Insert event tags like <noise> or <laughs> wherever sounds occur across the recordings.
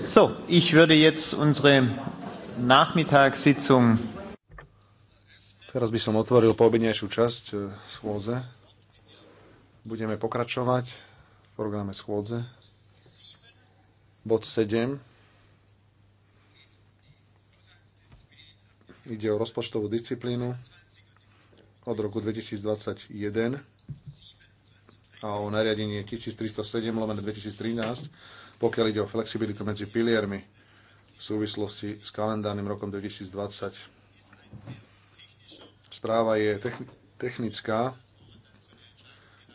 So, ich würde jetzt unsere Nachmittagssitzung. Teraz by som otvoril poobednejšiu časť e, schôdze. Budeme pokračovať v programe schôdze. Bod 7. Ide o rozpočtovú disciplínu od roku 2021 a o nariadenie 1307 lomen 2013, pokiaľ ide o flexibilitu medzi piliermi v súvislosti s kalendárnym rokom 2020. Správa je technická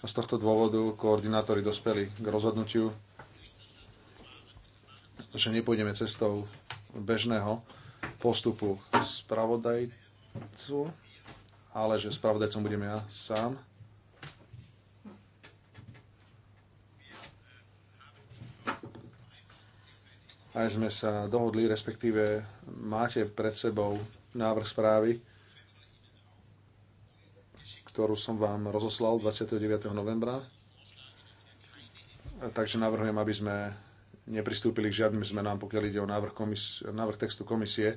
a z tohto dôvodu koordinátori dospeli k rozhodnutiu, že nepôjdeme cestou bežného postupu spravodajcu, ale že spravodajcom budem ja sám Aj sme sa dohodli, respektíve máte pred sebou návrh správy, ktorú som vám rozoslal 29. novembra. Takže navrhujem, aby sme nepristúpili k žiadnym zmenám, pokiaľ ide o návrh, komis- návrh textu komisie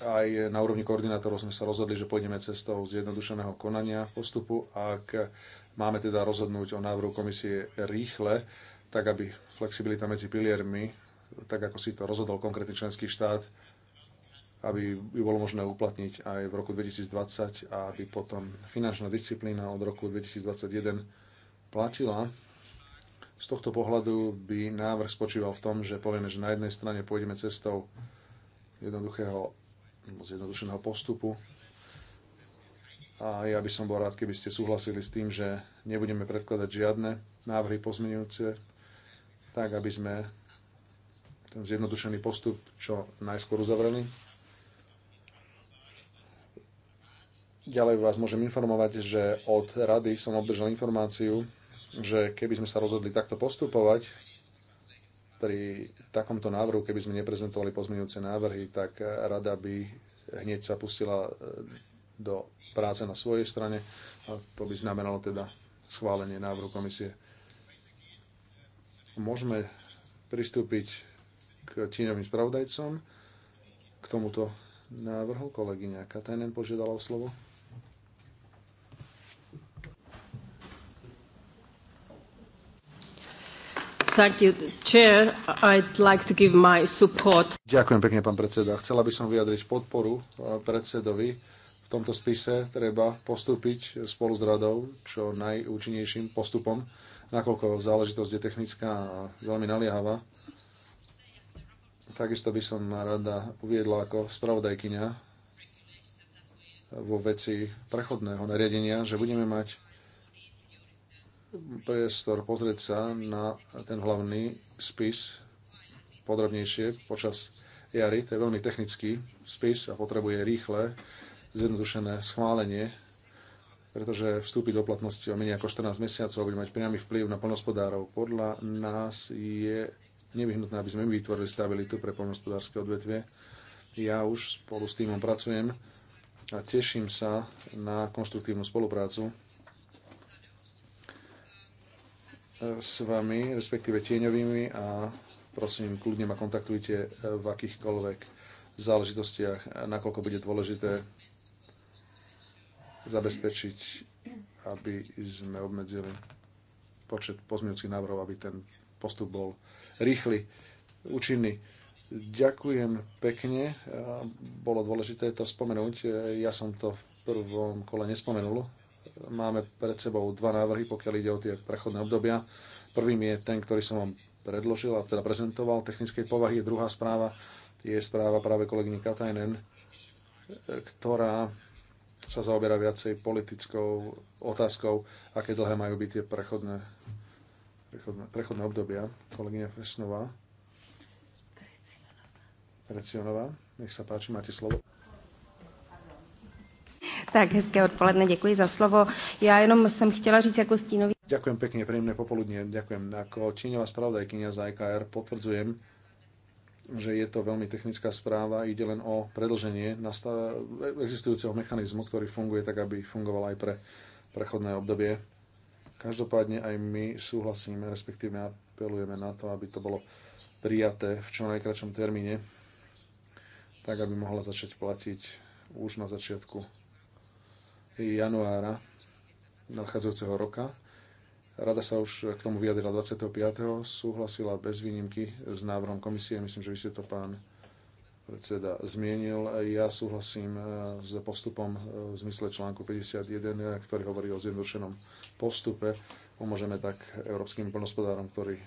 aj na úrovni koordinátorov sme sa rozhodli, že pôjdeme cestou zjednodušeného konania postupu. Ak máme teda rozhodnúť o návrhu komisie rýchle, tak aby flexibilita medzi piliermi, tak ako si to rozhodol konkrétny členský štát, aby ju bolo možné uplatniť aj v roku 2020 a aby potom finančná disciplína od roku 2021 platila. Z tohto pohľadu by návrh spočíval v tom, že povieme, že na jednej strane pôjdeme cestou jednoduchého, no, zjednodušeného postupu a ja by som bol rád, keby ste súhlasili s tým, že nebudeme predkladať žiadne návrhy pozmenujúce tak aby sme ten zjednodušený postup čo najskôr uzavreli. Ďalej vás môžem informovať, že od rady som obdržal informáciu, že keby sme sa rozhodli takto postupovať, pri takomto návrhu, keby sme neprezentovali pozmeňujúce návrhy, tak rada by hneď sa pustila e, do práce na svojej strane a to by znamenalo teda schválenie návrhu komisie môžeme pristúpiť k činovým spravodajcom k tomuto návrhu. Kolegyňa Katajnen požiadala o slovo. You, chair, like Ďakujem pekne, pán predseda. Chcela by som vyjadriť podporu eh, predsedovi. V tomto spise treba postúpiť spolu s radou čo najúčinnejším postupom nakoľko záležitosť je technická a veľmi naliehavá. Takisto by som rada uviedla ako spravodajkyňa vo veci prechodného nariadenia, že budeme mať priestor pozrieť sa na ten hlavný spis podrobnejšie počas jary. To je veľmi technický spis a potrebuje rýchle, zjednodušené schválenie pretože vstúpi do platnosti o menej ako 14 mesiacov a bude mať priamy vplyv na plnospodárov. Podľa nás je nevyhnutné, aby sme vytvorili stabilitu pre plnospodárske odvetvie. Ja už spolu s týmom pracujem a teším sa na konštruktívnu spoluprácu e, s vami, respektíve tieňovými a prosím, kľudne ma kontaktujte v akýchkoľvek záležitostiach, nakoľko bude dôležité zabezpečiť, aby sme obmedzili počet pozmeňujúcich návrhov, aby ten postup bol rýchly, účinný. Ďakujem pekne. Bolo dôležité to spomenúť. Ja som to v prvom kole nespomenul. Máme pred sebou dva návrhy, pokiaľ ide o tie prechodné obdobia. Prvým je ten, ktorý som vám predložil a teda prezentoval technickej povahy. Druhá správa je správa práve kolegyne Katajnen, ktorá sa zaoberá viacej politickou otázkou, aké dlhé majú byť tie prechodné, prechodné, prechodné obdobia. Kolegyňa Fresnová. Precionová, nech sa páči, máte slovo. Tak, hezké odpoledne, děkuji za slovo. Já jenom jsem chtěla říct jako stínový... Ďakujem pekne, príjemné popoludne. Ďakujem. Ako číňová spravodajkynia za EKR potvrdzujem, že je to veľmi technická správa, ide len o predlženie existujúceho mechanizmu, ktorý funguje tak, aby fungoval aj pre prechodné obdobie. Každopádne aj my súhlasíme, respektíve apelujeme na to, aby to bolo prijaté v čo najkračom termíne, tak aby mohla začať platiť už na začiatku januára nadchádzajúceho roka Rada sa už k tomu vyjadrila 25. súhlasila bez výnimky s návrhom komisie. Myslím, že vy ste to pán predseda zmienil. Ja súhlasím e, s postupom e, v zmysle článku 51, e, ktorý hovorí o zjednodušenom postupe. Pomôžeme tak európskym plnospodárom, ktorí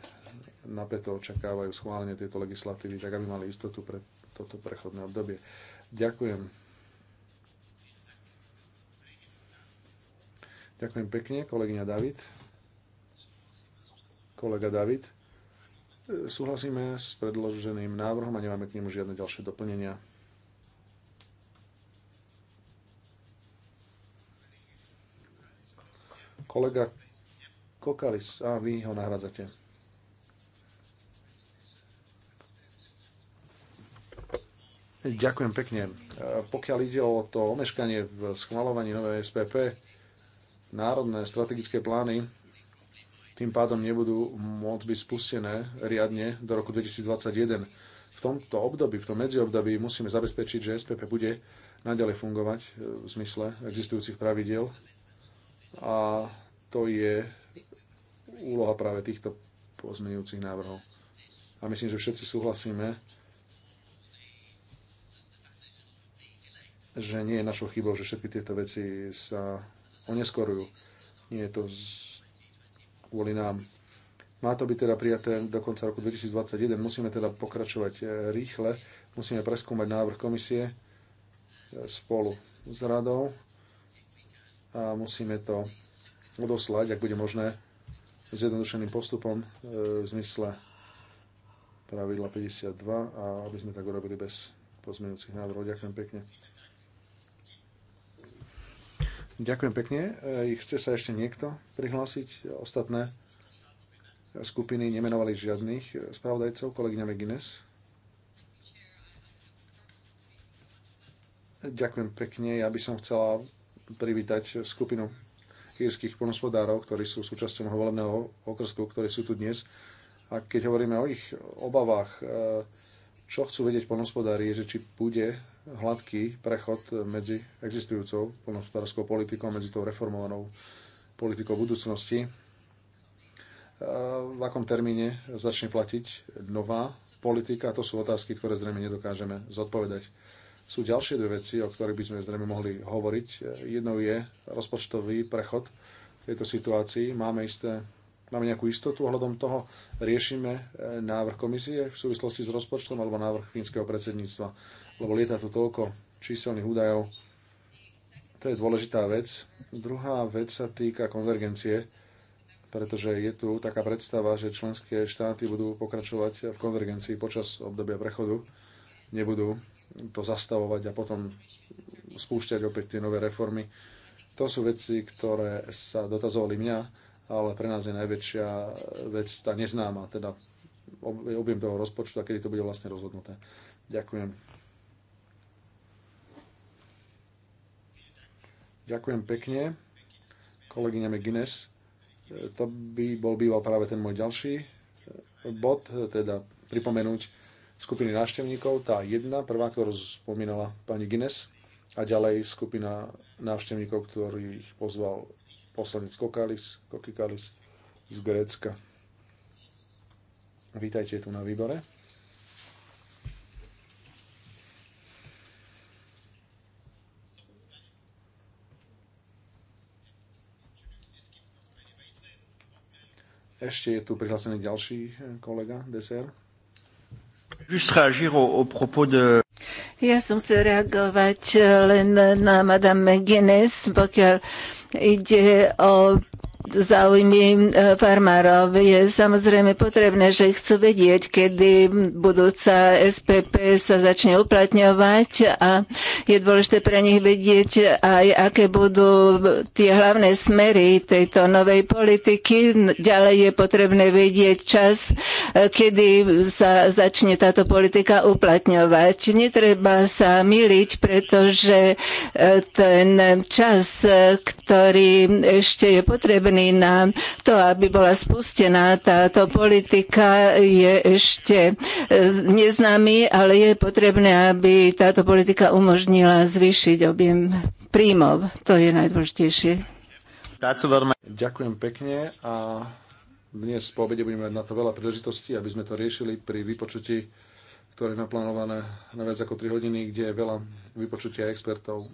napäto očakávajú schválenie tejto legislatívy, tak aby mali istotu pre toto prechodné obdobie. Ďakujem. Ďakujem pekne, kolegyňa David kolega David. Súhlasíme s predloženým návrhom a nemáme k nemu žiadne ďalšie doplnenia. Kolega Kokalis, a vy ho nahradzate. Ďakujem pekne. Pokiaľ ide o to omeškanie v schvalovaní novej SPP, národné strategické plány tým pádom nebudú môcť byť spustené riadne do roku 2021. V tomto období, v tom medziobdobí musíme zabezpečiť, že SPP bude naďalej fungovať e, v zmysle existujúcich pravidiel a to je úloha práve týchto pozmeňujúcich návrhov. A myslím, že všetci súhlasíme, že nie je našou chybou, že všetky tieto veci sa oneskorujú. Nie je to kvôli nám. Má to byť teda prijaté do konca roku 2021. Musíme teda pokračovať e, rýchle. Musíme preskúmať návrh komisie e, spolu s radou a musíme to odoslať, ak bude možné, s jednodušeným postupom e, v zmysle pravidla 52 a aby sme tak urobili bez pozmeňujúcich návrhov. Ďakujem pekne. Ďakujem pekne. E, chce sa ešte niekto prihlásiť? Ostatné skupiny nemenovali žiadnych e, spravodajcov. Kolegyňa Megines. Ďakujem pekne. Ja by som chcela privítať skupinu írskych ponospodárov, ktorí sú súčasťou môjho okrsku, ktorí sú tu dnes. A keď hovoríme o ich obavách, e, čo chcú vedieť polnospodári je, že či bude hladký prechod medzi existujúcou polnospodárskou politikou, medzi tou reformovanou politikou budúcnosti. V akom termíne začne platiť nová politika? To sú otázky, ktoré zrejme nedokážeme zodpovedať. Sú ďalšie dve veci, o ktorých by sme zrejme mohli hovoriť. Jednou je rozpočtový prechod v tejto situácii. Máme isté máme nejakú istotu ohľadom toho, riešime e, návrh komisie v súvislosti s rozpočtom alebo návrh fínskeho predsedníctva, lebo lieta tu toľko číselných údajov. To je dôležitá vec. Druhá vec sa týka konvergencie, pretože je tu taká predstava, že členské štáty budú pokračovať v konvergencii počas obdobia prechodu, nebudú to zastavovať a potom spúšťať opäť tie nové reformy. To sú veci, ktoré sa dotazovali mňa ale pre nás je najväčšia vec tá neznáma, teda objem toho rozpočtu a kedy to bude vlastne rozhodnuté. Ďakujem. Ďakujem pekne. Kolegyňa McGuinness, to by bol býval práve ten môj ďalší eh, bod, teda pripomenúť skupiny návštevníkov, tá jedna, prvá, ktorú spomínala pani Guinness, a ďalej skupina návštevníkov, ktorých pozval poslanec Kokalis, Kokikalis z Grécka. Vítajte tu na výbore. Ešte je tu prihlásený ďalší eh, kolega, Deser. Ja som chcel reagovať eh, len na Madame McGuinness, pokiaľ Ide o záujmy e, farmárov. Je samozrejme potrebné, že chcú vedieť, kedy budúca SPP sa začne uplatňovať a je dôležité pre nich vedieť aj, aké budú tie hlavné smery tejto novej politiky. Ďalej je potrebné vedieť čas, e, kedy sa začne táto politika uplatňovať. Netreba sa miliť, pretože e, ten čas, ktorý ešte je potrebný, strany na to, aby bola spustená táto politika, je ešte e, neznámy, ale je potrebné, aby táto politika umožnila zvýšiť objem príjmov. To je najdôležitejšie. Ďakujem pekne a dnes po obede budeme mať na to veľa príležitostí, aby sme to riešili pri vypočutí, ktoré je naplánované na viac ako 3 hodiny, kde je veľa vypočutia expertov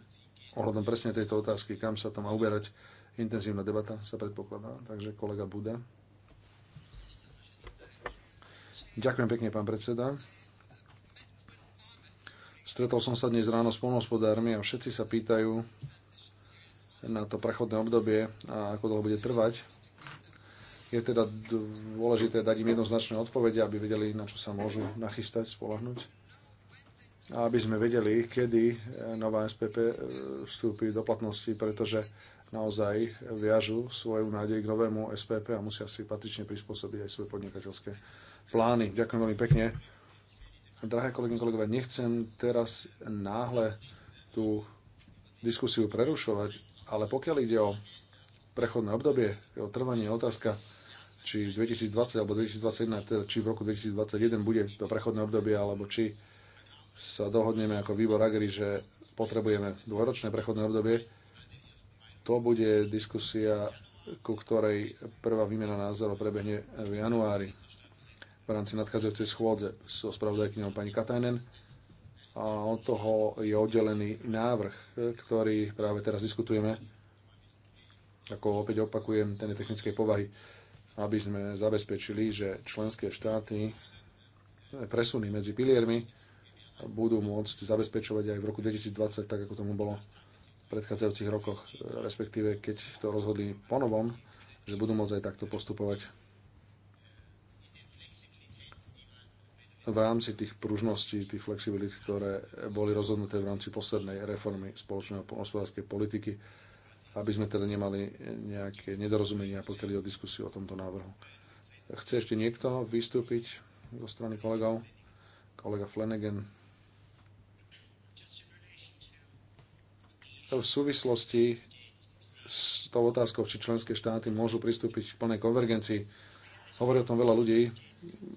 ohľadom presne tejto otázky, kam sa to má uberať. Intenzívna debata sa predpokladá, takže kolega Buda. Ďakujem pekne, pán predseda. Stretol som sa dnes ráno s polnohospodármi a všetci sa pýtajú na to prechodné obdobie a ako dlho bude trvať. Je teda dôležité dať im jednoznačné odpovede, aby vedeli, na čo sa môžu nachystať, spolahnuť. A aby sme vedeli, kedy nová SPP eh, vstúpi do platnosti, pretože naozaj viažu svoju nádej k novému SPP a musia si patrične prispôsobiť aj svoje podnikateľské plány. Ďakujem veľmi pekne. Drahé kolegyne, kolegové, nechcem teraz náhle tú diskusiu prerušovať, ale pokiaľ ide o prechodné obdobie, o trvanie otázka, či 2020 alebo 2021, teda či v roku 2021 bude to prechodné obdobie, alebo či sa dohodneme ako výbor Agri, že potrebujeme dôročné prechodné obdobie, to bude diskusia, ku ktorej prvá výmena názorov prebehne v januári v rámci nadchádzajúcej schôdze so spravodajkyňou pani Katajnen. A od toho je oddelený návrh, ktorý práve teraz diskutujeme. Ako opäť opakujem, ten je technickej povahy, aby sme zabezpečili, že členské štáty presuny medzi piliermi budú môcť zabezpečovať aj v roku 2020, tak ako tomu bolo predchádzajúcich rokoch, e, respektíve keď to rozhodli ponovom, že budú môcť aj takto postupovať v rámci tých pružností, tých flexibilít, ktoré boli rozhodnuté v rámci poslednej reformy spoločnej hospodárskej politiky, aby sme teda nemali nejaké nedorozumenia, pokiaľ je o diskusiu o tomto návrhu. Chce ešte niekto vystúpiť zo strany kolegov? Kolega Flanagan. v súvislosti s tou otázkou, či členské štáty môžu pristúpiť k plnej konvergencii. Hovorí o tom veľa ľudí.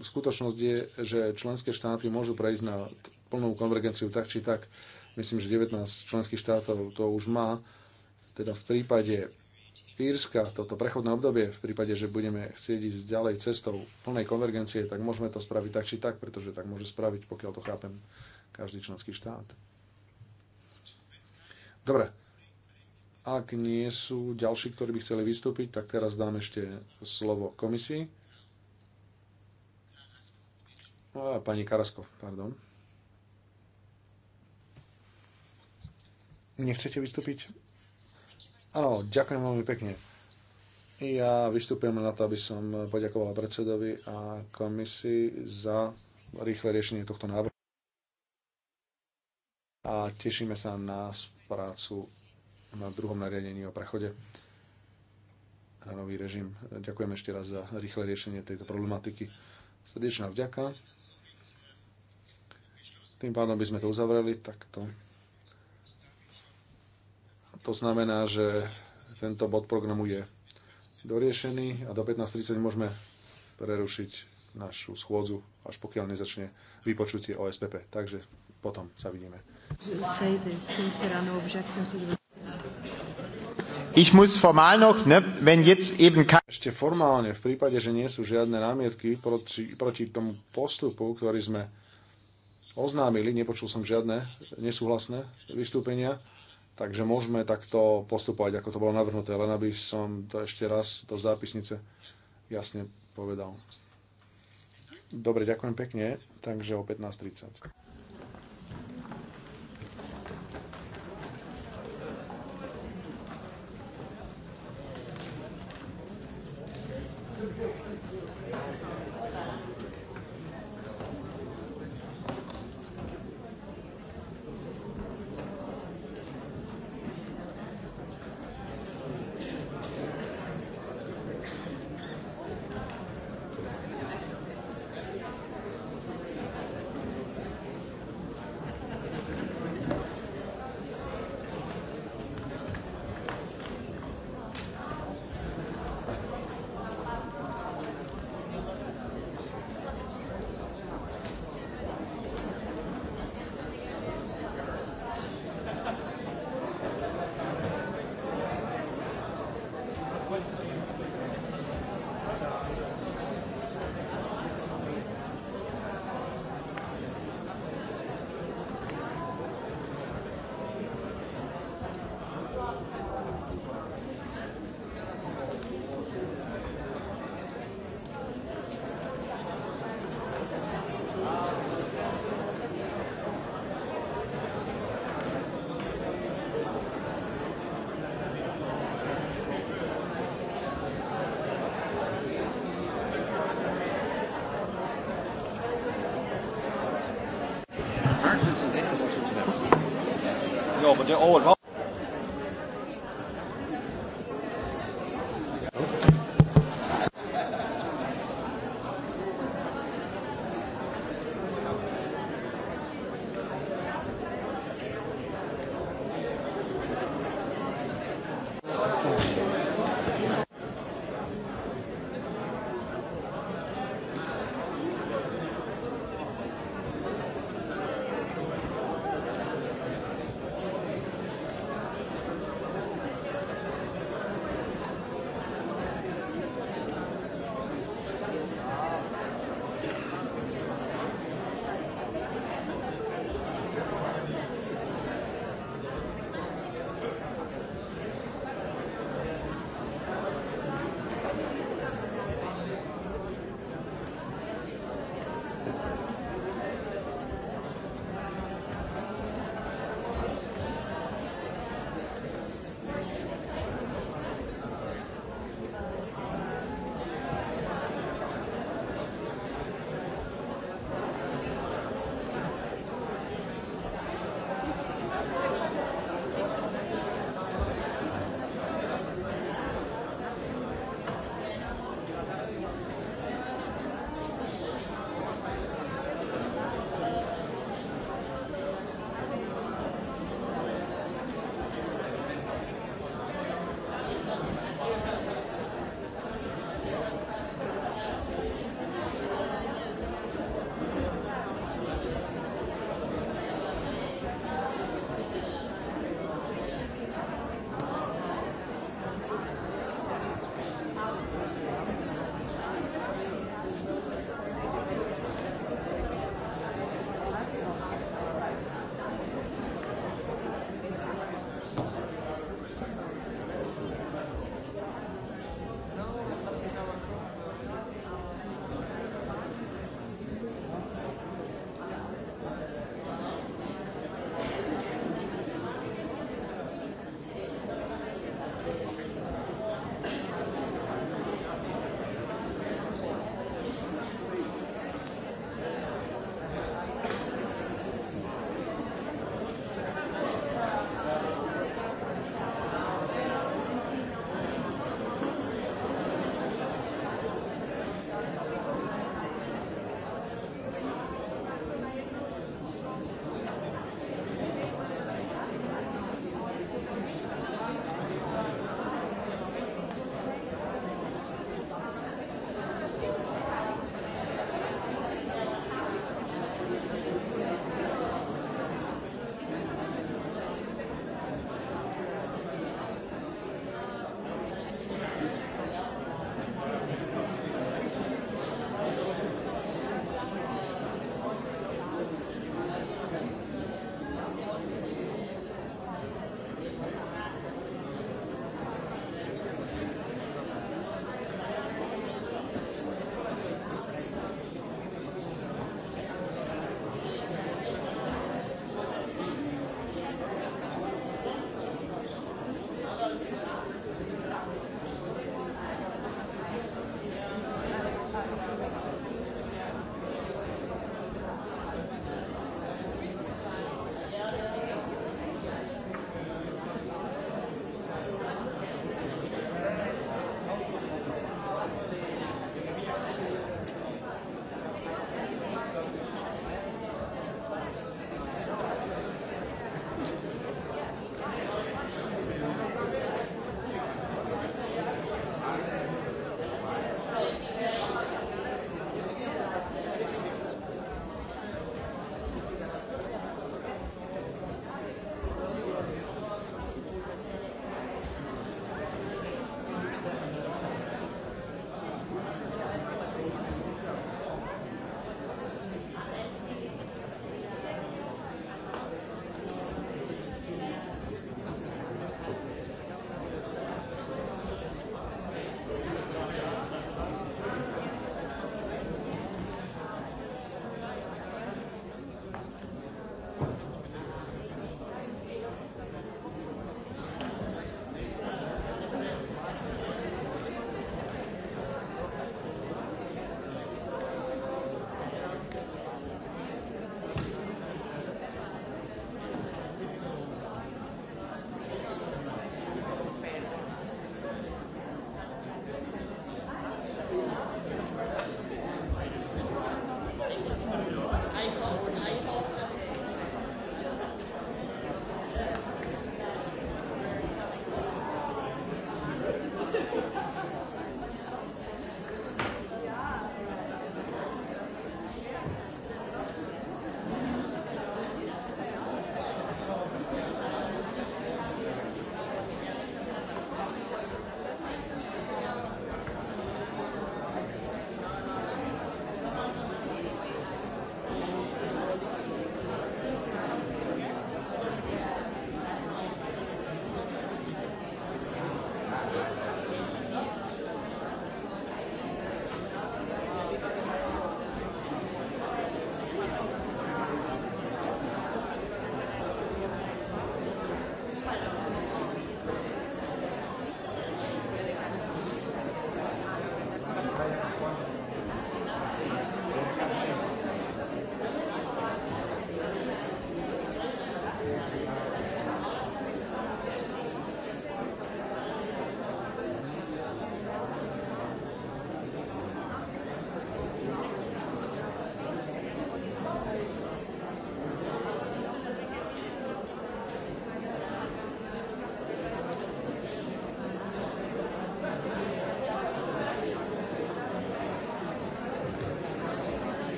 Skutočnosť je, že členské štáty môžu prejsť na plnú konvergenciu tak či tak. Myslím, že 19 členských štátov to už má. Teda v prípade Írska, toto prechodné obdobie, v prípade, že budeme chcieť ísť ďalej cestou plnej konvergencie, tak môžeme to spraviť tak či tak, pretože tak môže spraviť, pokiaľ to chápem, každý členský štát. Dobre. Ak nie sú ďalší, ktorí by chceli vystúpiť, tak teraz dám ešte slovo komisii. No pani Karasko, pardon. Nechcete vystúpiť? Áno, ďakujem veľmi pekne. Ja vystupujem na to, aby som poďakovala predsedovi a komisii za rýchle riešenie tohto návrhu a tešíme sa na prácu na druhom nariadení o prechode na nový režim. Ďakujem ešte raz za rýchle riešenie tejto problematiky. Srdečná vďaka. Tým pádom by sme to uzavreli takto. To znamená, že tento bod programu je doriešený a do 15.30 môžeme prerušiť našu schôdzu, až pokiaľ nezačne vypočutie o SPP. Takže potom sa vidíme. No ich muss formal noch, ne, wenn jetzt eben Ešte formálne, v prípade, že nie sú žiadne námietky proti, proti tomu postupu, ktorý sme oznámili, nepočul som žiadne nesúhlasné vystúpenia, takže môžeme takto postupovať, ako to bolo navrhnuté, len aby som to ešte raz do zápisnice jasne povedal. Dobre, ďakujem pekne, takže o 15.30. จะโอนเขา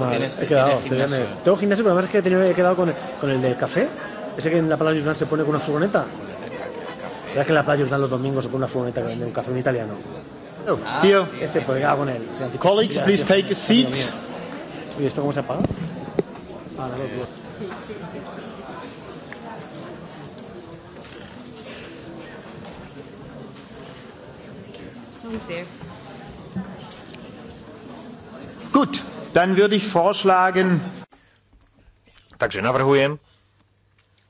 Vale, tienes, he quedado, tienes gimnasio. Tienes... Tengo gimnasio, pero además es que he, tenido, he quedado con, el, con el de café. Ese que en la Playa Jordán se pone con una furgoneta. ¿Sabes que en la Playa Jordán los domingos se pone una furgoneta que vende un café un italiano? Oh, ah, tío. Este, pues he quedado con él. O sea, Colleagues, tío, please tío, take a seat. ¿Y esto cómo se apaga? Ah, no, tío. He's there. Dann würde ich vorschlagen... Takže navrhujem,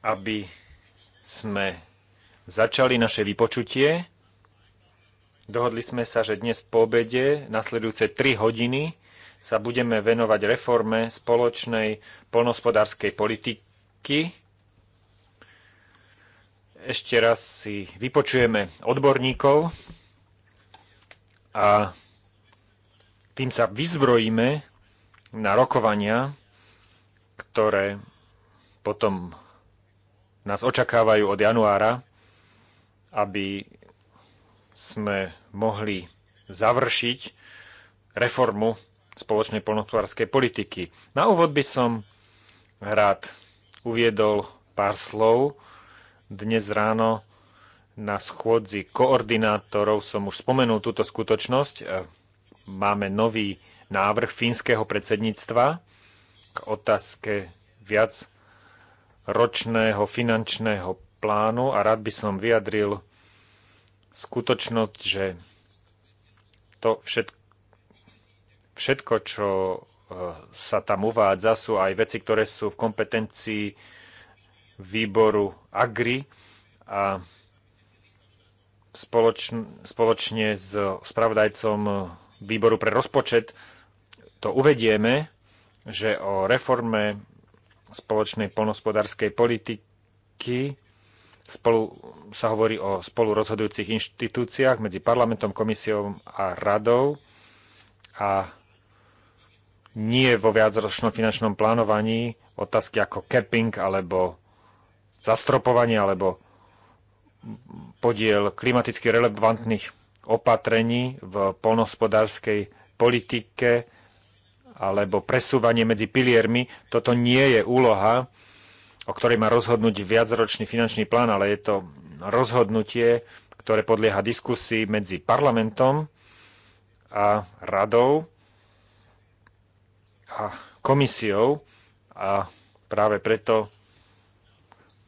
aby sme začali naše vypočutie. Dohodli sme sa, že dnes po obede, nasledujúce 3 hodiny, sa budeme venovať reforme spoločnej polnohospodárskej politiky. Ešte raz si vypočujeme odborníkov a tým sa vyzbrojíme na rokovania, ktoré potom nás očakávajú od januára, aby sme mohli završiť reformu spoločnej polnohospodárskej politiky. Na úvod by som rád uviedol pár slov. Dnes ráno na schôdzi koordinátorov som už spomenul túto skutočnosť. Máme nový návrh fínskeho predsedníctva k otázke viac ročného finančného plánu a rád by som vyjadril skutočnosť, že to všetko, všetko čo e, sa tam uvádza, sú aj veci, ktoré sú v kompetencii výboru AGRI a spoločne, spoločne s spravodajcom výboru pre rozpočet to uvedieme, že o reforme spoločnej polnospodárskej politiky spolu, sa hovorí o spolurozhodujúcich inštitúciách medzi parlamentom, komisiou a radou a nie vo viacročnom finančnom plánovaní otázky ako capping alebo zastropovanie alebo podiel klimaticky relevantných opatrení v polnospodárskej politike alebo presúvanie medzi piliermi, toto nie je úloha, o ktorej má rozhodnúť viacročný finančný plán, ale je to rozhodnutie, ktoré podlieha diskusii medzi parlamentom a radou a komisiou a práve preto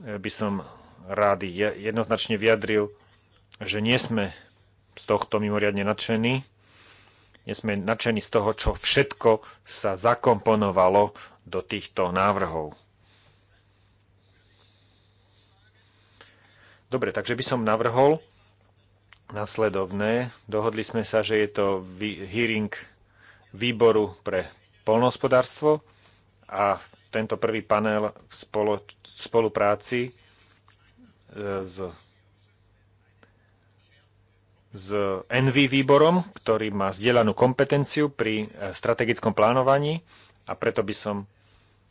eh, by som rád jednoznačne vyjadril, že nie sme z tohto mimoriadne nadšení nie sme nadšení z toho, čo všetko sa zakomponovalo do týchto návrhov. Dobre, takže by som navrhol nasledovné. Dohodli sme sa, že je to hearing výboru pre polnohospodárstvo a tento prvý panel v spolupráci e, s s NV výborom, ktorý má zdieľanú kompetenciu pri e, strategickom plánovaní a preto by som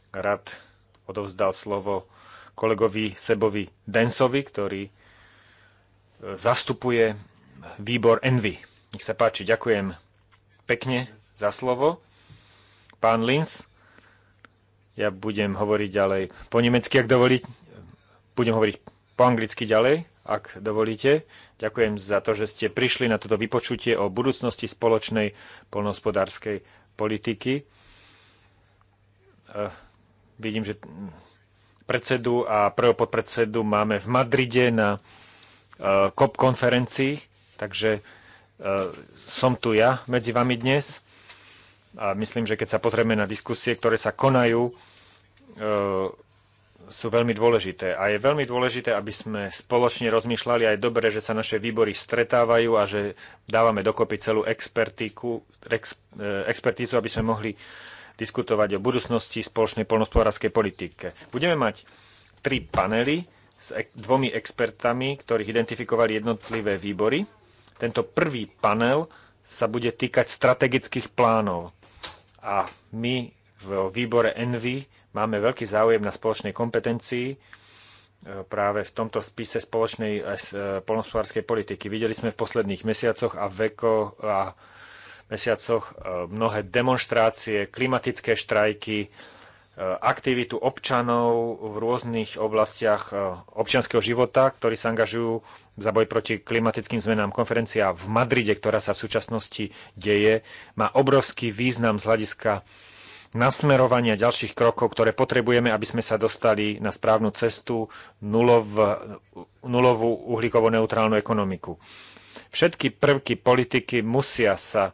rád odovzdal slovo kolegovi Sebovi Densovi, ktorý e, zastupuje výbor Envy. Nech sa páči, ďakujem pekne za slovo. Pán Lins, ja budem hovoriť ďalej po nemecky, ak dovolí. Budem hovoriť po anglicky ďalej ak dovolíte. Ďakujem za to, že ste prišli na toto vypočutie o budúcnosti spoločnej polnohospodárskej politiky. Eh, vidím, že predsedu a prvého podpredsedu máme v Madride na COP eh, konferencii, takže eh, som tu ja medzi vami dnes a myslím, že keď sa pozrieme na diskusie, ktoré sa konajú sú veľmi dôležité. A je veľmi dôležité, aby sme spoločne rozmýšľali aj dobre, že sa naše výbory stretávajú a že dávame dokopy celú expertíku, ex, e, expertízu, aby sme mohli diskutovať o budúcnosti spoločnej polnospodárskej politike. Budeme mať tri panely s dvomi expertami, ktorých identifikovali jednotlivé výbory. Tento prvý panel sa bude týkať strategických plánov. A my v výbore Envy Máme veľký záujem na spoločnej kompetencii e, práve v tomto spise spoločnej e, e, polnospodárskej politiky. Videli sme v posledných mesiacoch a veko a mesiacoch mnohé demonstrácie, klimatické štrajky, aktivitu občanov v rôznych oblastiach občianského života, ktorí sa angažujú za boj proti klimatickým zmenám. Konferencia v Madride, ktorá sa v súčasnosti deje, má obrovský význam z hľadiska nasmerovania ďalších krokov, ktoré potrebujeme, aby sme sa dostali na správnu cestu nulov, nulovú uhlíkovo neutrálnu ekonomiku. Všetky prvky politiky musia sa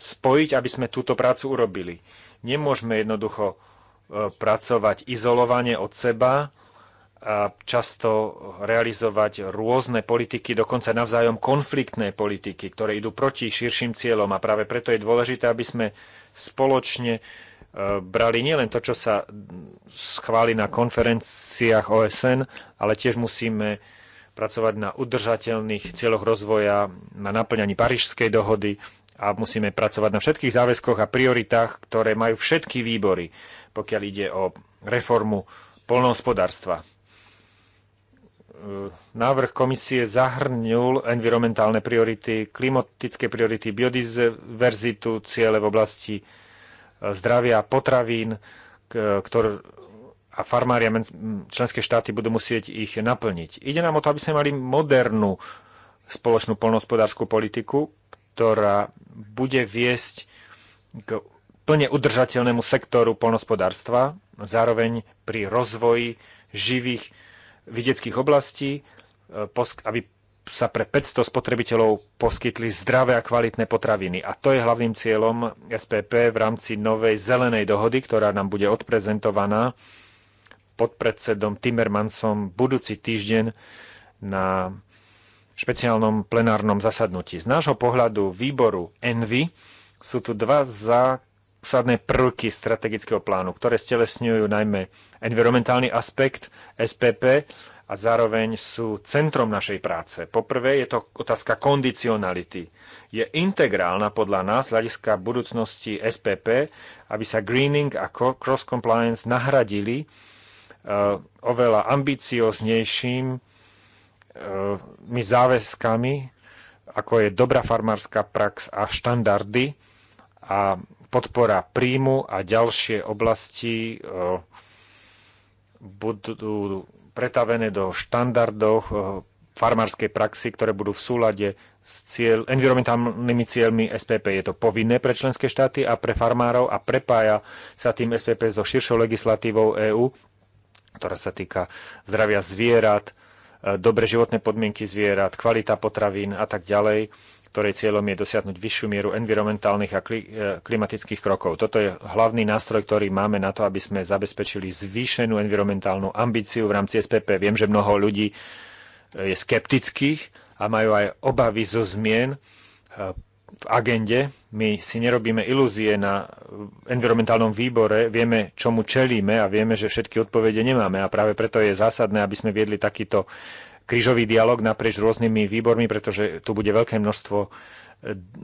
spojiť, aby sme túto prácu urobili. Nemôžeme jednoducho e, pracovať izolovane od seba a často realizovať rôzne politiky, dokonca navzájom konfliktné politiky, ktoré idú proti širším cieľom. A práve preto je dôležité, aby sme spoločne brali nielen to, čo sa schváli na konferenciách OSN, ale tiež musíme pracovať na udržateľných cieľoch rozvoja, na naplňaní Parížskej dohody a musíme pracovať na všetkých záväzkoch a prioritách, ktoré majú všetky výbory, pokiaľ ide o reformu polnohospodárstva návrh komisie zahrnul environmentálne priority, klimatické priority, biodiverzitu, ciele v oblasti zdravia, potravín, ktor, a farmári a členské štáty budú musieť ich naplniť. Ide nám o to, aby sme mali modernú spoločnú polnohospodárskú politiku, ktorá bude viesť k plne udržateľnému sektoru polnohospodárstva, zároveň pri rozvoji živých vidieckých oblastí, eh, aby sa pre 500 spotrebiteľov poskytli zdravé a kvalitné potraviny. A to je hlavným cieľom SPP v rámci novej zelenej dohody, ktorá nám bude odprezentovaná pod predsedom Timmermansom budúci týždeň na špeciálnom plenárnom zasadnutí. Z nášho pohľadu výboru Envy sú tu dva zásadné prvky strategického plánu, ktoré stelesňujú najmä environmentálny aspekt SPP a zároveň sú centrom našej práce. Poprvé je to otázka kondicionality. Je integrálna podľa nás hľadiska budúcnosti SPP, aby sa greening a cross-compliance nahradili e, oveľa ambicioznejšími e, záväzkami, ako je dobrá farmárska prax a štandardy a podpora príjmu a ďalšie oblasti e, budú pretavené do štandardov eh, farmárskej praxi, ktoré budú v súlade s cieľ, environmentálnymi cieľmi SPP. Je to povinné pre členské štáty a pre farmárov a prepája sa tým SPP so širšou legislatívou EÚ, ktorá sa týka zdravia zvierat, eh, dobre životné podmienky zvierat, kvalita potravín a tak ďalej ktorej cieľom je dosiahnuť vyššiu mieru environmentálnych a e, klimatických krokov. Toto je hlavný nástroj, ktorý máme na to, aby sme zabezpečili zvýšenú environmentálnu ambíciu v rámci SPP. Viem, že mnoho ľudí e, je skeptických a majú aj obavy zo zmien e, v agende. My si nerobíme ilúzie na environmentálnom výbore, vieme, čomu čelíme a vieme, že všetky odpovede nemáme a práve preto je zásadné, aby sme viedli takýto krížový dialog naprieč rôznymi výbormi, pretože tu bude veľké množstvo e,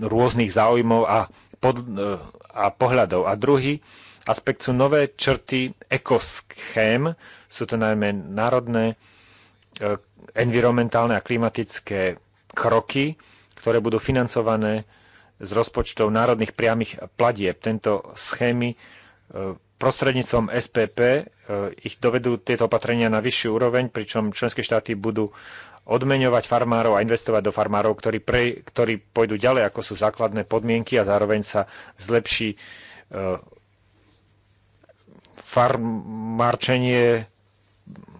rôznych záujmov a, pod, e, a pohľadov. A druhý aspekt sú nové črty ekoschém, sú to najmä národné, e, environmentálne a klimatické kroky, ktoré budú financované z rozpočtov národných priamých platieb. Tento schémy prostredníctvom SPP e, ich dovedú tieto opatrenia na vyššiu úroveň, pričom členské štáty budú odmeňovať farmárov a investovať do farmárov, ktorí, pre, ktorí pôjdu ďalej, ako sú základné podmienky a zároveň sa zlepší e, farmárčenie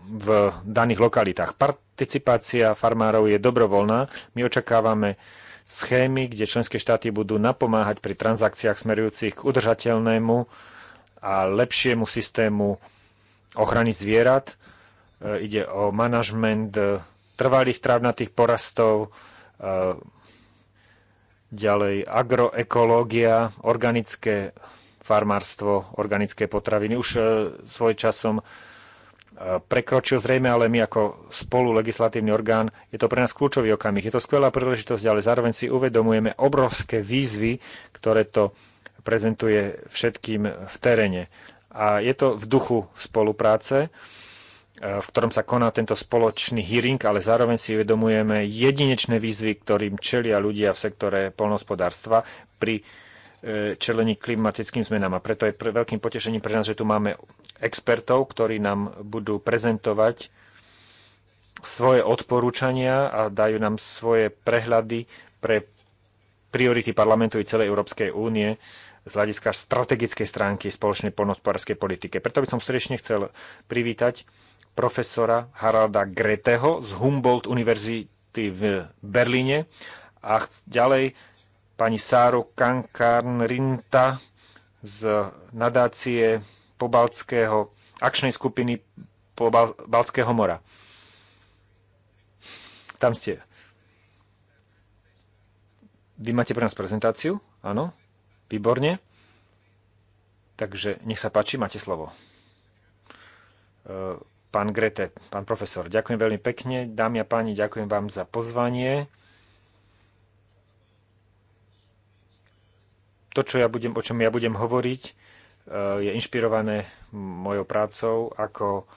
v daných lokalitách. Participácia farmárov je dobrovoľná. My očakávame schémy, kde členské štáty budú napomáhať pri transakciách smerujúcich k udržateľnému a lepšiemu systému ochrany zvierat. E, ide o manažment e, trvalých trávnatých porastov, e, ďalej agroekológia, organické farmárstvo, organické potraviny. Už svoj časom prekročil zrejme, ale my ako spolu legislatívny orgán, je to pre nás kľúčový okamih. Je to skvelá príležitosť, ale zároveň si uvedomujeme obrovské výzvy, ktoré to prezentuje všetkým v teréne. A je to v duchu spolupráce, e, v ktorom sa koná tento spoločný hearing, ale zároveň si uvedomujeme jedinečné výzvy, ktorým čelia ľudia v sektore polnospodárstva pri e, čelení klimatickým zmenám. A preto je pre, veľkým potešením pre nás, že tu máme expertov, ktorí nám budú prezentovať svoje odporúčania a dajú nám svoje prehľady pre priority parlamentu i celej Európskej únie z hľadiska strategickej stránky spoločnej poľnohospodárskej politike. Preto by som srdečne chcel privítať profesora Haralda Greteho z Humboldt univerzity v Berlíne a ďalej pani Sáru Kankarnrinta z nadácie pobaltského, akčnej skupiny Pobaltského mora. Tam ste. Vy máte pre nás prezentáciu? Áno? Výborne. Takže nech sa páči, máte slovo. E, pán Grete, pán profesor, ďakujem veľmi pekne. Dámy a páni, ďakujem vám za pozvanie. To, čo ja budem, o čom ja budem hovoriť, e, je inšpirované mojou prácou ako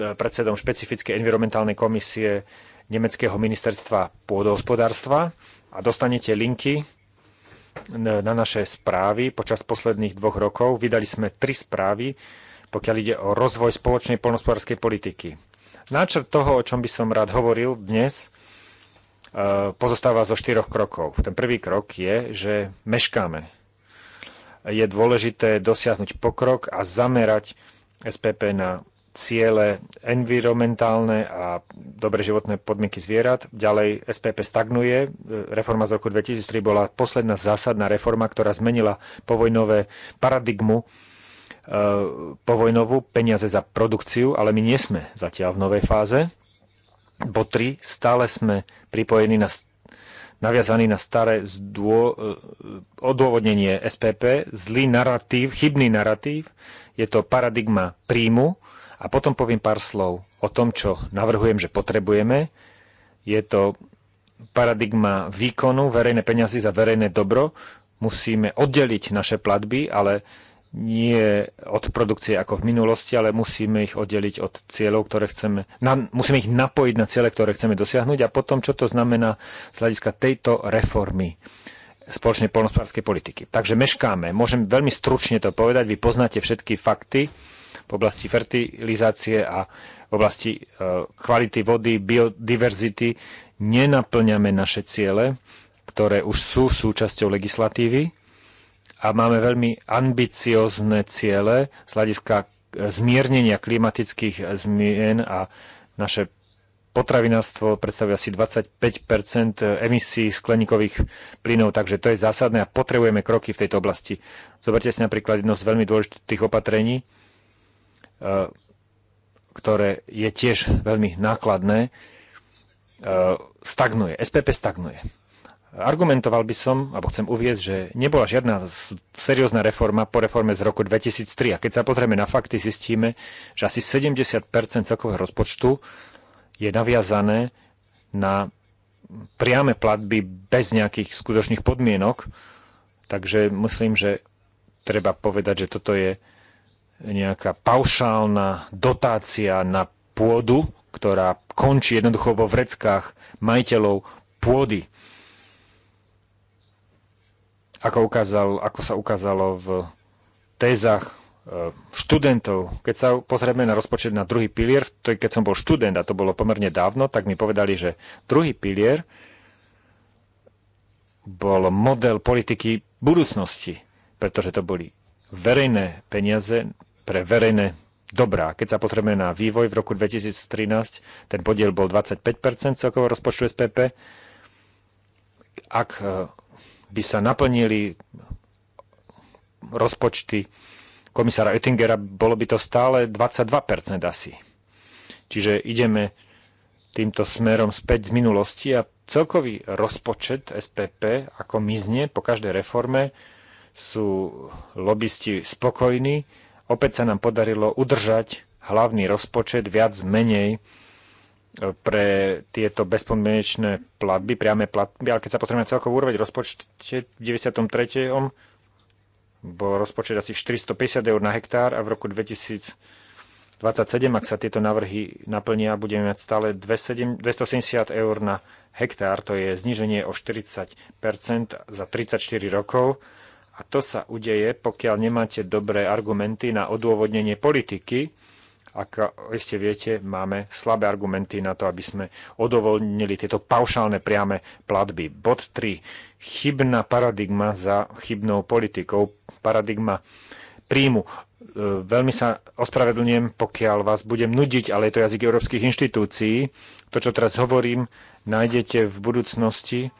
e, predsedom špecifickej environmentálnej komisie Nemeckého ministerstva pôdohospodárstva a dostanete linky na naše správy počas posledných dvoch rokov. Vydali sme tri správy, pokiaľ ide o rozvoj spoločnej polnospodárskej politiky. Náčrt toho, o čom by som rád hovoril dnes, e, pozostáva zo štyroch krokov. Ten prvý krok je, že meškáme. Je dôležité dosiahnuť pokrok a zamerať SPP na ciele environmentálne a dobre životné podmienky zvierat. Ďalej SPP stagnuje. Reforma z roku 2003 bola posledná zásadná reforma, ktorá zmenila povojnové paradigmu e, povojnovú peniaze za produkciu, ale my nie sme zatiaľ v novej fáze. Bo 3, stále sme pripojení na naviazaný na staré zdô, e, odôvodnenie SPP, zlý narratív, chybný narratív, je to paradigma príjmu, a potom poviem pár slov o tom, čo navrhujem, že potrebujeme. Je to paradigma výkonu verejné peniazy za verejné dobro. Musíme oddeliť naše platby, ale nie od produkcie ako v minulosti, ale musíme ich oddeliť od cieľov, ktoré chceme, na, musíme ich napojiť na ciele, ktoré chceme dosiahnuť a potom, čo to znamená z hľadiska tejto reformy spoločnej polnospodárskej politiky. Takže meškáme. Môžem veľmi stručne to povedať, vy poznáte všetky fakty v oblasti fertilizácie a v oblasti e, kvality vody, biodiverzity nenaplňame naše ciele, ktoré už sú súčasťou legislatívy a máme veľmi ambiciozne ciele z hľadiska e, zmiernenia klimatických e, zmien a naše potravinárstvo predstavuje asi 25 emisí skleníkových plynov, takže to je zásadné a potrebujeme kroky v tejto oblasti. Zoberte si napríklad jedno z veľmi dôležitých opatrení, E, ktoré je tiež veľmi nákladné, e, stagnuje. SPP stagnuje. Argumentoval by som, alebo chcem uviezť, že nebola žiadna seriózna reforma po reforme z roku 2003. A keď sa pozrieme na fakty, zistíme, že asi 70 celkového rozpočtu je naviazané na priame platby bez nejakých skutočných podmienok. Takže myslím, že treba povedať, že toto je nejaká paušálna dotácia na pôdu, ktorá končí jednoducho vo vreckách majiteľov pôdy. Ako, ukázal, ako sa ukázalo v tézach e, študentov, keď sa pozrieme na rozpočet na druhý pilier, to, keď som bol študent a to bolo pomerne dávno, tak mi povedali, že druhý pilier bol model politiky budúcnosti, pretože to boli verejné peniaze pre verejné dobrá. Keď sa potrebujeme na vývoj v roku 2013, ten podiel bol 25 celkového rozpočtu SPP. Ak e, by sa naplnili rozpočty komisára Oettingera, bolo by to stále 22 asi. Čiže ideme týmto smerom späť z minulosti a celkový rozpočet SPP, ako mizne po každej reforme, sú lobbysti spokojní, Opäť sa nám podarilo udržať hlavný rozpočet viac menej e, pre tieto bezpodmienečné platby, priame platby, ale keď sa potrebujeme celkovú úroveň rozpočte v 93. bol rozpočet asi 450 eur na hektár a v roku 2027, ak sa tieto návrhy naplnia, budeme mať stále 270 eur na hektár, to je zníženie o 40 za 34 rokov a to sa udeje, pokiaľ nemáte dobré argumenty na odôvodnenie politiky. Ak ešte viete, máme slabé argumenty na to, aby sme odovolnili tieto paušálne priame platby. Bod 3. Chybná paradigma za chybnou politikou. Paradigma príjmu e, veľmi sa ospravedlňujem, pokiaľ vás budem nudiť, ale je to jazyk európskych inštitúcií. To, čo teraz hovorím, nájdete v budúcnosti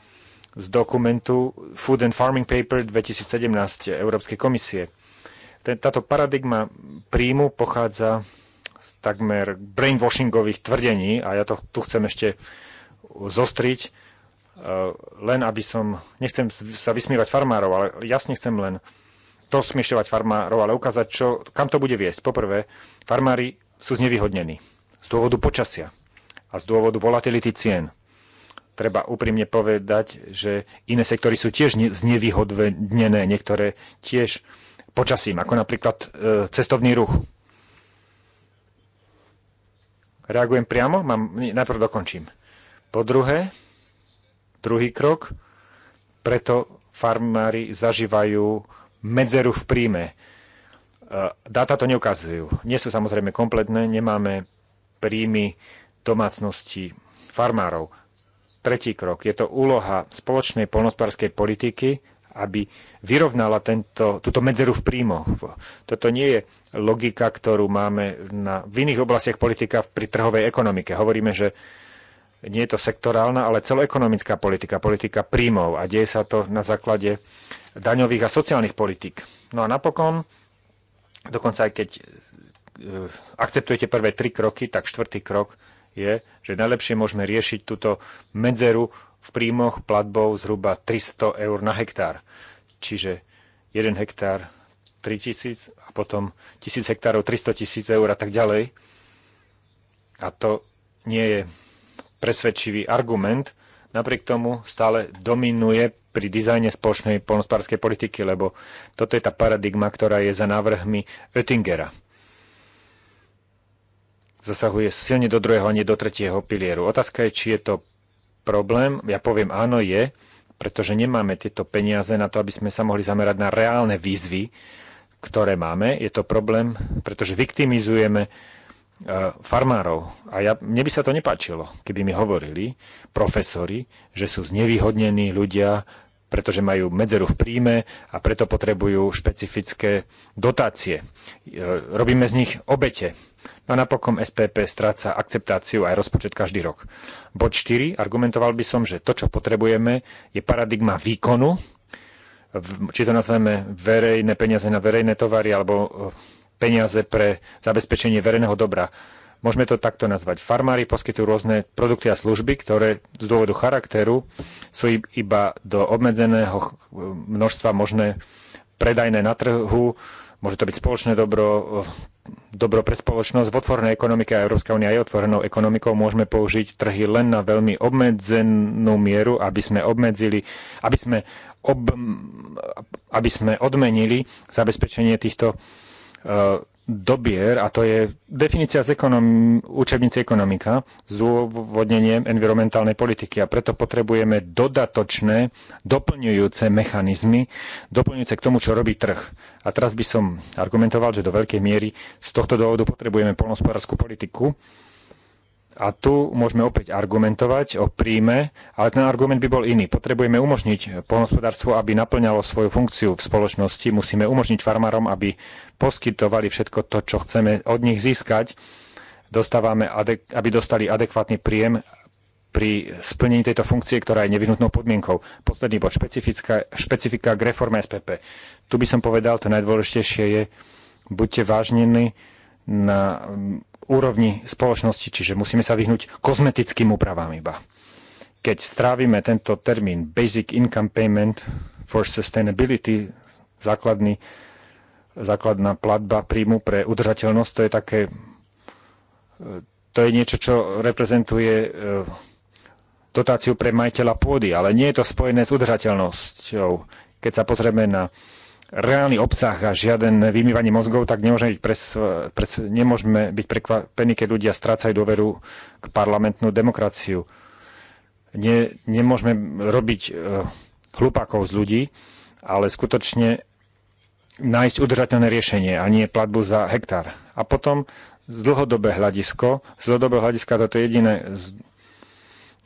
z dokumentu Food and Farming Paper 2017 Európskej komisie. Táto paradigma príjmu pochádza z takmer brainwashingových tvrdení a ja to tu chcem ešte zostriť, e, len aby som, nechcem sa vysmievať farmárov, ale jasne chcem len to smiešovať farmárov, ale ukázať, čo, kam to bude viesť. Poprvé, farmári sú znevýhodnení z dôvodu počasia a z dôvodu volatility cien treba úprimne povedať, že iné sektory sú tiež znevýhodnené, niektoré tiež počasím, ako napríklad e, cestovný ruch. Reagujem priamo? Mám, najprv dokončím. Po druhé, druhý krok, preto farmári zažívajú medzeru v príjme. E, dáta to neukazujú. Nie sú samozrejme kompletné, nemáme príjmy domácnosti farmárov. Tretí krok. Je to úloha spoločnej polnospárskej politiky, aby vyrovnala tento, túto medzeru v príjmoch. Toto nie je logika, ktorú máme na, v iných oblastiach politika pri trhovej ekonomike. Hovoríme, že nie je to sektorálna, ale celoekonomická politika, politika príjmov a deje sa to na základe daňových a sociálnych politik. No a napokon, dokonca aj keď e, akceptujete prvé tri kroky, tak štvrtý krok je, že najlepšie môžeme riešiť túto medzeru v príjmoch platbou zhruba 300 eur na hektár. Čiže 1 hektár 3000 a potom 1000 hektárov 300 tisíc eur a tak ďalej. A to nie je presvedčivý argument, napriek tomu stále dominuje pri dizajne spoločnej polnospárskej politiky, lebo toto je tá paradigma, ktorá je za návrhmi Oettingera zasahuje silne do druhého a nie do tretieho pilieru. Otázka je, či je to problém. Ja poviem áno, je, pretože nemáme tieto peniaze na to, aby sme sa mohli zamerať na reálne výzvy, ktoré máme. Je to problém, pretože viktimizujeme eh, farmárov. A ja, mne by sa to nepáčilo, keby mi hovorili profesori, že sú znevýhodnení ľudia, pretože majú medzeru v príjme a preto potrebujú špecifické dotácie. Eh, robíme z nich obete. No a napokon SPP stráca akceptáciu aj rozpočet každý rok. Bod 4, argumentoval by som, že to, čo potrebujeme, je paradigma výkonu, či to nazveme verejné peniaze na verejné tovary alebo e, peniaze pre zabezpečenie verejného dobra. Môžeme to takto nazvať. Farmári poskytujú rôzne produkty a služby, ktoré z dôvodu charakteru sú iba do obmedzeného e, množstva možné predajné na trhu, Môže to byť spoločné dobro, dobro pre spoločnosť. V otvorenej ekonomike a Európska únia je otvorenou ekonomikou. Môžeme použiť trhy len na veľmi obmedzenú mieru, aby sme obmedzili, aby sme, ob, aby sme odmenili zabezpečenie týchto uh, dobier, a to je definícia z ekonom, učebnice ekonomika z úvodnením environmentálnej politiky. A preto potrebujeme dodatočné, doplňujúce mechanizmy, doplňujúce k tomu, čo robí trh. A teraz by som argumentoval, že do veľkej miery z tohto dôvodu potrebujeme polnospodárskú politiku, a tu môžeme opäť argumentovať o príjme, ale ten argument by bol iný. Potrebujeme umožniť polnospodárstvu, aby naplňalo svoju funkciu v spoločnosti. Musíme umožniť farmárom, aby poskytovali všetko to, čo chceme od nich získať. Dostávame, aby dostali adekvátny príjem pri splnení tejto funkcie, ktorá je nevyhnutnou podmienkou. Posledný bod, špecifika, špecifika k reforme SPP. Tu by som povedal, to najdôležitejšie je, buďte vážnení na úrovni spoločnosti, čiže musíme sa vyhnúť kozmetickým úpravám iba. Keď strávime tento termín Basic Income Payment for Sustainability, základný, základná platba príjmu pre udržateľnosť, to je také e, to je niečo, čo reprezentuje e, dotáciu pre majiteľa pôdy, ale nie je to spojené s udržateľnosťou. Keď sa pozrieme na reálny obsah a žiaden vymývanie mozgov, tak nemôžeme byť, pres, pres, nemôžeme byť prekvapení, keď ľudia strácajú dôveru k parlamentnú demokraciu. Nie, nemôžeme robiť uh, hlupákov z ľudí, ale skutočne nájsť udržateľné riešenie a nie platbu za hektár. A potom z dlhodobé hľadisko, z dlhodobého hľadiska toto je jediné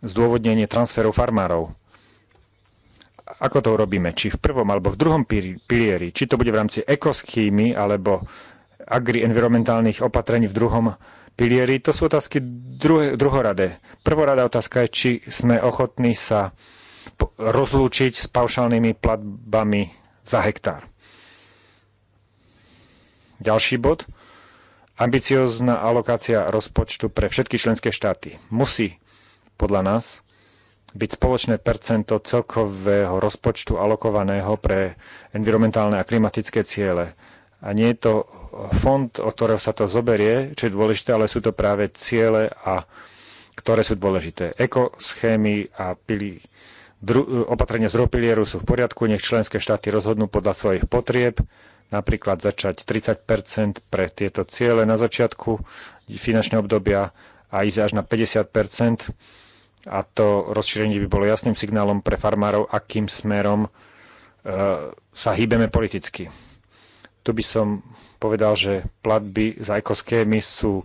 zdôvodnenie transferu farmárov ako to urobíme, či v prvom alebo v druhom pilieri, či to bude v rámci ekoschémy alebo agri-environmentálnych opatrení v druhom pilieri, to sú otázky druhé, druhoradé. Prvorada otázka je, či sme ochotní sa rozlúčiť s paušálnymi platbami za hektár. Ďalší bod. Ambiciózna alokácia rozpočtu pre všetky členské štáty musí podľa nás byť spoločné percento celkového rozpočtu alokovaného pre environmentálne a klimatické ciele. A nie je to fond, od ktorého sa to zoberie, čo je dôležité, ale sú to práve ciele, a, ktoré sú dôležité. Ekoschémy a pili, dru, opatrenia z pilieru sú v poriadku, nech členské štáty rozhodnú podľa svojich potrieb, napríklad začať 30 pre tieto ciele na začiatku finančného obdobia a ísť až na 50 a to rozšírenie by bolo jasným signálom pre farmárov, akým smerom e, sa hýbeme politicky. Tu by som povedal, že platby z ekoskémy sú,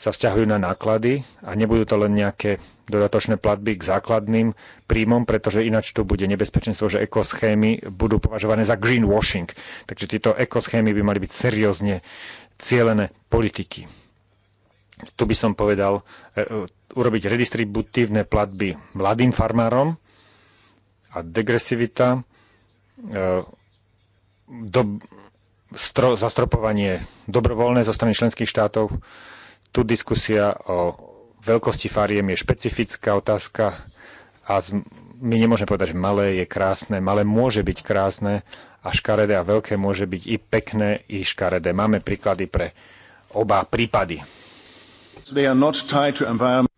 sa vzťahujú na náklady a nebudú to len nejaké dodatočné platby k základným príjmom, pretože ináč tu bude nebezpečenstvo, že ekoschémy budú považované za greenwashing. Takže tieto ekoschémy by mali byť seriózne cielené politiky. Tu by som povedal e, urobiť redistributívne platby mladým farmárom a degresivita, e, do, stro, zastropovanie dobrovoľné zo strany členských štátov. Tu diskusia o veľkosti fariem je špecifická otázka a z, my nemôžeme povedať, že malé je krásne. Malé môže byť krásne a škaredé a veľké môže byť i pekné, i škaredé. Máme príklady pre oba prípady.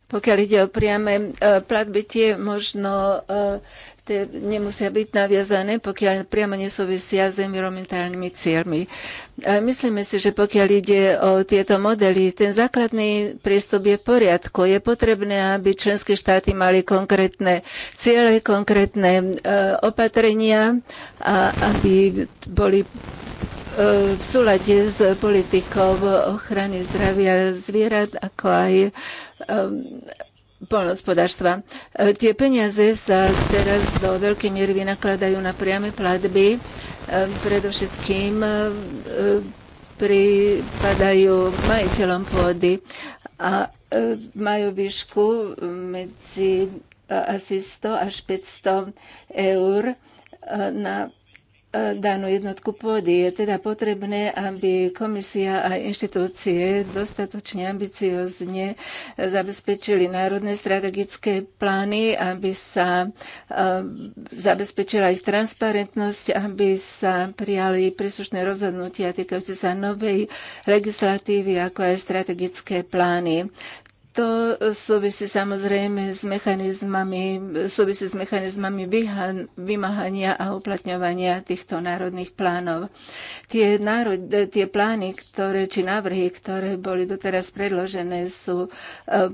Pokiaľ ide o priame e, platby, tie možno e, tie nemusia byť naviazané, pokiaľ priamo nesúvisia s environmentálnymi cieľmi. E, myslíme si, že pokiaľ ide o tieto modely, ten základný prístup je v poriadku. Je potrebné, aby členské štáty mali konkrétne ciele, konkrétne opatrenia a aby boli v súlade s politikou ochrany zdravia zvierat, ako aj um, polnospodárstva. Tie peniaze sa teraz do veľkej miery vynakladajú na priame platby, um, predovšetkým um, pripadajú majiteľom pôdy a majú výšku medzi asi 100 až 500 eur uh, na E, danú jednotku pôdy. Je teda potrebné, aby komisia a inštitúcie dostatočne ambiciozne zabezpečili národné strategické plány, aby sa e, zabezpečila ich transparentnosť, aby sa prijali príslušné rozhodnutia týkajúce sa novej legislatívy, ako aj strategické plány. To súvisí samozrejme s mechanizmami, súvisí s mechanizmami vymáhania a uplatňovania týchto národných plánov. Tie, národ, tie plány, ktoré, či návrhy, ktoré boli doteraz predložené, sú e,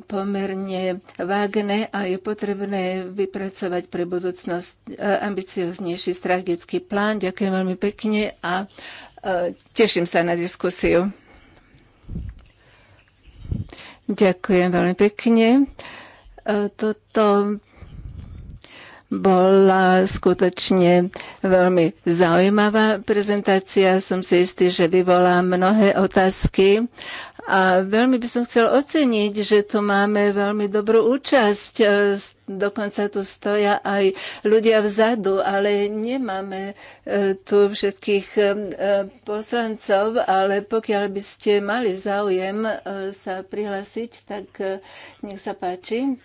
pomerne vágne a je potrebné vypracovať pre budúcnosť e, ambicioznejší strategický plán. Ďakujem veľmi pekne a e, teším sa na diskusiu. Ďakujem veľmi pekne. E, toto bola skutočne veľmi zaujímavá prezentácia. Som si istý, že vyvolá mnohé otázky a veľmi by som chcel oceniť, že tu máme veľmi dobrú účasť. E, dokonca tu stoja aj ľudia vzadu, ale nemáme e, tu všetkých e, poslancov, ale pokiaľ by ste mali záujem sa prihlásiť, tak nech sa páči.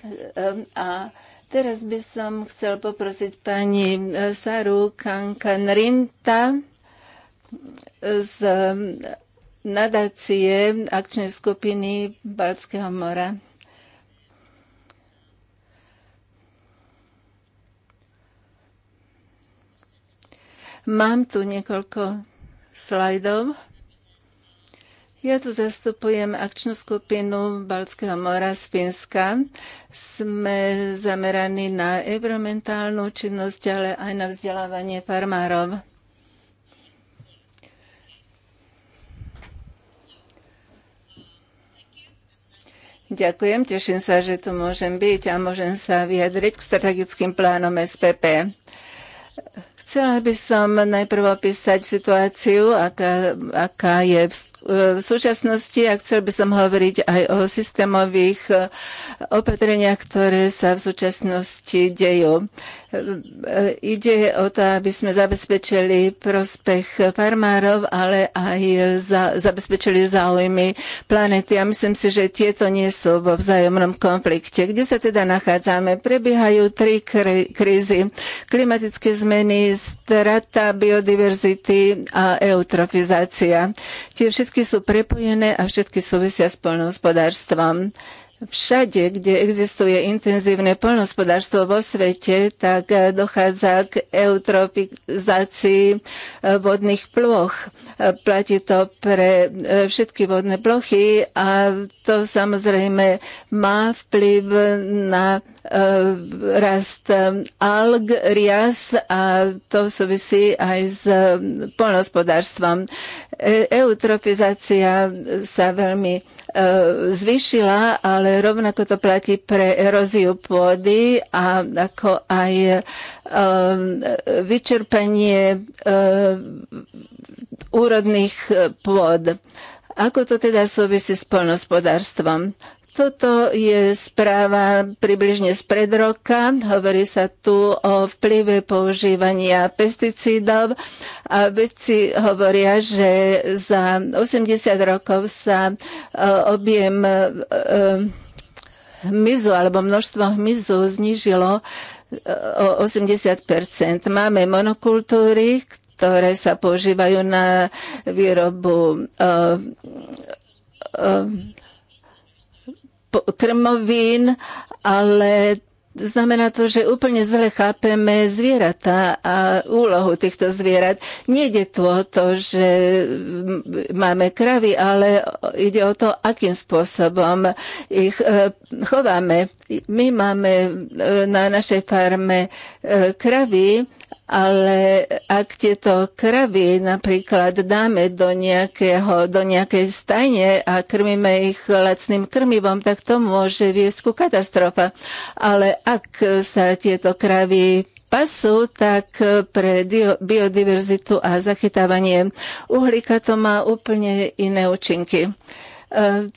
A Teraz by som chcel poprosiť pani e, Saru Kankanrinta e, z nadácie akčnej skupiny Balckého mora. Mám tu niekoľko slajdov. Ja tu zastupujem akčnú skupinu Balckého mora z Fínska. Sme zameraní na environmentálnu činnosť, ale aj na vzdelávanie farmárov. Ďakujem, teším sa, že tu môžem byť a môžem sa vyjadriť k strategickým plánom SPP. Chcela by som najprv opísať situáciu, aká, aká je v E, v súčasnosti a chcel by som hovoriť aj o systémových e, opatreniach, ktoré sa v súčasnosti dejú. E, ide o to, aby sme zabezpečili prospech farmárov, ale aj za, zabezpečili záujmy planety. A myslím si, že tieto nie sú vo vzájomnom konflikte. Kde sa teda nachádzame? Prebiehajú tri kr- krízy. Klimatické zmeny, strata biodiverzity a eutrofizácia. Tie všetky Všetky sú prepojené a všetky súvisia s poľnohospodárstvom. Všade, kde existuje intenzívne poľnohospodárstvo vo svete, tak e, dochádza k eutropizácii e, vodných ploch. E, platí to pre všetky vodné plochy a to samozrejme má vplyv na Eh, rast eh, alg, rias a to súvisí aj s eh, polnospodárstvom. Eutropizácia sa veľmi zvyšila, ale rovnako to platí pre eróziu pôdy a ako aj vyčerpanie úrodných pôd. Ako to teda súvisí s polnospodárstvom? Toto je správa približne pred roka. Hovorí sa tu o vplyve používania pesticídov a vedci hovoria, že za 80 rokov sa e, objem e, hmyzu alebo množstvo hmyzu znižilo e, o 80 Máme monokultúry, ktoré sa používajú na výrobu uh, uh, krmovín, ale znamená to, že úplne zle chápeme zvieratá a úlohu týchto zvierat. Nejde tu o to, že máme kravy, ale ide o to, akým spôsobom ich e, chováme. My máme e, na našej farme e, kravy, ale ak tieto kravy napríklad dáme do, nejakého, do nejakej stajne a krmíme ich lacným krmivom, tak to môže viesť ku katastrofa. Ale ak sa tieto kravy pasu, tak pre biodiverzitu a zachytávanie uhlíka to má úplne iné účinky. E,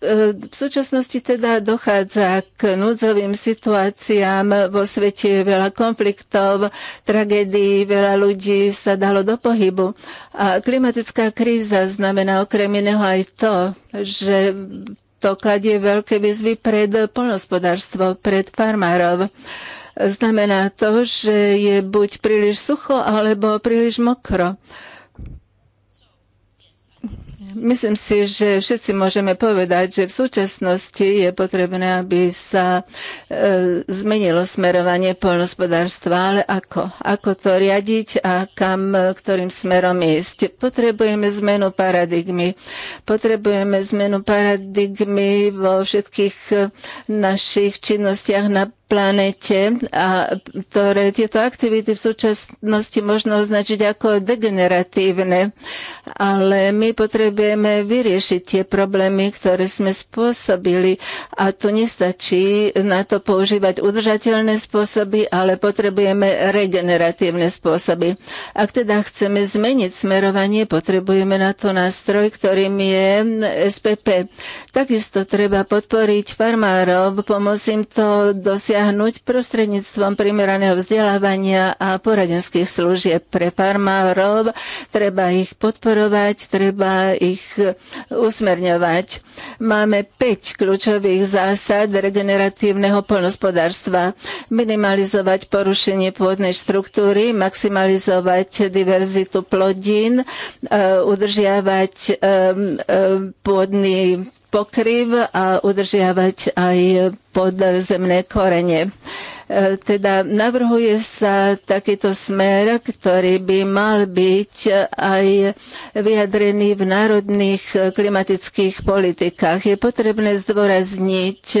E, v súčasnosti teda dochádza k núdzovým situáciám vo svete, je veľa konfliktov, tragédií, veľa ľudí sa dalo do pohybu. A klimatická kríza znamená okrem iného aj to, že to kladie veľké výzvy pred polnospodárstvo, pred farmárov. Znamená to, že je buď príliš sucho alebo príliš mokro. Myslím si, že všetci môžeme povedať, že v súčasnosti je potrebné, aby sa e, zmenilo smerovanie polnospodárstva, ale ako? Ako to riadiť a kam, ktorým smerom ísť? Potrebujeme zmenu paradigmy. Potrebujeme zmenu paradigmy vo všetkých e, našich činnostiach na planete a ktoré tieto aktivity v súčasnosti možno označiť ako degeneratívne, ale my potrebujeme vyriešiť tie problémy, ktoré sme spôsobili a to nestačí na to používať udržateľné spôsoby, ale potrebujeme regeneratívne spôsoby. Ak teda chceme zmeniť smerovanie, potrebujeme na to nástroj, ktorým je SPP. Takisto treba podporiť farmárov, pomôcť im to dosiahnuť dosiahnuť prostredníctvom primeraného vzdelávania a poradenských služieb pre farmárov. Treba ich podporovať, treba ich usmerňovať. Máme 5 kľúčových zásad regeneratívneho polnospodárstva. Minimalizovať porušenie pôdnej štruktúry, maximalizovať diverzitu plodín, e, udržiavať e, e, pôdny pokryv a udržiavať aj podzemné korene. E, teda navrhuje sa takýto smer, ktorý by mal byť aj vyjadrený v národných e, klimatických politikách. Je potrebné zdôrazniť e,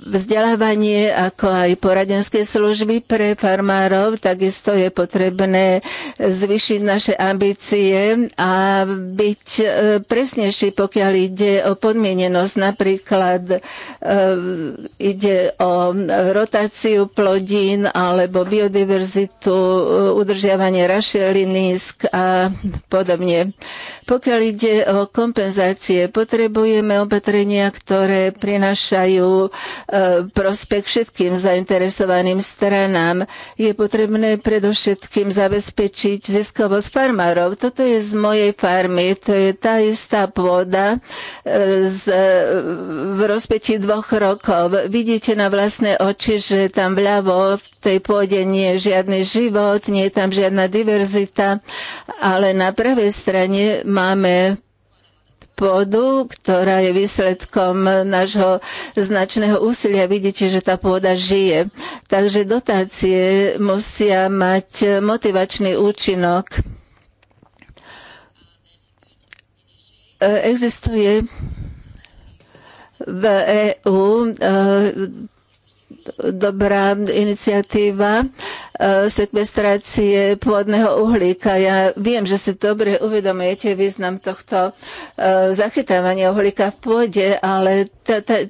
vzdelávanie ako aj poradenské služby pre farmárov. Takisto je potrebné zvyšiť naše ambície a byť presnejší, pokiaľ ide o podmienenosť. Napríklad ide o rotáciu plodín alebo biodiverzitu, udržiavanie rašelinísk a podobne. Pokiaľ ide o kompenzácie, potrebujeme opatrenia, ktoré prinašajú e, prospech všetkým zainteresovaným stranám. Je potrebné predovšetkým zabezpečiť ziskovosť farmárov. Toto je z mojej farmy, to je tá istá pôda e, z, v rozpeti dvoch rokov. Vidíte na vlastné oči, čiže tam vľavo v tej pôde nie je žiadny život, nie je tam žiadna diverzita, ale na pravej strane máme pôdu, ktorá je výsledkom nášho značného úsilia. Vidíte, že tá pôda žije. Takže dotácie musia mať motivačný účinok. Existuje v EU e, dobrá iniciatíva e, sekvestrácie pôvodného uhlíka. Ja viem, že si dobre uvedomujete význam tohto e, zachytávania uhlíka v pôde, ale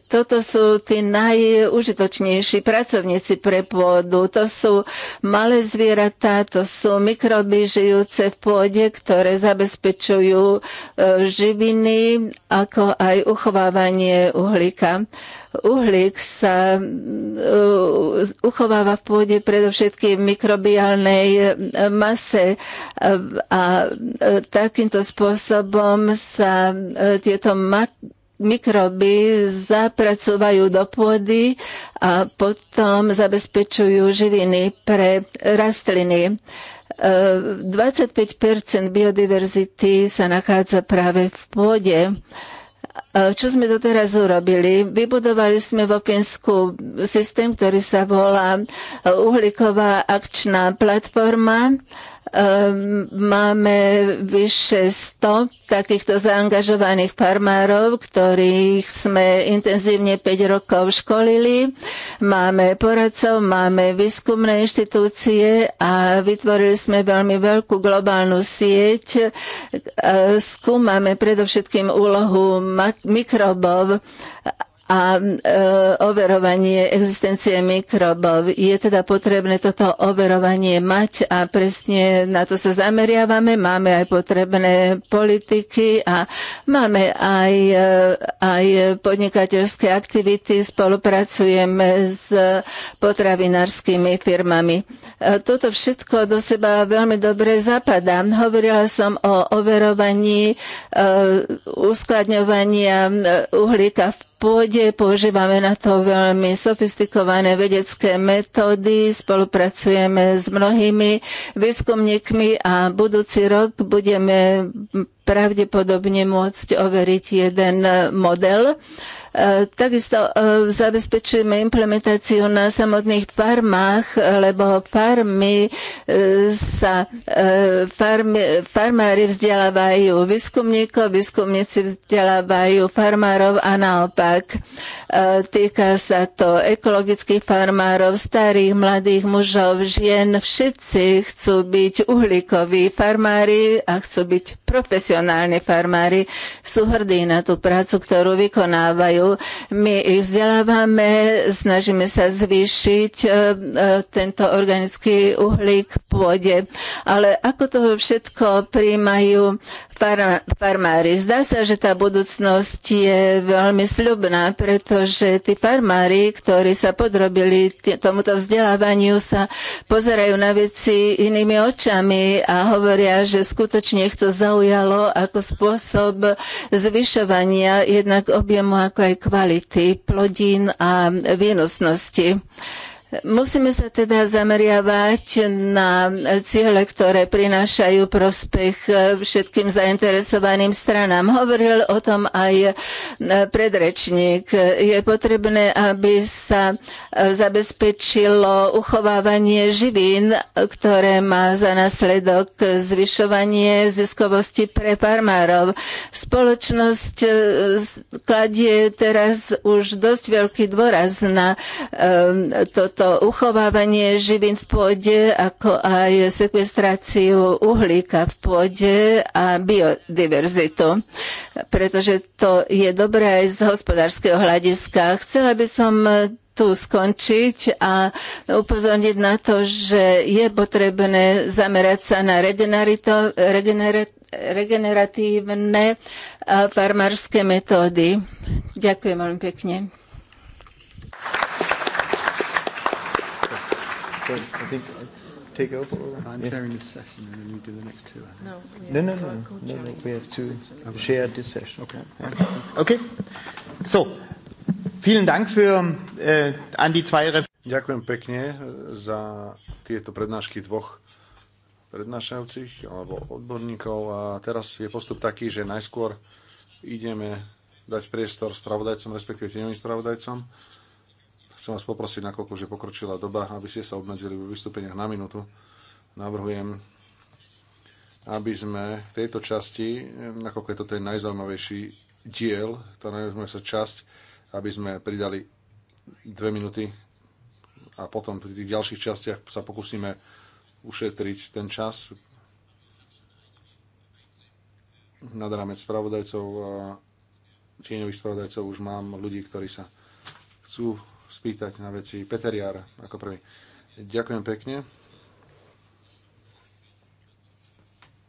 toto sú tí najúžitočnejší pracovníci pre pôdu. To sú malé zvieratá, to sú mikroby žijúce v pôde, ktoré zabezpečujú e, živiny, ako aj uchovávanie uhlíka. Uhlík sa e, uchováva v pôde predovšetkým mikrobiálnej e, mase a takýmto spôsobom sa tieto mat- mikroby zapracovajú do pôdy a potom zabezpečujú živiny pre rastliny. 25 e, biodiverzity sa nachádza práve v pôde. E, čo sme doteraz urobili? Vybudovali sme vo Fínsku systém, ktorý sa volá uhlíková akčná platforma Ehm, máme vyše 100 takýchto zaangažovaných farmárov, ktorých sme intenzívne 5 rokov školili. Máme poradcov, máme výskumné inštitúcie a vytvorili sme veľmi veľkú globálnu sieť. Ehm, skúmame predovšetkým úlohu mikrobov a e, overovanie existencie mikrobov. Je teda potrebné toto overovanie mať a presne na to sa zameriavame. Máme aj potrebné politiky a máme aj, e, aj podnikateľské aktivity. Spolupracujeme s potravinárskymi firmami. E, toto všetko do seba veľmi dobre zapadá. Hovorila som o overovaní e, uskladňovania e, uhlíka v pôde. Používame na to veľmi sofistikované vedecké metódy, spolupracujeme s mnohými výskumníkmi a budúci rok budeme pravdepodobne môcť overiť jeden model. E, takisto e, zabezpečujeme implementáciu na samotných farmách, lebo farmy e, sa, farmy, farmári vzdelávajú výskumníkov, výskumníci vzdelávajú farmárov a naopak. Týka sa to ekologických farmárov, starých, mladých mužov, žien. Všetci chcú byť uhlíkoví farmári a chcú byť profesionálni profesionálni farmári sú hrdí na tú prácu, ktorú vykonávajú. My ich vzdelávame, snažíme sa zvýšiť e, e, tento organický uhlík v pôde. Ale ako to všetko príjmajú farmári. Zdá sa, že tá budúcnosť je veľmi sľubná, pretože tí farmári, ktorí sa podrobili tomuto vzdelávaniu, sa pozerajú na veci inými očami a hovoria, že skutočne ich to zaujalo ako spôsob zvyšovania jednak objemu ako aj kvality plodín a výnosnosti. Musíme sa teda zameriavať na ciele, ktoré prinášajú prospech všetkým zainteresovaným stranám. Hovoril o tom aj e, predrečník. Je potrebné, aby sa e, zabezpečilo uchovávanie živín, ktoré má za následok zvyšovanie ziskovosti pre farmárov. Spoločnosť e, kladie teraz už dosť veľký dôraz na toto to uchovávanie živín v pôde, ako aj sekvestráciu uhlíka v pôde a biodiverzitu, pretože to je dobré aj z hospodárskeho hľadiska. Chcela by som tu skončiť a upozorniť na to, že je potrebné zamerať sa na regenerito, regeneratívne farmárske metódy. Ďakujem veľmi pekne. But I think I uh, take over. Or, I'm yeah. sharing this session, and then you do the next two. No no no, no, no, no, no, no, no. We have to okay. share this session. Okay. Yeah. Okay. So, vielen Dank für uh, an die zwei. Ďakujem pekne za tieto prednášky dvoch prednášajúcich alebo odborníkov a teraz je postup taký, že najskôr ideme dať priestor spravodajcom, respektíve tieňovým spravodajcom Chcem vás poprosiť, nakoľko už je pokročila doba, aby ste sa obmedzili v vystúpeniach na minútu. Navrhujem, aby sme v tejto časti, nakoľko je to ten najzaujímavejší diel, tá najzaujímavejšia časť, aby sme pridali dve minúty a potom pri tých ďalších častiach sa pokúsime ušetriť ten čas nad rámec spravodajcov a tieňových spravodajcov už mám ľudí, ktorí sa chcú spýtať na veci. Peter Jar ako prvý. Ďakujem pekne.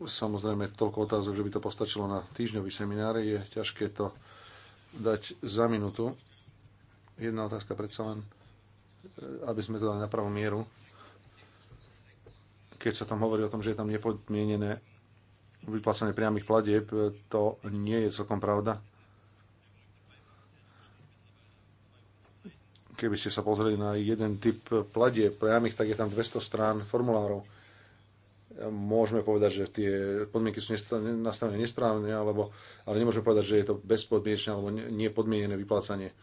Samozrejme, toľko otázok, že by to postačilo na týždňový seminár. Je ťažké to dať za minútu. Jedna otázka predsa len, aby sme to dali na pravú mieru. Keď sa tam hovorí o tom, že je tam nepodmienené vyplácanie priamých platieb, to nie je celkom pravda Keby ste sa pozreli na jeden typ pladie priamých, tak je tam 200 strán formulárov. Môžeme povedať, že tie podmienky sú nastavené nesprávne, alebo, ale nemôžeme povedať, že je to bezpodmienečné alebo nepodmienené vyplácanie.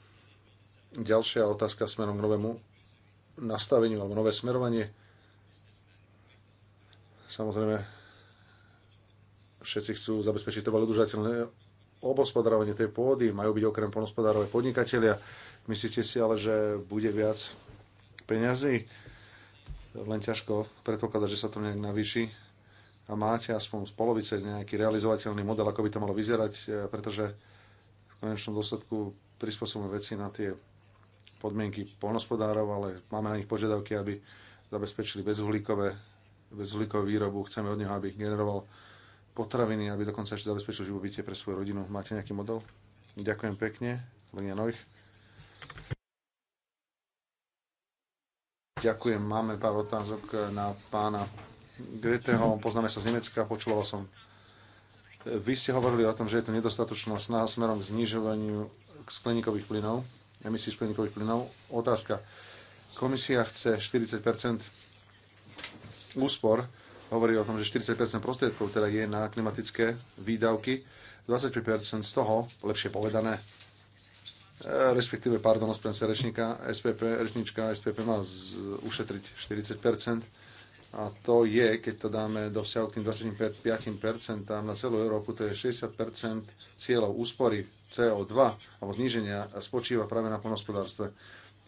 Ďalšia otázka smerom k novému nastaveniu alebo nové smerovanie. Samozrejme, všetci chcú zabezpečiť trvalé udržateľné obospodarovanie tej pôdy, majú byť okrem polnospodárov aj podnikatelia Myslíte si ale, že bude viac peňazí? Len ťažko predpokladať, že sa to nejak navýši a máte aspoň z polovice nejaký realizovateľný model, ako by to malo vyzerať, e, pretože v konečnom dôsledku prispôsobujeme veci na tie podmienky polnospodárov, ale máme na nich požiadavky, aby zabezpečili bezuhlíkové, bezuhlíkové výrobu. Chceme od neho, aby generoval potraviny, aby dokonca ešte zabezpečil živobytie pre svoju rodinu. Máte nejaký model? Ďakujem pekne, Lenia Nojch. Ďakujem. Máme pár otázok eh, na pána Greteho. Poznáme sa z Nemecka, počúval som. Eh, vy ste hovorili o tom, že je to nedostatočná snaha smerom k znižovaniu skleníkových plynov, emisí skleníkových plynov. Otázka. Komisia chce 40 úspor, hovorí o tom, že 40 prostriedkov teda je na klimatické výdavky, 25 z toho, lepšie povedané, E, respektíve, pardon, ospravedlňujem sa, rečníka SPP, rečníčka SPP má z, ušetriť 40 a to je, keď to dáme do vzťahu k tým 25% na celú Európu, to je 60% cieľov úspory CO2 alebo zníženia spočíva práve na polnospodárstve.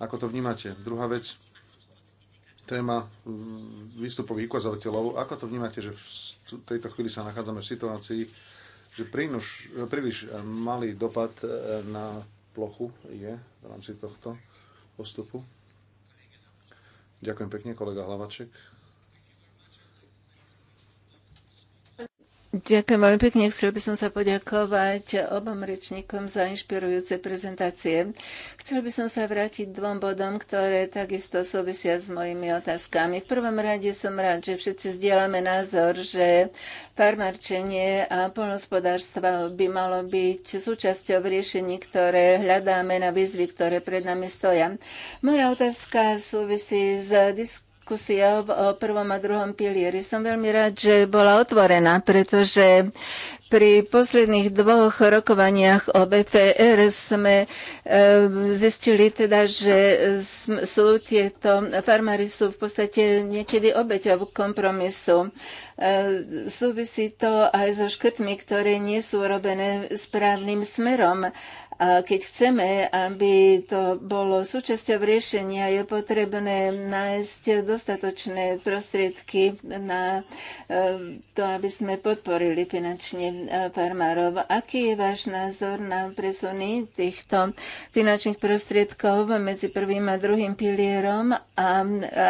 Ako to vnímate? Druhá vec, téma mm, výstupových ukazovateľov. Ako to vnímate, že v tejto chvíli sa nachádzame v situácii, že prínuž, príliš malý dopad e, na plochu je v rámci tohto postupu. Ďakujem pekne, kolega Hlavaček. Ďakujem veľmi pekne. Chcel by som sa poďakovať obom rečníkom za inšpirujúce prezentácie. Chcel by som sa vrátiť dvom bodom, ktoré takisto súvisia s mojimi otázkami. V prvom rade som rád, že všetci zdieľame názor, že farmarčenie a polnospodárstva by malo byť súčasťou v riešení, ktoré hľadáme na výzvy, ktoré pred nami stoja. Moja otázka súvisí s disk- diskusia o prvom a druhom pilieri. Som veľmi rád, že bola otvorená, pretože pri posledných dvoch rokovaniach o BFR sme e, zistili teda, že sú tieto farmári sú v podstate niekedy obeťov kompromisu. E, súvisí to aj so škrtmi, ktoré nie sú robené správnym smerom a keď chceme, aby to bolo súčasťou riešenia, je potrebné nájsť dostatočné prostriedky na e, to, aby sme podporili finančne e, farmárov. Aký je váš názor na presuny týchto finančných prostriedkov medzi prvým a druhým pilierom a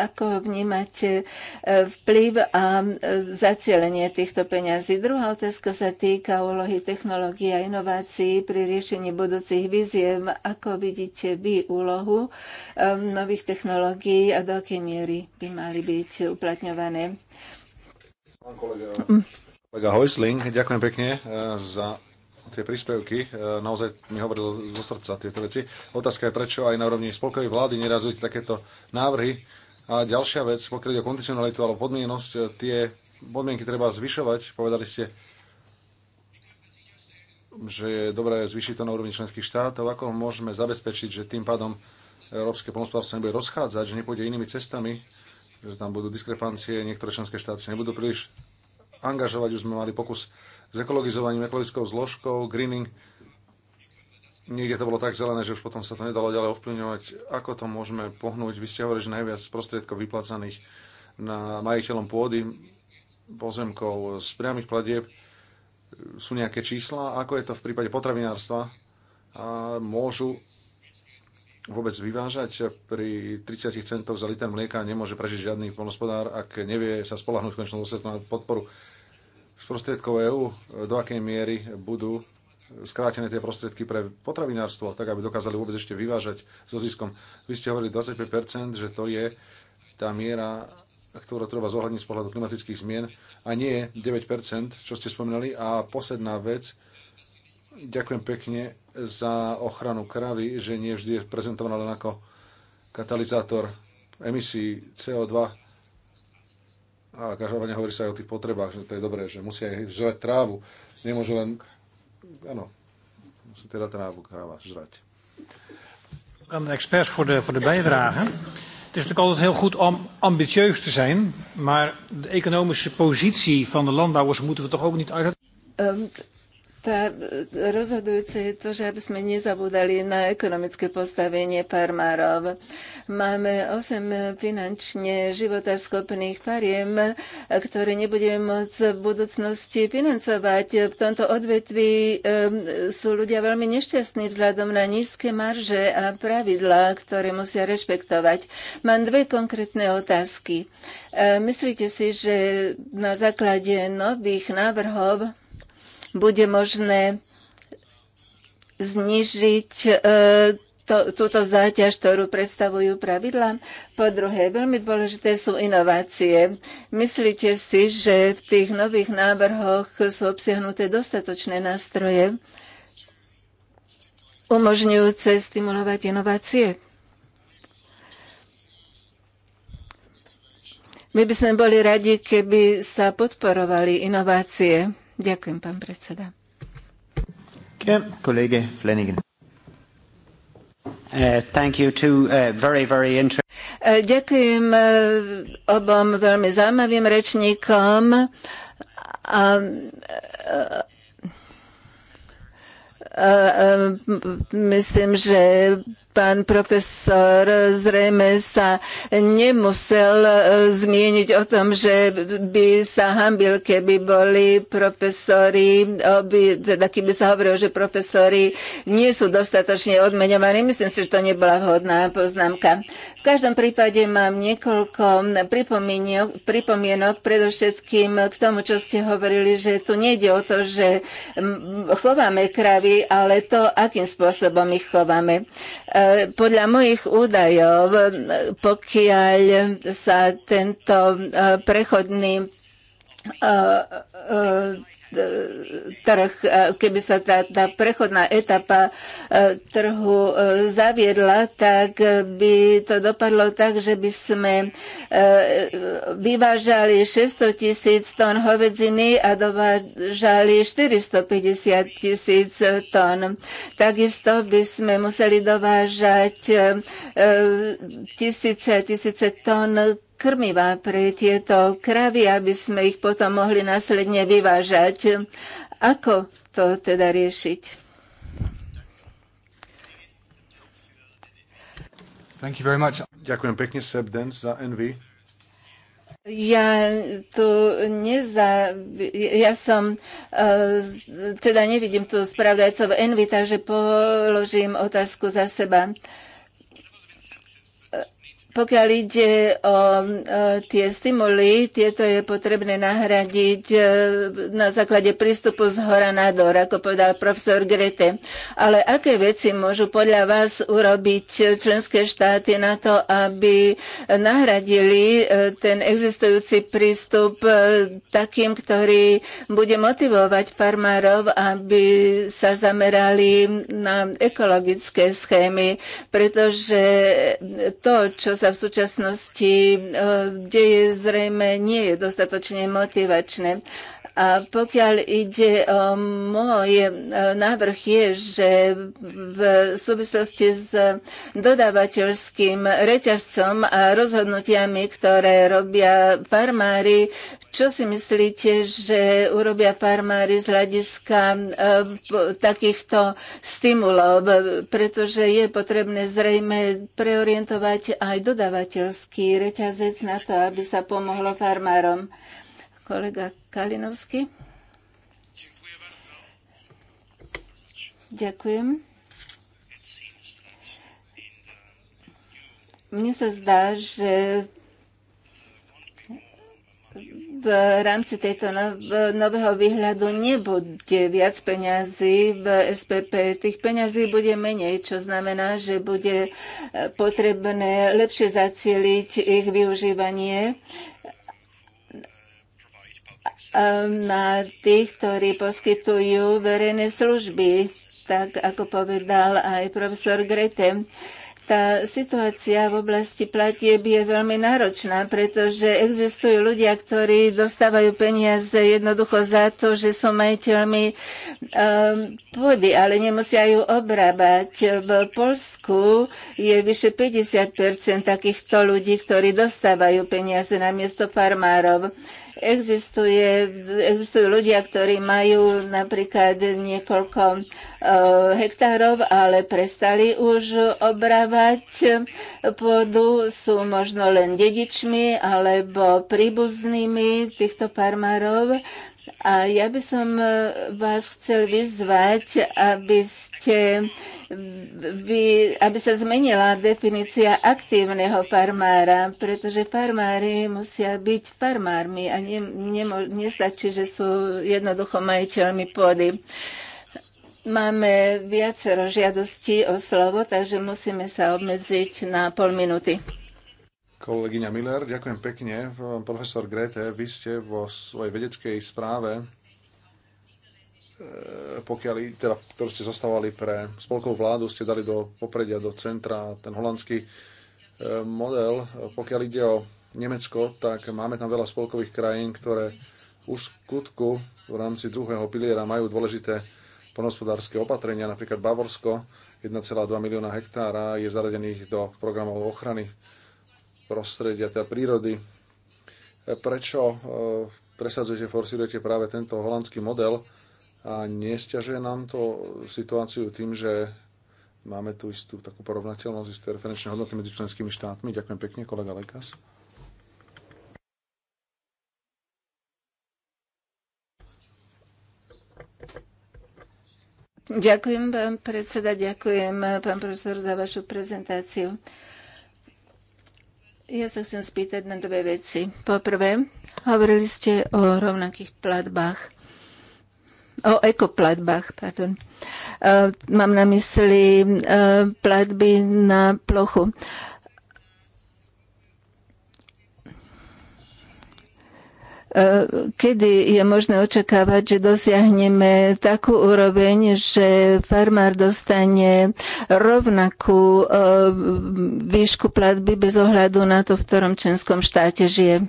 ako vnímate e, vplyv a zacielenie týchto peňazí? Druhá otázka sa týka úlohy technológií a inovácií pri riešení budúcnosti budúcich víziev, ako vidíte vy úlohu um, nových technológií a do akej miery by mali byť uplatňované. Pán kolega, kolega Hojsling, ďakujem pekne uh, za tie príspevky, uh, naozaj mi hovoril zo srdca tieto veci. Otázka je, prečo aj na úrovni spolkovej vlády nerazujete takéto návrhy. A ďalšia vec, pokiaľ ide o kondicionalitu alebo podmienosť, tie podmienky treba zvyšovať. Povedali ste, že je dobré zvyšiť to na úrovni členských štátov, ako môžeme zabezpečiť, že tým pádom európske pomospodárstvo nebude rozchádzať, že nepôjde inými cestami, že tam budú diskrepancie, niektoré členské štáty nebudú príliš angažovať. Už sme mali pokus s ekologizovaním, ekologickou zložkou, greening. Niekde to bolo tak zelené, že už potom sa to nedalo ďalej ovplyvňovať. Ako to môžeme pohnúť? Vy ste hovorili, že najviac prostriedkov vyplacaných na majiteľom pôdy, pozemkov z priamých pladieb sú nejaké čísla, ako je to v prípade potravinárstva a môžu vôbec vyvážať pri 30 centov za liter mlieka nemôže prežiť žiadny polnospodár, ak nevie sa spolahnúť konečnú dôsledku na podporu z prostriedkov EÚ, do akej miery budú skrátené tie prostriedky pre potravinárstvo, tak aby dokázali vôbec ešte vyvážať so ziskom. Vy ste hovorili 25%, že to je tá miera ktorú treba zohľadniť z pohľadu klimatických zmien a nie 9%, čo ste spomínali. A posledná vec, ďakujem pekne za ochranu kravy, že nie vždy je prezentovaná len ako katalizátor emisí CO2. Ale každopádne hovorí sa aj o tých potrebách, že to je dobré, že musia aj žrať trávu. Nemôžu len... Áno, musí teda trávu kráva žrať. Dank de expert voor de, voor de bijdrage. Het is natuurlijk altijd heel goed om ambitieus te zijn, maar de economische positie van de landbouwers moeten we toch ook niet uit. Um, tá e, rozhodujúce je to, že aby sme nezabúdali na ekonomické postavenie farmárov. Máme 8 finančne životaschopných fariem, ktoré nebudeme môcť v budúcnosti financovať. V tomto odvetví sú ľudia veľmi nešťastní vzhľadom na nízke marže a pravidlá, ktoré musia rešpektovať. Mám dve konkrétne otázky. E, myslíte si, že na základe nových návrhov bude možné znižiť e, to, túto záťaž, ktorú predstavujú pravidla. Po druhé, veľmi dôležité sú inovácie. Myslíte si, že v tých nových návrhoch sú obsiahnuté dostatočné nástroje umožňujúce stimulovať inovácie? My by sme boli radi, keby sa podporovali inovácie. Ďakujem, pán predseda. Kolege Flanagan. Uh, to, uh, very, very eh, Ďakujem eh, obom veľmi zaujímavým rečníkom. A, eh, myslím, že pán profesor zrejme sa nemusel e, zmieniť o tom, že by sa hambil, keby boli profesori, aby teda keby sa hovorilo, že profesori nie sú dostatočne odmeňovaní. Myslím si, že to nebola vhodná poznámka. V každom prípade mám niekoľko pripomienok, predovšetkým k tomu, čo ste hovorili, že tu nejde o to, že chováme kravy, ale to, akým spôsobom ich chováme. E, podľa mojich údajov, e, pokiaľ sa tento e, prechodný trh, e, keby sa tá, tá prechodná etapa e, trhu e, zaviedla, tak by to dopadlo tak, že by sme vyvážali 600 tisíc tón hovedziny a dovážali 450 tisíc tón. Takisto by sme museli dovážať tisíce a tisíce tón krmiva pre tieto kravy, aby sme ich potom mohli následne vyvážať. Ako to teda riešiť? Thank you very much. Ďakujem pekne, Seb Dens, za Envy. Ja tu neza, ja som, eh, teda nevidím tu spravdajcov Envy, takže položím otázku za seba. Pokiaľ ide o e, tie stimuly, tieto je potrebné nahradiť e, na základe prístupu z hora nador, ako povedal profesor Grete. Ale aké veci môžu podľa vás urobiť členské štáty na to, aby nahradili e, ten existujúci prístup takým, ktorý bude motivovať farmárov, aby sa zamerali na ekologické schémy, pretože to, čo sa v súčasnosti eh, deje, zrejme nie je dostatočne motivačné. A pokiaľ ide o môj e, návrh je, že v súvislosti s dodávateľským reťazcom a rozhodnutiami, ktoré robia farmári, čo si myslíte, že urobia farmári z hľadiska e, takýchto stimulov? Pretože je potrebné zrejme preorientovať aj dodávateľský reťazec na to, aby sa pomohlo farmárom kolega Kalinovský. Ďakujem. Mne sa zdá, že v rámci tejto nového výhľadu nebude viac peňazí v SPP. Tých peňazí bude menej, čo znamená, že bude potrebné lepšie zacieliť ich využívanie Ehm, na tých, ktorí poskytujú verejné služby, tak ako povedal aj profesor Grete tá situácia v oblasti platieb je veľmi náročná, pretože existujú ľudia, ktorí dostávajú peniaze jednoducho za to, že sú majiteľmi um, pôdy, ale nemusia ju obrábať. V Polsku je vyše 50 takýchto ľudí, ktorí dostávajú peniaze na miesto farmárov. Existuje, existujú ľudia, ktorí majú napríklad niekoľko e, hektárov, ale prestali už obrávať pôdu, sú možno len dedičmi alebo príbuznými týchto farmárov. A ja by som e, vás chcel vyzvať, aby ste by, aby sa zmenila definícia aktívneho farmára, pretože farmári musia byť farmármi a ne, nemo, nestačí, že sú jednoducho majiteľmi pôdy. Máme viacero žiadostí o slovo, takže musíme sa obmedziť na pol minúty. Kolegyňa Miller, ďakujem pekne. Profesor Grete, vy ste vo svojej vedeckej správe, e, pokiaľ, teda, ktorú ste zostávali pre spolkovú vládu, ste dali do popredia, do centra ten holandský e, model. Pokiaľ ide o Nemecko, tak máme tam veľa spolkových krajín, ktoré už skutku v rámci druhého piliera majú dôležité poľnohospodárske opatrenia, napríklad Bavorsko, 1,2 milióna hektára je zaradených do programov ochrany prostredia, teda prírody. E, prečo e, presadzujete, forsirujete práve tento holandský model a nestiažuje nám to situáciu tým, že máme tu istú takú porovnateľnosť, istú referenčné hodnoty medzi členskými štátmi. Ďakujem pekne, kolega Lekas. Ďakujem, pán predseda, ďakujem, pán profesor, za vašu prezentáciu. Ja sa chcem spýtať na dve veci. Poprvé, hovorili ste o rovnakých platbách. O ekoplatbách, pardon. Uh, mám na mysli uh, platby na plochu. Uh, E, kedy je možné očakávať, že dosiahneme takú úroveň, že farmár dostane rovnakú e, výšku platby bez ohľadu na to, v ktorom členskom štáte žije.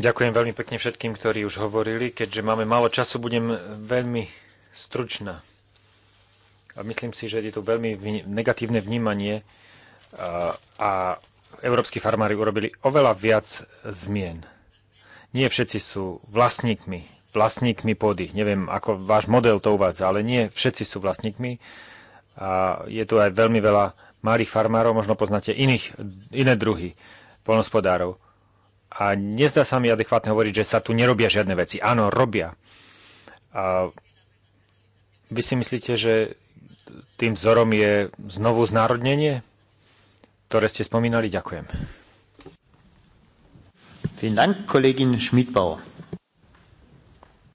Ďakujem veľmi pekne všetkým, ktorí už hovorili. Keďže máme málo času, budem veľmi stručná. A myslím si, že je to veľmi negatívne vnímanie a, európsky farmári urobili oveľa viac zmien. Nie všetci sú vlastníkmi, vlastníkmi pôdy. Neviem, ako váš model to uvádza, ale nie všetci sú vlastníkmi. A je tu aj veľmi veľa malých farmárov, možno poznáte iných, iné druhy polnospodárov. A nezdá sa mi adekvátne hovoriť, že sa tu nerobia žiadne veci. Áno, robia. A vy si myslíte, že tým vzorom je znovu znárodnenie? ktoré ste spomínali. Ďakujem. Vielen Dank, kollegin Schmidbauer.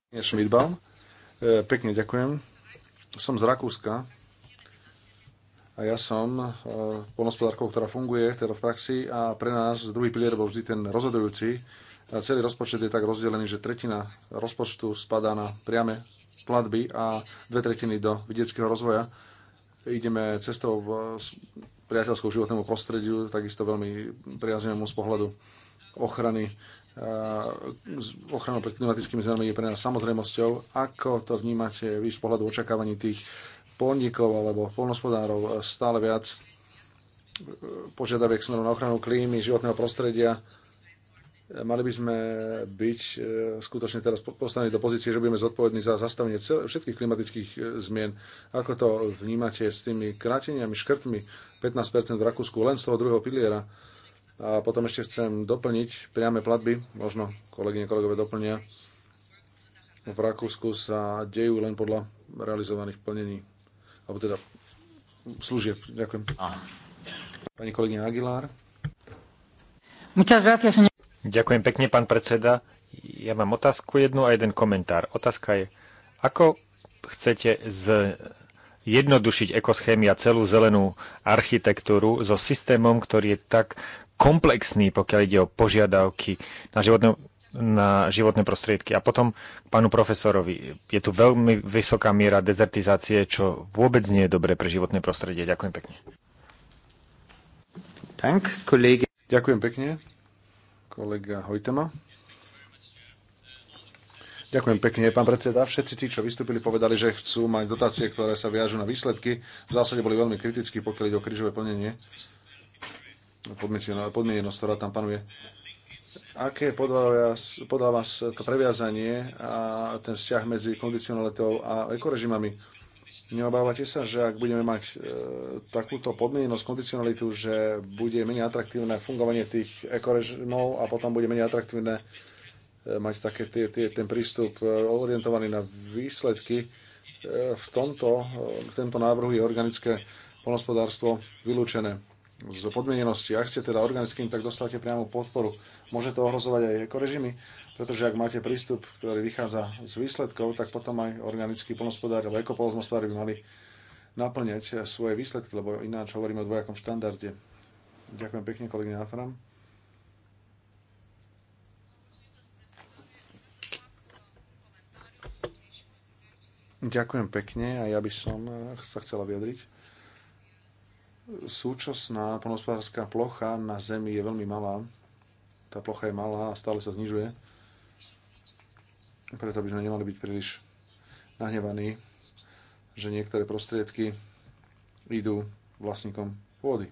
Schmidbaum. E, pekne ďakujem. Som z Rakúska a ja som e, polnospodárkou, ktorá funguje teda v praxi a pre nás druhý pilier bol vždy ten rozhodujúci. A celý rozpočet je tak rozdelený, že tretina rozpočtu spadá na priame platby a dve tretiny do vidieckého rozvoja. Ideme cestou priateľskou životnému prostrediu, takisto veľmi priaznevému z pohľadu ochrany eh, ochrana pred klimatickými zmenami je pre nás samozrejmosťou. Ako to vnímate vy z pohľadu očakávaní tých polníkov alebo polnospodárov stále viac eh, požiadaviek smerom na ochranu klímy, životného prostredia? Mali by sme byť eh, skutočne teraz postavení do pozície, že budeme zodpovední za zastavenie všetkých klimatických zmien. Ako to vnímate s tými kráteniami, škrtmi, 15% v Rakúsku len z toho druhého piliera. A potom ešte chcem doplniť priame platby, možno kolegyne, kolegové doplnia. V Rakúsku sa dejú len podľa realizovaných plnení, alebo teda služieb. Ďakujem. Pani kolegyňa Aguilar. Ďakujem pekne, pán predseda. Ja mám otázku jednu a jeden komentár. Otázka je, ako chcete z jednodušiť ekoschémy a celú zelenú architektúru so systémom, ktorý je tak komplexný, pokiaľ ide o požiadavky na životné, na životné prostriedky. A potom k pánu profesorovi. Je tu veľmi vysoká miera dezertizácie, čo vôbec nie je dobré pre životné prostredie. Ďakujem pekne. Dank, kolege. Ďakujem pekne, kolega Hojtema. Ďakujem pekne, pán predseda. Všetci tí, čo vystúpili, povedali, že chcú mať dotácie, ktoré sa viažú na výsledky. V zásade boli veľmi kritickí, pokiaľ ide o krížové plnenie. Podmienenosť, ktorá tam panuje. Aké je podľa vás to previazanie a ten vzťah medzi kondicionalitou a ekorežimami? Neobávate sa, že ak budeme mať e, takúto podmienenosť, kondicionalitu, že bude menej atraktívne fungovanie tých ekorežimov a potom bude menej atraktívne E, mať také tie, tie, ten prístup e, orientovaný na výsledky. E, v tomto, v tomto návrhu je organické polnospodárstvo vylúčené z podmienenosti. Ak ste teda organickým, tak dostávate priamo podporu. Môže to ohrozovať aj ekorežimy, pretože ak máte prístup, ktorý vychádza z výsledkov, tak potom aj organickí polnospodári alebo ekopolnospodári by mali naplňať svoje výsledky, lebo ináč hovoríme o dvojakom štandarde. Ďakujem pekne, kolegyňa Afram. Ďakujem pekne a ja by som eh, sa chcela vyjadriť. Súčasná polnospodárska plocha na Zemi je veľmi malá. Tá plocha je malá a stále sa znižuje. Preto by sme nemali byť príliš nahnevaní, že niektoré prostriedky idú vlastníkom pôdy.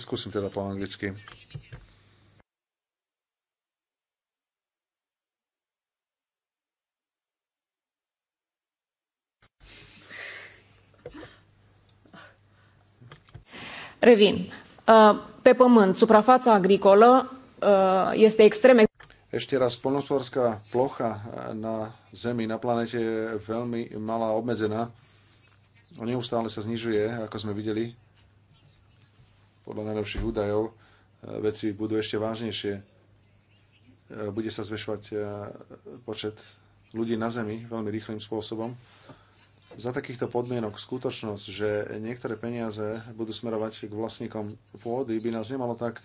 Skúsim teda po anglicky. Revin. Uh, pe pământ, suprafața agricolă uh, este extrem... Ešte raz, polnospodárska plocha uh, na Zemi, na planete je veľmi malá, obmedzená. No, neustále sa znižuje, ako sme videli. Podľa najnovších údajov veci budú ešte vážnejšie. Bude sa zväšovať počet ľudí na Zemi veľmi rýchlým spôsobom za takýchto podmienok skutočnosť, že niektoré peniaze budú smerovať k vlastníkom pôdy, by nás nemalo tak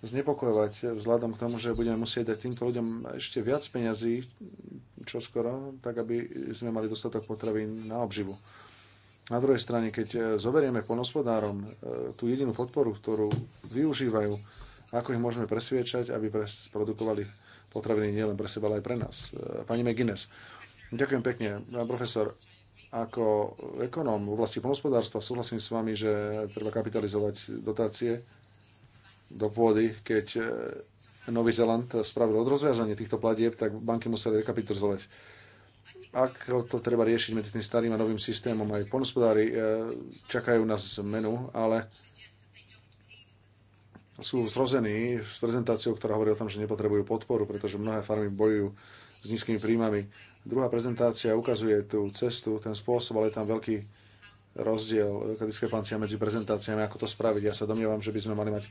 znepokojovať vzhľadom k tomu, že budeme musieť dať týmto ľuďom ešte viac peňazí čoskoro, tak aby sme mali dostatok potravín na obživu. Na druhej strane, keď e, zoberieme ponospodárom e, tú jedinú podporu, ktorú využívajú, ako ich môžeme presviečať, aby produkovali potraviny nielen pre seba, ale aj pre nás. E, pani McGuinness, ďakujem pekne. Pán profesor, ako ekonóm v oblasti polnospodárstva súhlasím s vami, že treba kapitalizovať dotácie do pôdy, keď e, Nový Zeland spravil odrozviazanie týchto platieb, tak banky museli rekapitalizovať. Ako to treba riešiť medzi tým starým a novým systémom? Aj ponospodári e, čakajú na zmenu, ale sú zrození s prezentáciou, ktorá hovorí o tom, že nepotrebujú podporu, pretože mnohé farmy bojujú s nízkymi príjmami. Druhá prezentácia ukazuje tú cestu, ten spôsob, ale je tam veľký rozdiel, veľká diskrepancia medzi prezentáciami, ako to spraviť. Ja sa domnievam, že by sme mali mať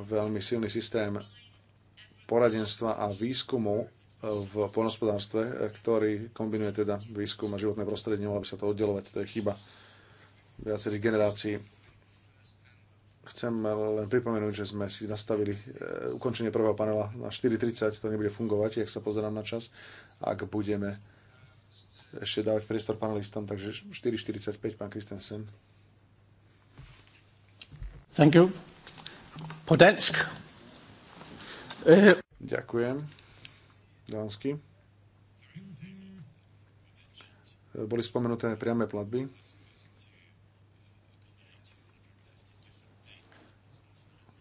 veľmi silný systém poradenstva a výskumu v poľnohospodárstve, ktorý kombinuje teda výskum a životné prostredie, mohlo by sa to oddelovať, to je chyba viacerých generácií Chcem len pripomenúť, že sme si nastavili e, ukončenie prvého panela na 4.30, to nebude fungovať, ak sa pozerám na čas, ak budeme ešte dávať priestor panelistom, takže 4.45, pán Kristensen. Thank you. Podensk. E, Ďakujem. Dánsky. E, boli spomenuté priame platby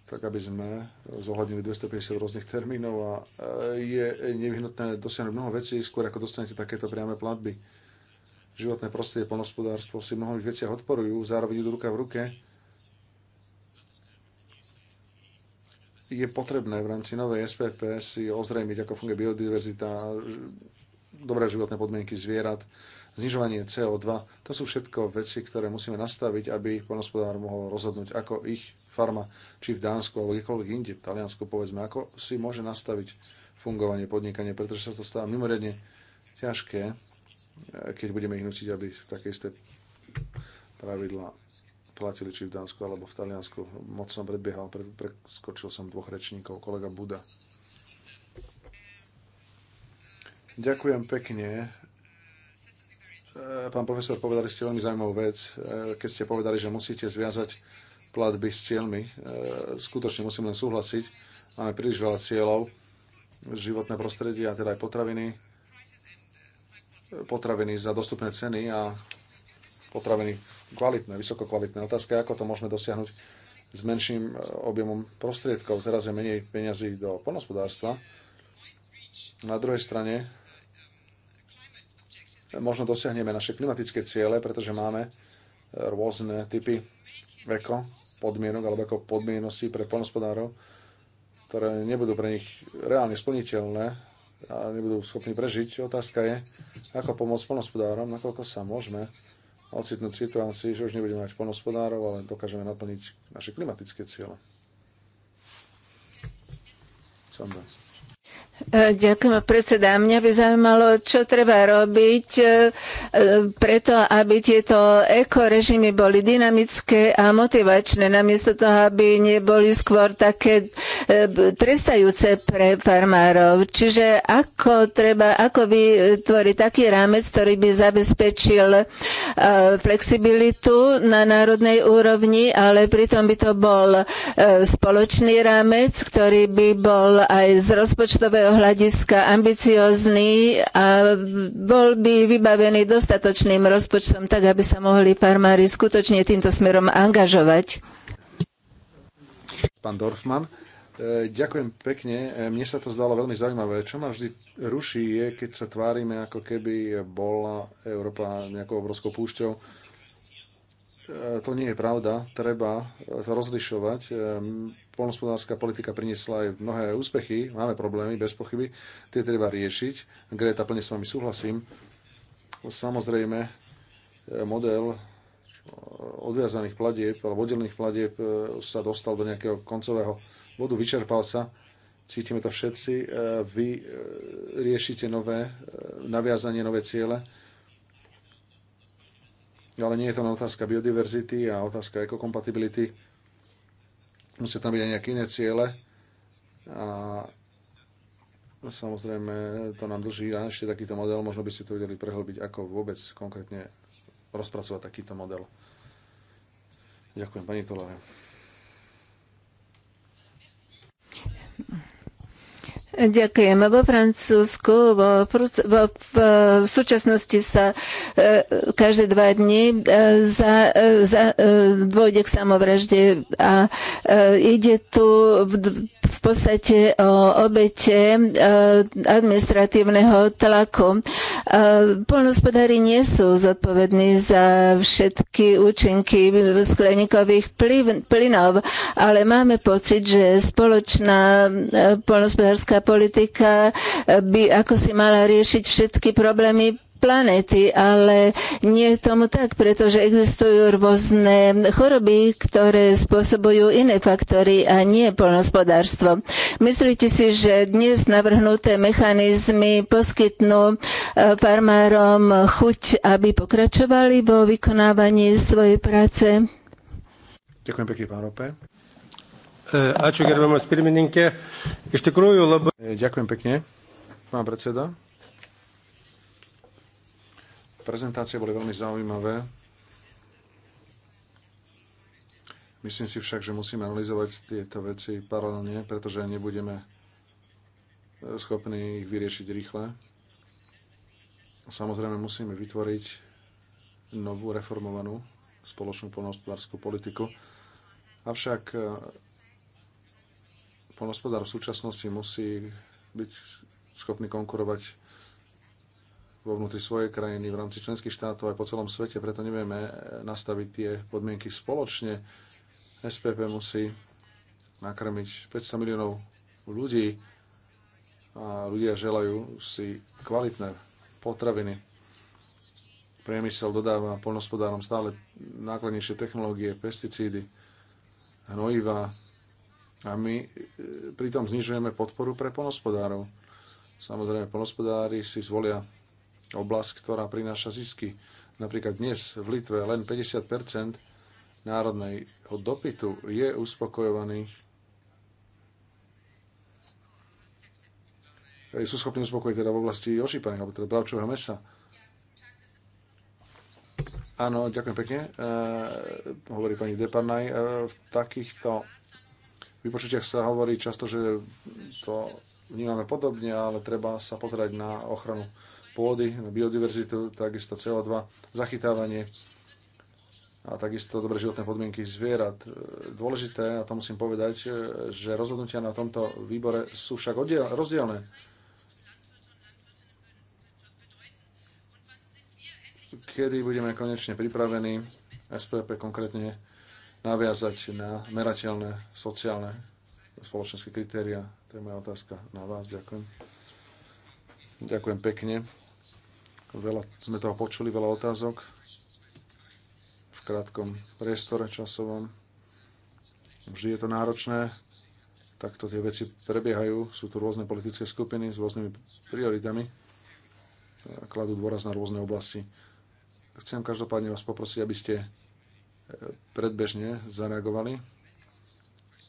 tak aby sme zohľadnili 250 rôznych termínov a e, je nevyhnutné dosiahnuť mnoho vecí, skôr ako dostanete takéto priame platby. Životné prostredie, polnospodárstvo si mnohých veciach odporujú, zároveň idú ruka v ruke. Je potrebné v rámci novej SPP si ozrejmiť, ako funguje biodiverzita, dobré životné podmienky zvierat, znižovanie CO2. To sú všetko veci, ktoré musíme nastaviť, aby poľnohospodár mohol rozhodnúť, ako ich farma, či v Dánsku alebo kdekoľvek inde, v Taliansku povedzme, ako si môže nastaviť fungovanie podnikania, pretože sa to stáva mimoriadne ťažké, keď budeme ich nutiť, aby také isté pravidlá platili či v Dánsku alebo v Taliansku. Moc som predbiehal, preskočil som dvoch rečníkov, kolega Buda. Ďakujem pekne. E, pán profesor, povedali ste veľmi zaujímavú vec, e, keď ste povedali, že musíte zviazať platby s cieľmi. E, skutočne musím len súhlasiť. Máme príliš veľa cieľov. Životné prostredie a teda aj potraviny. Potraviny za dostupné ceny a potraviny kvalitné, vysoko kvalitné Otázka je, ako to môžeme dosiahnuť s menším objemom prostriedkov. Teraz je menej peňazí do poľnohospodárstva. Na druhej strane možno dosiahneme naše klimatické ciele, pretože máme e, rôzne typy eko podmienok alebo ako podmienosti pre poľnospodárov, ktoré nebudú pre nich reálne splniteľné a nebudú schopní prežiť. Otázka je, ako pomôcť poľnospodárom, nakoľko sa môžeme ocitnúť v situácii, že už nebudeme mať poľnospodárov, ale dokážeme naplniť naše klimatické ciele. Sandra. E, ďakujem, predseda. Mňa by zaujímalo, čo treba robiť e, e, preto, aby tieto ekorežimy boli dynamické a motivačné, namiesto toho, aby neboli skôr také trestajúce pre farmárov. Čiže ako treba, ako vytvoriť taký rámec, ktorý by zabezpečil flexibilitu na národnej úrovni, ale pritom by to bol spoločný rámec, ktorý by bol aj z rozpočtového dlhodobého hľadiska ambiciózny a bol by vybavený dostatočným rozpočtom, tak aby sa mohli farmári skutočne týmto smerom angažovať. Pán Dorfman, e, ďakujem pekne. E, mne sa to zdalo veľmi zaujímavé. Čo ma vždy ruší je, keď sa tvárime, ako keby bola Európa nejakou obrovskou púšťou E, to nie je pravda. Treba to e, rozlišovať. E, polnospodárska politika priniesla aj mnohé úspechy. Máme problémy, bez pochyby. Tie treba riešiť. Greta, plne s vami súhlasím. Samozrejme, model odviazaných platieb alebo oddelených platieb sa dostal do nejakého koncového bodu, vyčerpal sa. Cítime to všetci. Vy riešite nové naviazanie, nové ciele No, ale nie je to len otázka biodiverzity a otázka ekokompatibility. Musia tam byť aj nejaké iné ciele. A samozrejme, to nám drží a ešte takýto model. Možno by ste to vedeli prehlbiť, ako vôbec konkrétne rozpracovať takýto model. Ďakujem, pani Tolare. Ďakujem. Vo Francúzsku vo, vo, v, v súčasnosti sa e, každé dva dni e, za, e, za, e, dôjde k samovražde a e, ide tu v, v podstate o obete e, administratívneho tlaku. E, polnospodári nie sú zodpovední za všetky účinky skleníkových plynov, ale máme pocit, že spoločná e, polnospodárska politika eh, by ako si mala riešiť všetky problémy planety, ale nie je tomu tak, pretože existujú rôzne choroby, ktoré spôsobujú iné faktory a nie polnospodárstvo. Myslíte si, že dnes navrhnuté mechanizmy poskytnú eh, farmárom chuť, aby pokračovali vo vykonávaní svojej práce? Ďakujem pekne, pán Rope. E, ačiū gerbiamas pirmininkė. Iš tikrųjų labai. E, ďakujem pekne, pán predseda. Prezentácie boli veľmi zaujímavé. Myslím si však, že musíme analyzovať tieto veci paralelne, pretože nebudeme e, schopní ich vyriešiť rýchle. Samozrejme musíme vytvoriť novú reformovanú spoločnú polnohospodárskú politiku. Avšak Polnospodár v súčasnosti musí byť schopný konkurovať vo vnútri svojej krajiny, v rámci členských štátov aj po celom svete, preto nevieme nastaviť tie podmienky spoločne. SPP musí nakrmiť 500 miliónov ľudí a ľudia želajú si kvalitné potraviny. Priemysel dodáva polnospodárom stále nákladnejšie technológie, pesticídy, hnojiva, a my e, pritom znižujeme podporu pre ponospodárov. Samozrejme, ponospodári si zvolia oblasť, ktorá prináša zisky. Napríklad dnes v Litve len 50 národnej dopytu je uspokojovaných e, sú schopní uspokojiť teda v oblasti ošípaných, alebo teda bravčového mesa. Áno, ďakujem pekne, e, hovorí pani Deparnaj. E, v takýchto vypočutiach sa hovorí často, že to vnímame podobne, ale treba sa pozerať na ochranu pôdy, na biodiverzitu, takisto CO2, zachytávanie a takisto dobré životné podmienky zvierat. Dôležité, a to musím povedať, že rozhodnutia na tomto výbore sú však rozdielne. Kedy budeme konečne pripravení, SPP konkrétne, naviazať na merateľné sociálne spoločenské kritéria. To je moja otázka na vás. Ďakujem. Ďakujem pekne. Veľa sme toho počuli, veľa otázok v krátkom priestore časovom. Vždy je to náročné. Takto tie veci prebiehajú. Sú tu rôzne politické skupiny s rôznymi prioritami. Kladú dôraz na rôzne oblasti. Chcem každopádne vás poprosiť, aby ste predbežne zareagovali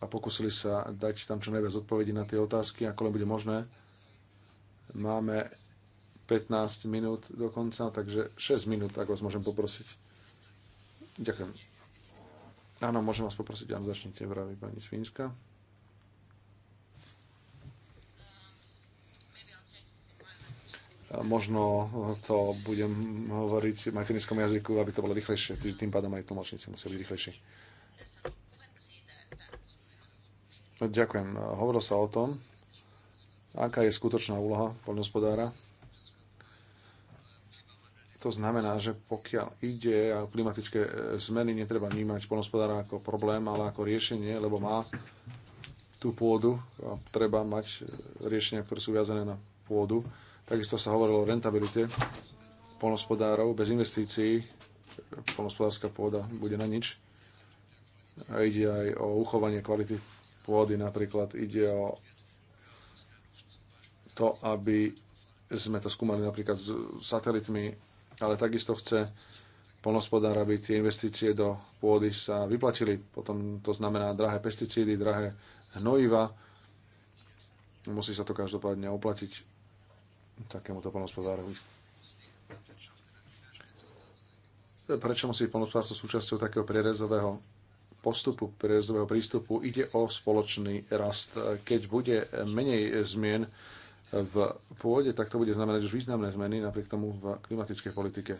a pokúsili sa dať tam čo najviac odpovedí na tie otázky, ako len bude možné. Máme 15 minút do konca, takže 6 minút, ak vás môžem poprosiť. Ďakujem. Áno, môžem vás poprosiť, áno, začnite, vraviť pani Svinska. možno to budem hovoriť v materinskom jazyku, aby to bolo rýchlejšie. Tým pádom aj tlmočníci musia byť rýchlejší. No, ďakujem. Hovorilo sa o tom, aká je skutočná úloha poľnohospodára. To znamená, že pokiaľ ide o klimatické e, zmeny, netreba vnímať poľnohospodára ako problém, ale ako riešenie, lebo má tú pôdu a treba mať e, riešenia, ktoré sú viazané na pôdu Takisto sa hovorilo o rentabilite polnospodárov. Bez investícií polnospodárska pôda bude na nič. A ide aj o uchovanie kvality pôdy napríklad. Ide o to, aby sme to skúmali napríklad s satelitmi, ale takisto chce polnospodár, aby tie investície do pôdy sa vyplatili. Potom to znamená drahé pesticídy, drahé hnojiva. Musí sa to každopádne oplatiť takémuto polnospodárovi. Prečo musí byť súčasťou takého prierezového postupu, prierezového prístupu? Ide o spoločný rast. Keď bude menej zmien v pôde, tak to bude znamenať už významné zmeny, napriek tomu v klimatickej politike.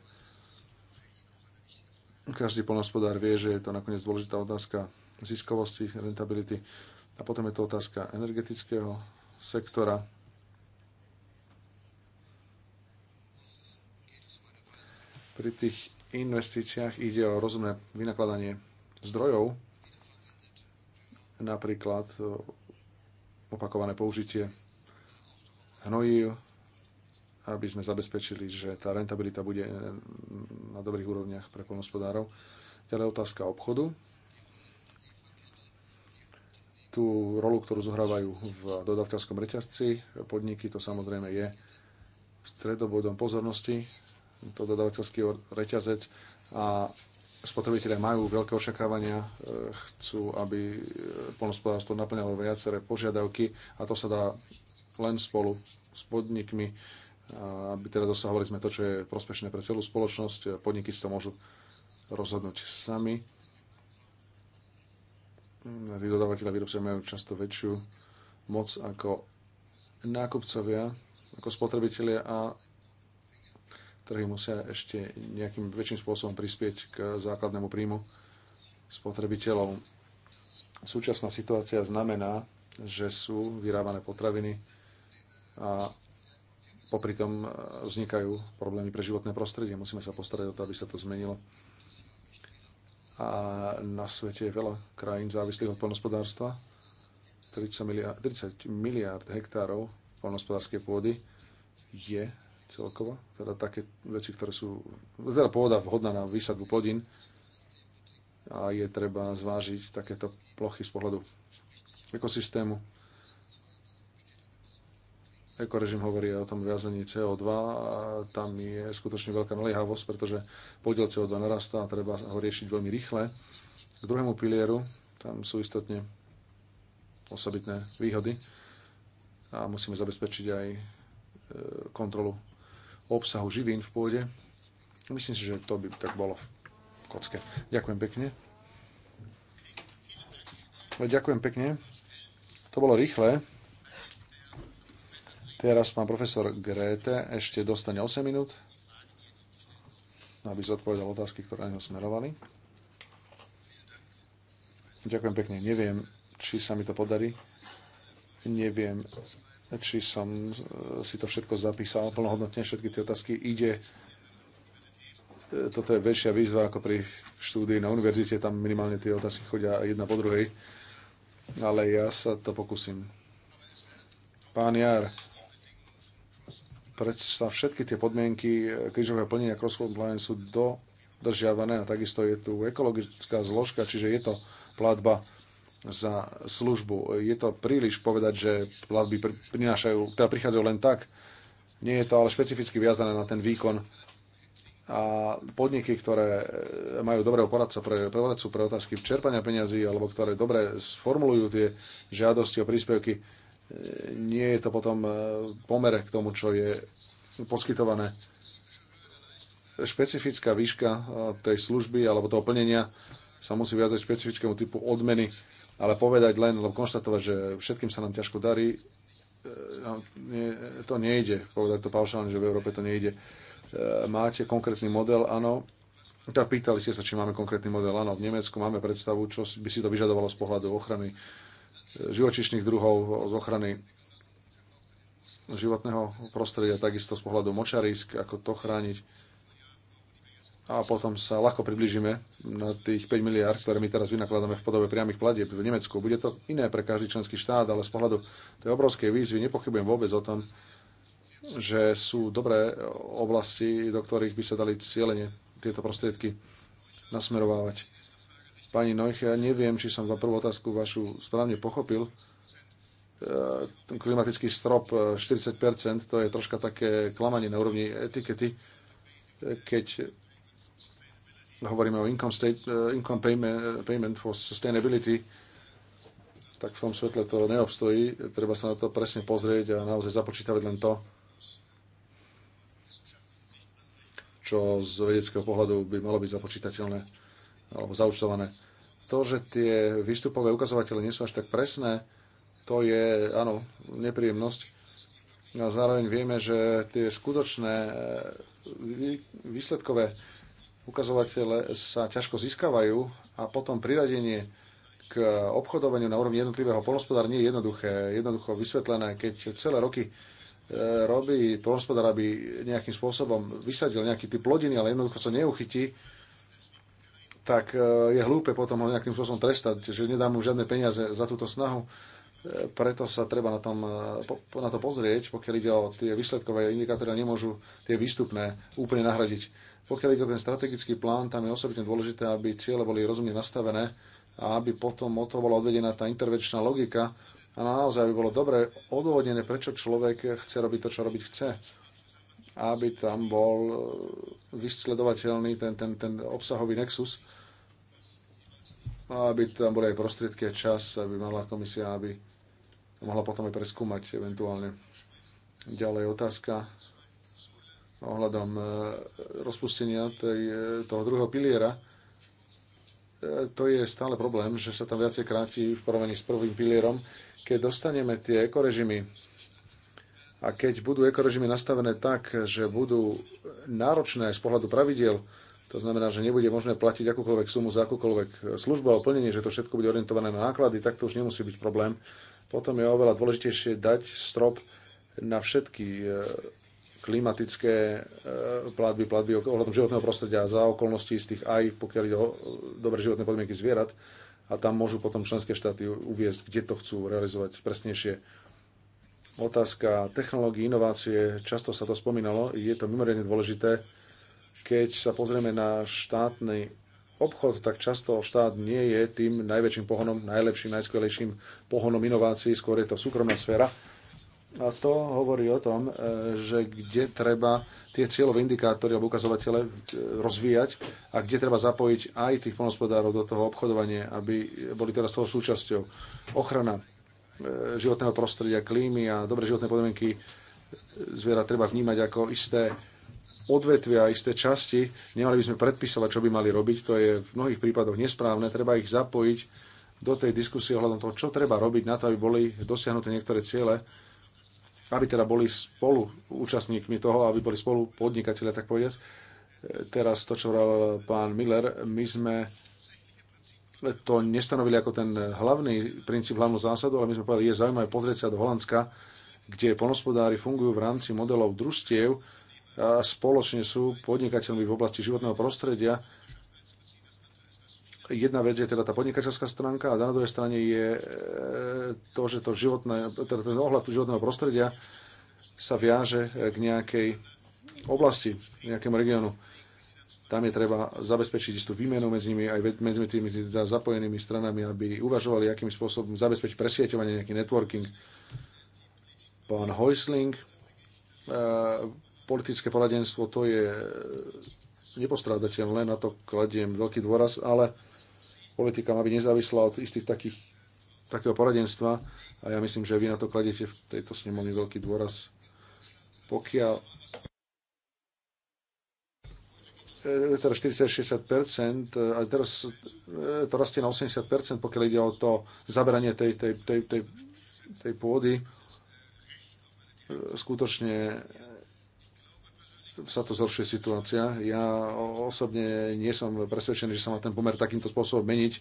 Každý polnospodár vie, že je to nakoniec dôležitá otázka ziskovosti, rentability. A potom je to otázka energetického sektora, Pri tých investíciách ide o rozumné vynakladanie zdrojov, napríklad e, opakované použitie hnojív, aby sme zabezpečili, že tá rentabilita bude e, na dobrých úrovniach pre polnospodárov. Ďalej otázka obchodu. Tú rolu, ktorú zohrávajú v dodavateľskom reťazci podniky, to samozrejme je stredobodom pozornosti to dodavateľský reťazec a spotrebitelia majú veľké očakávania, e, chcú, aby e, polnospodárstvo naplňalo viaceré požiadavky a to sa dá len spolu s podnikmi, e, aby teda dosahovali sme to, čo je prospešné pre celú spoločnosť. Podniky si to môžu rozhodnúť sami. Tí dodávateľa výrobcovia majú často väčšiu moc ako nákupcovia, ako spotrebitelia a trhy musia ešte nejakým väčším spôsobom prispieť k základnému príjmu spotrebiteľov. Súčasná situácia znamená, že sú vyrábané potraviny a popri tom e, vznikajú problémy pre životné prostredie. Musíme sa postarať o to, aby sa to zmenilo. A na svete je veľa krajín závislých od polnospodárstva. 30 miliard, 30 miliard hektárov polnospodárskej pôdy je celkovo, teda také veci, ktoré sú, teda pôda vhodná na výsadbu plodín a je treba zvážiť takéto plochy z pohľadu ekosystému. Ekorežim hovorí o tom viazení CO2 a tam je skutočne veľká naliehavosť, pretože podiel CO2 narastá a treba ho riešiť veľmi rýchle. K druhému pilieru tam sú istotne osobitné výhody a musíme zabezpečiť aj e, kontrolu obsahu živín v pôde. Myslím si, že to by tak bolo v kocke. Ďakujem pekne. No, ďakujem pekne. To bolo rýchle. Teraz pán profesor Gréte ešte dostane 8 minút, aby zodpovedal otázky, ktoré na ňo smerovali. Ďakujem pekne. Neviem, či sa mi to podarí. Neviem, či som e, si to všetko zapísal plnohodnotne, všetky tie otázky. Ide, e, toto je väčšia výzva ako pri štúdii na univerzite, tam minimálne tie otázky chodia jedna po druhej, ale ja sa to pokúsim. Pán Jar, predsa všetky tie podmienky e, krížového plnenia crosswalk plan sú dodržiavané a takisto je tu ekologická zložka, čiže je to platba za službu. Je to príliš povedať, že platby prinášajú, teda prichádzajú len tak. Nie je to ale špecificky viazané na ten výkon. A podniky, ktoré e, majú dobrého poradca pre, pre poradcu pre otázky čerpania peňazí, alebo ktoré dobre sformulujú tie žiadosti o príspevky, e, nie je to potom e, pomere k tomu, čo je poskytované. Špecifická výška tej služby alebo toho plnenia sa musí viazať špecifickému typu odmeny ale povedať len, lebo konštatovať, že všetkým sa nám ťažko darí, e, no, nie, to nejde. Povedať to paušálne, že v Európe to nejde. E, máte konkrétny model, áno. Teda pýtali ste sa, či máme konkrétny model. Áno, v Nemecku máme predstavu, čo by si to vyžadovalo z pohľadu ochrany e, živočišných druhov, z ochrany životného prostredia, takisto z pohľadu močarísk, ako to chrániť a potom sa ľahko približíme na tých 5 miliard, ktoré my teraz vynakladáme v podobe priamých platieb v Nemecku. Bude to iné pre každý členský štát, ale z pohľadu tej obrovskej výzvy nepochybujem vôbec o tom, že sú dobré oblasti, do ktorých by sa dali cieľene tieto prostriedky nasmerovávať. Pani Noich, ja neviem, či som vám prvú otázku vašu správne pochopil. Klimatický strop 40%, e, to je troška také klamanie na úrovni etikety, e, keď hovoríme o income, state, eh, income payment, eh, payment for sustainability, tak v tom svetle to neobstojí. Treba sa na to presne pozrieť a naozaj započítavať len to, čo z vedeckého pohľadu by malo byť započítateľné alebo zaučtované. To, že tie výstupové ukazovatele nie sú až tak presné, to je, áno, nepríjemnosť. A zároveň vieme, že tie skutočné eh, výsledkové ukazovatele sa ťažko získavajú a potom priradenie k obchodovaniu na úrovni jednotlivého polnospodára nie je jednoduché. Jednoducho vysvetlené, keď celé roky e, robí polnospodár, aby nejakým spôsobom vysadil nejaký typ plodiny, ale jednoducho sa neuchytí, tak e, je hlúpe potom ho nejakým spôsobom trestať, že nedá mu žiadne peniaze za túto snahu. E, preto sa treba na, tom, na to pozrieť, pokiaľ ide o tie výsledkové indikátory, nemôžu tie výstupné úplne nahradiť pokiaľ ide o ten strategický plán, tam je osobitne dôležité, aby ciele boli rozumne nastavené a aby potom od toho bola odvedená tá intervenčná logika a naozaj by bolo dobre odôvodnené, prečo človek chce robiť to, čo robiť chce. Aby tam bol e, vysledovateľný ten, ten, ten obsahový nexus, aby tam boli aj prostriedky a čas, aby mala komisia, aby mohla potom aj preskúmať eventuálne. Ďalej otázka ohľadom e, rozpustenia tej, e, toho druhého piliera, e, to je stále problém, že sa tam viacej kráti v porovnaní s prvým pilierom. Keď dostaneme tie ekorežimy a keď budú ekorežimy nastavené tak, že budú náročné z pohľadu pravidiel, to znamená, že nebude možné platiť akúkoľvek sumu za akúkoľvek službu a plnenie, že to všetko bude orientované na náklady, tak to už nemusí byť problém. Potom je oveľa dôležitejšie dať strop na všetky klimatické e, platby, platby ohľadom životného prostredia za okolností tých aj pokiaľ ide o e, dobré životné podmienky zvierat a tam môžu potom členské štáty uviezť, kde to chcú realizovať presnejšie. Otázka technológií, inovácie, často sa to spomínalo, je to mimoriadne dôležité. Keď sa pozrieme na štátny obchod, tak často štát nie je tým najväčším pohonom, najlepším, najskvelejším pohonom inovácií, skôr je to súkromná sféra a to hovorí o tom, e, že kde treba tie cieľové indikátory alebo ukazovatele e, rozvíjať a kde treba zapojiť aj tých polnospodárov do toho obchodovania, aby boli teraz toho súčasťou. Ochrana e, životného prostredia, klímy a dobré životné podmienky zviera treba vnímať ako isté odvetvia, isté časti. Nemali by sme predpisovať, čo by mali robiť. To je v mnohých prípadoch nesprávne. Treba ich zapojiť do tej diskusie ohľadom toho, čo treba robiť na to, aby boli dosiahnuté niektoré ciele aby teda boli spolu účastníkmi toho, aby boli spolu podnikateľe, tak povedať. Teraz to, čo hovoril pán Miller, my sme to nestanovili ako ten hlavný princíp, hlavnú zásadu, ale my sme povedali, je zaujímavé pozrieť sa do Holandska, kde ponospodári fungujú v rámci modelov družstiev a spoločne sú podnikateľmi v oblasti životného prostredia, jedna vec je teda tá podnikateľská stránka a na druhej strane je e, to, že to životné, teda ten ohľad životného prostredia sa viaže e, k nejakej oblasti, nejakému regiónu. Tam je treba zabezpečiť istú výmenu medzi nimi aj medzi tými teda zapojenými stranami, aby uvažovali, akým spôsobom zabezpečiť presieťovanie, nejaký networking. Pán Heusling, e, politické poradenstvo, to je nepostrádateľné, na to kladiem veľký dôraz, ale politika má byť nezávislá od istých takých, takého poradenstva a ja myslím, že vy na to kladete v tejto snemovni veľký dôraz. Pokiaľ e, teda 40-60%, ale teraz e, to rastie na 80%, pokiaľ ide o to zaberanie tej, tej, tej, tej, tej pôdy. E, skutočne sa to zhoršuje situácia. Ja osobne nie som presvedčený, že sa má ten pomer takýmto spôsobom meniť. E,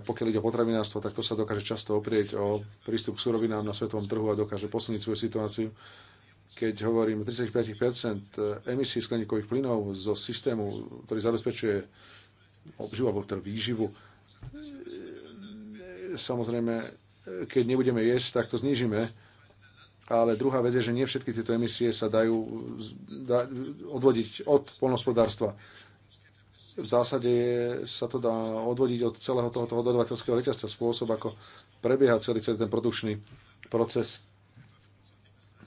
pokiaľ ide o potravinárstvo, tak to sa dokáže často oprieť o prístup k surovinám na svetovom trhu a dokáže posilniť svoju situáciu. Keď hovorím o 35 emisí skleníkových plynov zo systému, ktorý zabezpečuje obživu alebo teda výživu, samozrejme, keď nebudeme jesť, tak to znížime ale druhá vec je, že nie všetky tieto emisie sa dajú odvodiť od polnospodárstva. V zásade sa to dá odvodiť od celého tohoto dodavateľského reťazca, spôsob, ako prebieha celý, celý ten produkčný proces.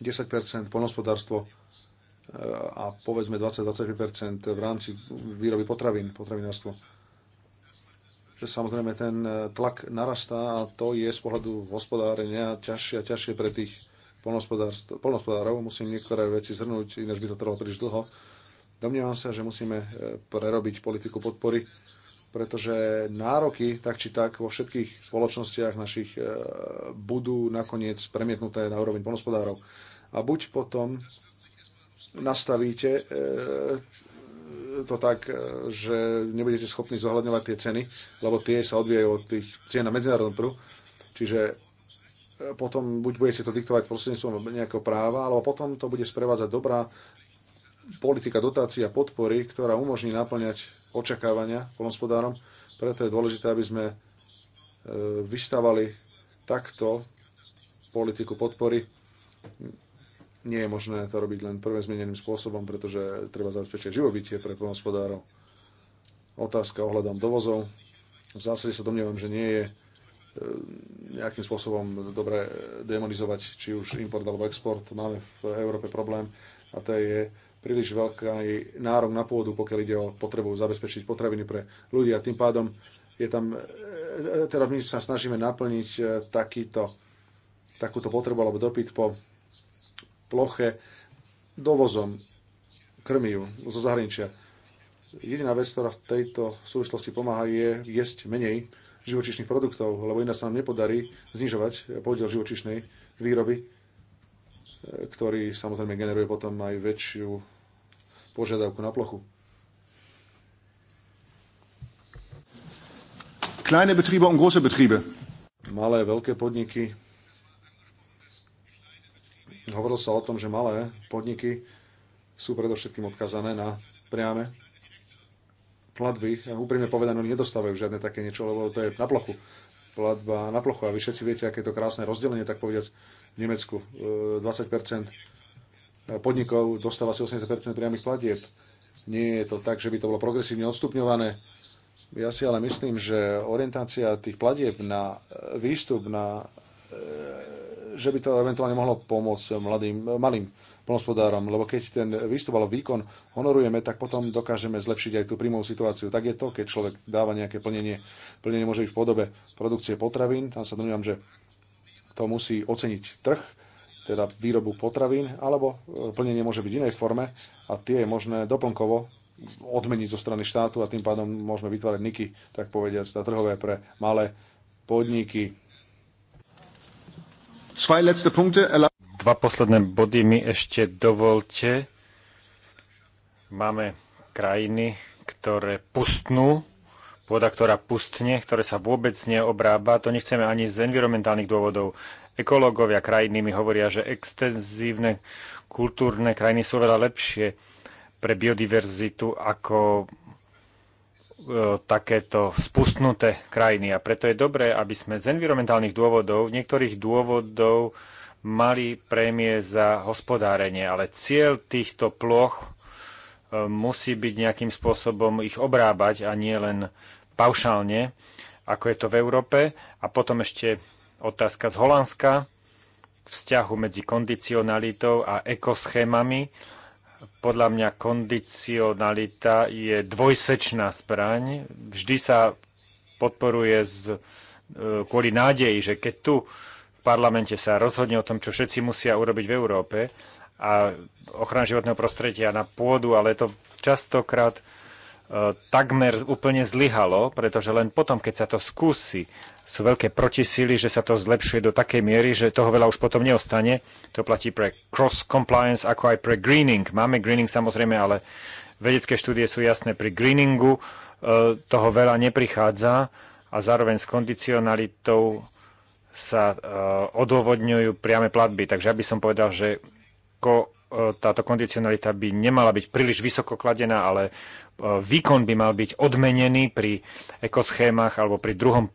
10% polnospodárstvo e, a povedzme 20-25% v rámci výroby potravín, potravinárstvo. Samozrejme, ten e, tlak narastá a to je z pohľadu hospodárenia ťažšie a ťažšie pre tých polnospodárov. Musím niektoré veci zhrnúť, ináč by to trvalo príliš dlho. Domnievam sa, že musíme e, prerobiť politiku podpory, pretože nároky tak či tak vo všetkých spoločnostiach našich e, budú nakoniec premietnuté na úroveň polnospodárov. A buď potom nastavíte e, to tak, že nebudete schopní zohľadňovať tie ceny, lebo tie sa odvíjajú od tých cien na medzinárodnom trhu. Čiže potom buď budete to diktovať prostredníctvom nejakého práva, alebo potom to bude sprevádzať dobrá politika dotácií a podpory, ktorá umožní naplňať očakávania polnospodárom. Preto je dôležité, aby sme e, vystavali takto politiku podpory. Nie je možné to robiť len prvým zmeneným spôsobom, pretože treba zabezpečiť živobytie pre polnospodárov. Otázka ohľadom dovozov. V zásade sa domnievam, že nie je E, nejakým spôsobom dobre demonizovať, či už import alebo export. Máme v Európe problém a to je príliš veľký nárok na pôdu, pokiaľ ide o potrebu zabezpečiť potraviny pre ľudí a tým pádom je tam, e, e, teda my sa snažíme naplniť takýto, takúto potrebu alebo dopyt po ploche dovozom krmiu zo zahraničia. Jediná vec, ktorá v tejto súvislosti pomáha, je jesť menej, živočišných produktov, lebo ináč sa nám nepodarí znižovať podiel živočišnej výroby, e, ktorý samozrejme generuje potom aj väčšiu požiadavku na plochu. Kleine Betriebe und große Betriebe. Malé, veľké podniky. Hovorilo sa o tom, že malé podniky sú predovšetkým odkazané na priame platby, úprimne povedané, oni nedostávajú žiadne také niečo, lebo to je na plochu. Platba na plochu. A vy všetci viete, aké je to krásne rozdelenie, tak povediac v Nemecku. 20% e, podnikov dostáva si 80% priamých platieb. Nie je to tak, že by to bolo progresívne odstupňované. Ja si ale myslím, že orientácia tých platieb na e, výstup, na, e, že by to eventuálne mohlo pomôcť mladým, malým polnospodárom, lebo keď ten výstup alebo výkon honorujeme, tak potom dokážeme zlepšiť aj tú príjmovú situáciu. Tak je to, keď človek dáva nejaké plnenie. Plnenie môže byť v podobe produkcie potravín, tam sa domnívam, že to musí oceniť trh, teda výrobu potravín, alebo e, plnenie môže byť v inej forme a tie je možné doplnkovo odmeniť zo strany štátu a tým pádom môžeme vytvárať niky, tak povediať, na trhové pre malé podniky. Zwei letzte Punkte dva posledné body mi ešte dovolte. Máme krajiny, ktoré pustnú, voda, ktorá pustne, ktoré sa vôbec neobrába. To nechceme ani z environmentálnych dôvodov. Ekológovia krajiny mi hovoria, že extenzívne kultúrne krajiny sú veľa lepšie pre biodiverzitu ako e, takéto spustnuté krajiny. A preto je dobré, aby sme z environmentálnych dôvodov, niektorých dôvodov mali prémie za hospodárenie, ale cieľ týchto ploch e, musí byť nejakým spôsobom ich obrábať a nie len paušálne, ako je to v Európe. A potom ešte otázka z Holandska, vzťahu medzi kondicionalitou a ekoschémami. Podľa mňa kondicionalita je dvojsečná spraň. Vždy sa podporuje z, e, kvôli nádeji, že keď tu parlamente sa rozhodne o tom, čo všetci musia urobiť v Európe a ochrana životného prostredia na pôdu, ale to častokrát e, takmer úplne zlyhalo, pretože len potom, keď sa to skúsi, sú veľké protisily, že sa to zlepšuje do takej miery, že toho veľa už potom neostane. To platí pre cross-compliance, ako aj pre greening. Máme greening samozrejme, ale vedecké štúdie sú jasné. Pri greeningu e, toho veľa neprichádza a zároveň s kondicionalitou sa e, odôvodňujú priame platby. Takže ja by som povedal, že e, táto kondicionalita by nemala byť príliš vysoko kladená, ale e, výkon by mal byť odmenený pri ekoschémach alebo pri druhom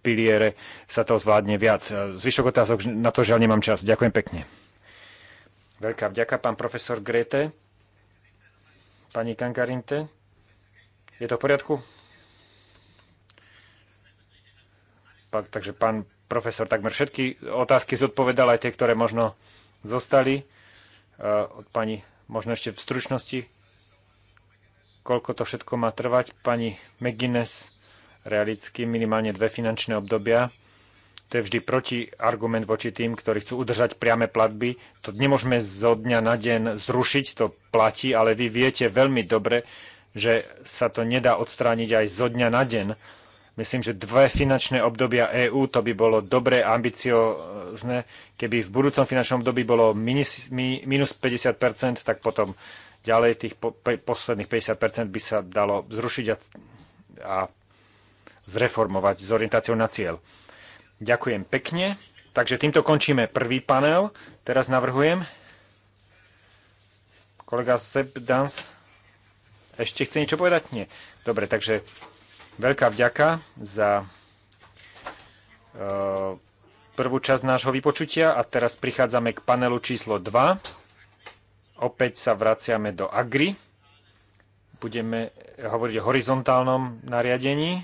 piliere sa to zvládne viac. Zvyšok otázok, na to žiaľ nemám čas. Ďakujem pekne. Veľká vďaka, pán profesor Grete. Pani Kankarinte, je to v poriadku? Takže pán profesor takmer všetky otázky zodpovedal, aj tie, ktoré možno zostali. E, od pani, možno ešte v stručnosti, koľko to všetko má trvať. Pani McGuinness, realicky minimálne dve finančné obdobia. To je vždy protiargument voči tým, ktorí chcú udržať priame platby. To nemôžeme zo dňa na deň zrušiť, to platí, ale vy viete veľmi dobre, že sa to nedá odstrániť aj zo dňa na deň Myslím, že dve finančné obdobia EÚ, to by bolo dobré, a ambiciozne. Keby v budúcom finančnom období bolo minus, minus 50%, tak potom ďalej tých po, pe, posledných 50% by sa dalo zrušiť a, a zreformovať s orientáciou na cieľ. Ďakujem pekne. Takže týmto končíme prvý panel. Teraz navrhujem kolega Zeb Dans. Ešte chce niečo povedať? Nie. Dobre, takže Veľká vďaka za e, prvú časť nášho vypočutia a teraz prichádzame k panelu číslo 2. Opäť sa vraciame do Agri. Budeme hovoriť o horizontálnom nariadení.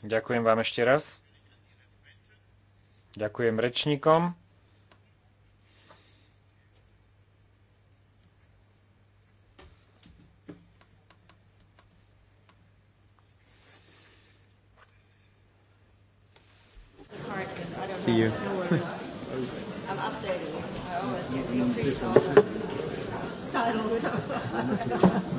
Ďakujem vám ešte raz. Ďakujem rečníkom. See you. No worries. <laughs> I'm updating. I always mm, do. Titles. <laughs>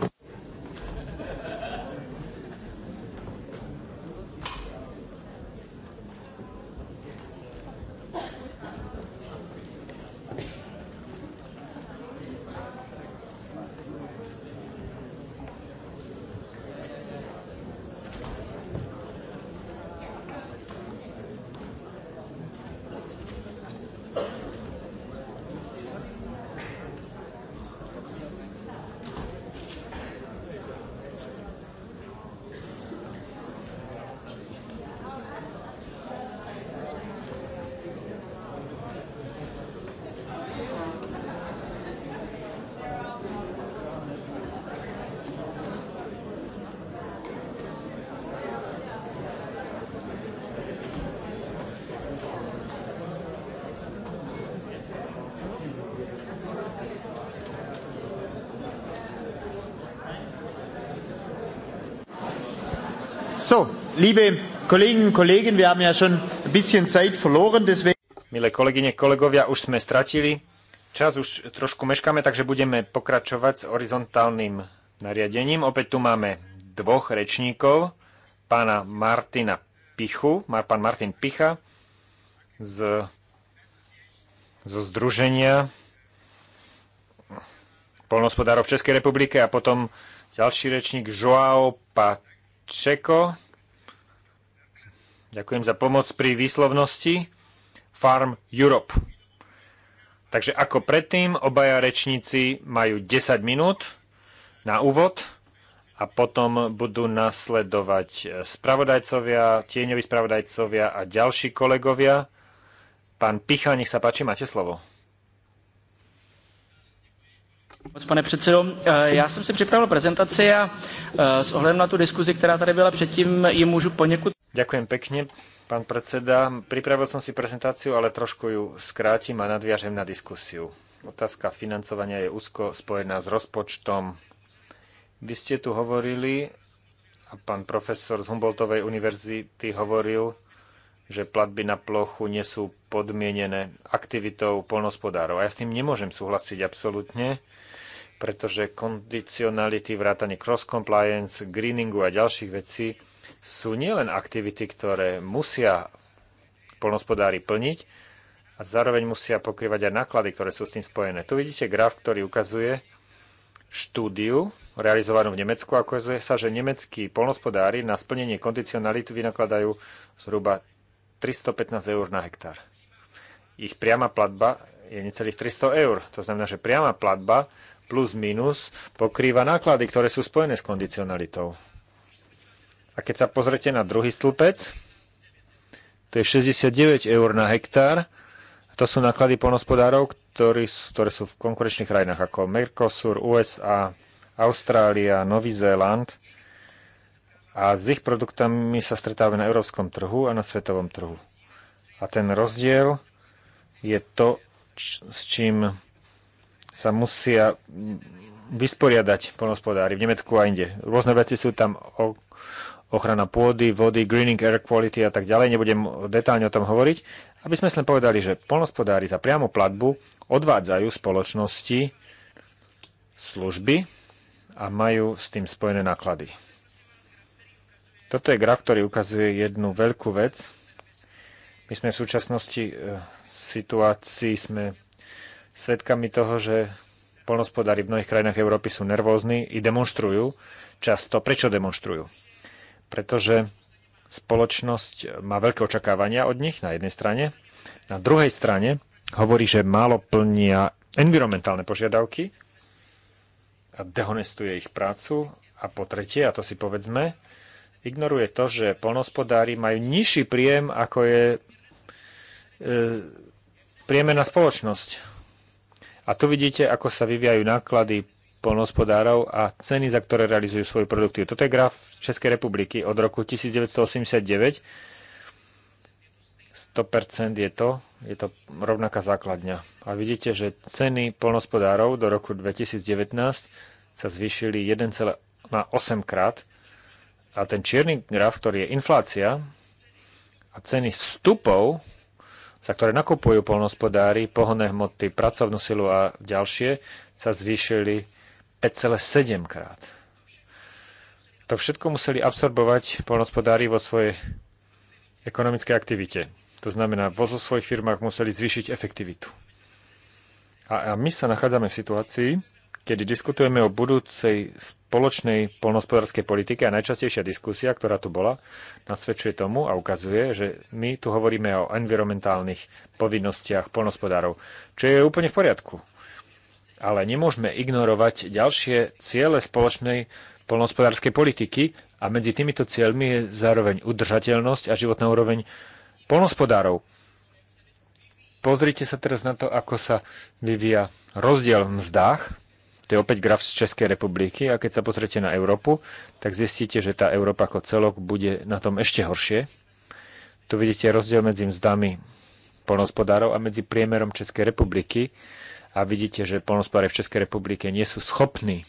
Liebe Kolleginnen und Kollegen, wir haben ja schon ein bisschen Zeit verloren, deswegen... Milé kolegyne, kolegovia, už sme stratili. Čas už trošku meškáme, takže budeme pokračovať s horizontálnym nariadením. Opäť tu máme dvoch rečníkov, pána Martina Pichu, pán Martin Picha z, zo Združenia polnospodárov v Českej republike a potom ďalší rečník Joao Pačeko, Ďakujem za pomoc pri výslovnosti. Farm Europe. Takže ako predtým, obaja rečníci majú 10 minút na úvod a potom budú nasledovať spravodajcovia, tieňoví spravodajcovia a ďalší kolegovia. Pán Picha, nech sa páči, máte slovo. Pane předsedo, eh, já jsem si připravil prezentaci a eh, s ohledem na tu diskuzi, která tady byla předtím, ji můžu poněkud Ďakujem pekne, pán predseda. Pripravil som si prezentáciu, ale trošku ju skrátim a nadviažem na diskusiu. Otázka financovania je úzko spojená s rozpočtom. Vy ste tu hovorili, a pán profesor z Humboldtovej univerzity hovoril, že platby na plochu nie sú podmienené aktivitou polnospodárov. A ja s tým nemôžem súhlasiť absolútne, pretože kondicionality, vrátanie cross-compliance, greeningu a ďalších vecí sú nielen aktivity, ktoré musia polnospodári plniť, a zároveň musia pokrývať aj náklady, ktoré sú s tým spojené. Tu vidíte graf, ktorý ukazuje štúdiu realizovanú v Nemecku. Ukazuje sa, že nemeckí polnospodári na splnenie kondicionality vynakladajú zhruba 315 eur na hektár. Ich priama platba je necelých 300 eur. To znamená, že priama platba plus minus pokrýva náklady, ktoré sú spojené s kondicionalitou. A keď sa pozrete na druhý stĺpec, to je 69 eur na hektár. To sú náklady polnospodárov, ktorí, ktoré sú v konkurenčných krajinách ako Mercosur, USA, Austrália, Nový Zéland. A s ich produktami sa stretávame na európskom trhu a na svetovom trhu. A ten rozdiel je to, s čím sa musia vysporiadať polnospodári v Nemecku a inde. Rôzne veci sú tam ochrana pôdy, vody, greening air quality a tak ďalej, nebudem detálne o tom hovoriť, aby sme len povedali, že polnospodári za priamu platbu odvádzajú spoločnosti služby a majú s tým spojené náklady. Toto je graf, ktorý ukazuje jednu veľkú vec. My sme v súčasnosti e, situácii, sme svedkami toho, že polnospodári v mnohých krajinách Európy sú nervózni i demonstrujú často. Prečo demonstrujú? pretože spoločnosť má veľké očakávania od nich na jednej strane. Na druhej strane hovorí, že málo plnia environmentálne požiadavky a dehonestuje ich prácu. A po tretie, a to si povedzme, ignoruje to, že polnospodári majú nižší príjem, ako je e, priemerná spoločnosť. A tu vidíte, ako sa vyvíjajú náklady polnohospodárov a ceny, za ktoré realizujú svoje produkty. Toto je graf Českej republiky od roku 1989. 100% je to, je to rovnaká základňa. A vidíte, že ceny polnospodárov do roku 2019 sa zvýšili 1,8 krát. A ten čierny graf, ktorý je inflácia a ceny vstupov, za ktoré nakupujú polnospodári, pohonné hmoty, pracovnú silu a ďalšie, sa zvýšili 5,7 krát. To všetko museli absorbovať polnospodári vo svojej ekonomickej aktivite. To znamená, vo so svojich firmách museli zvýšiť efektivitu. A, a my sa nachádzame v situácii, kedy diskutujeme o budúcej spoločnej polnospodárskej politike a najčastejšia diskusia, ktorá tu bola, nasvedčuje tomu a ukazuje, že my tu hovoríme o environmentálnych povinnostiach polnospodárov, čo je úplne v poriadku ale nemôžeme ignorovať ďalšie ciele spoločnej polnohospodárskej politiky a medzi týmito cieľmi je zároveň udržateľnosť a životná úroveň polnohospodárov. Pozrite sa teraz na to, ako sa vyvíja rozdiel v mzdách. To je opäť graf z Českej republiky a keď sa pozrite na Európu, tak zistíte, že tá Európa ako celok bude na tom ešte horšie. Tu vidíte rozdiel medzi mzdami polnohospodárov a medzi priemerom Českej republiky a vidíte, že polnospodári v Českej republike nie sú schopní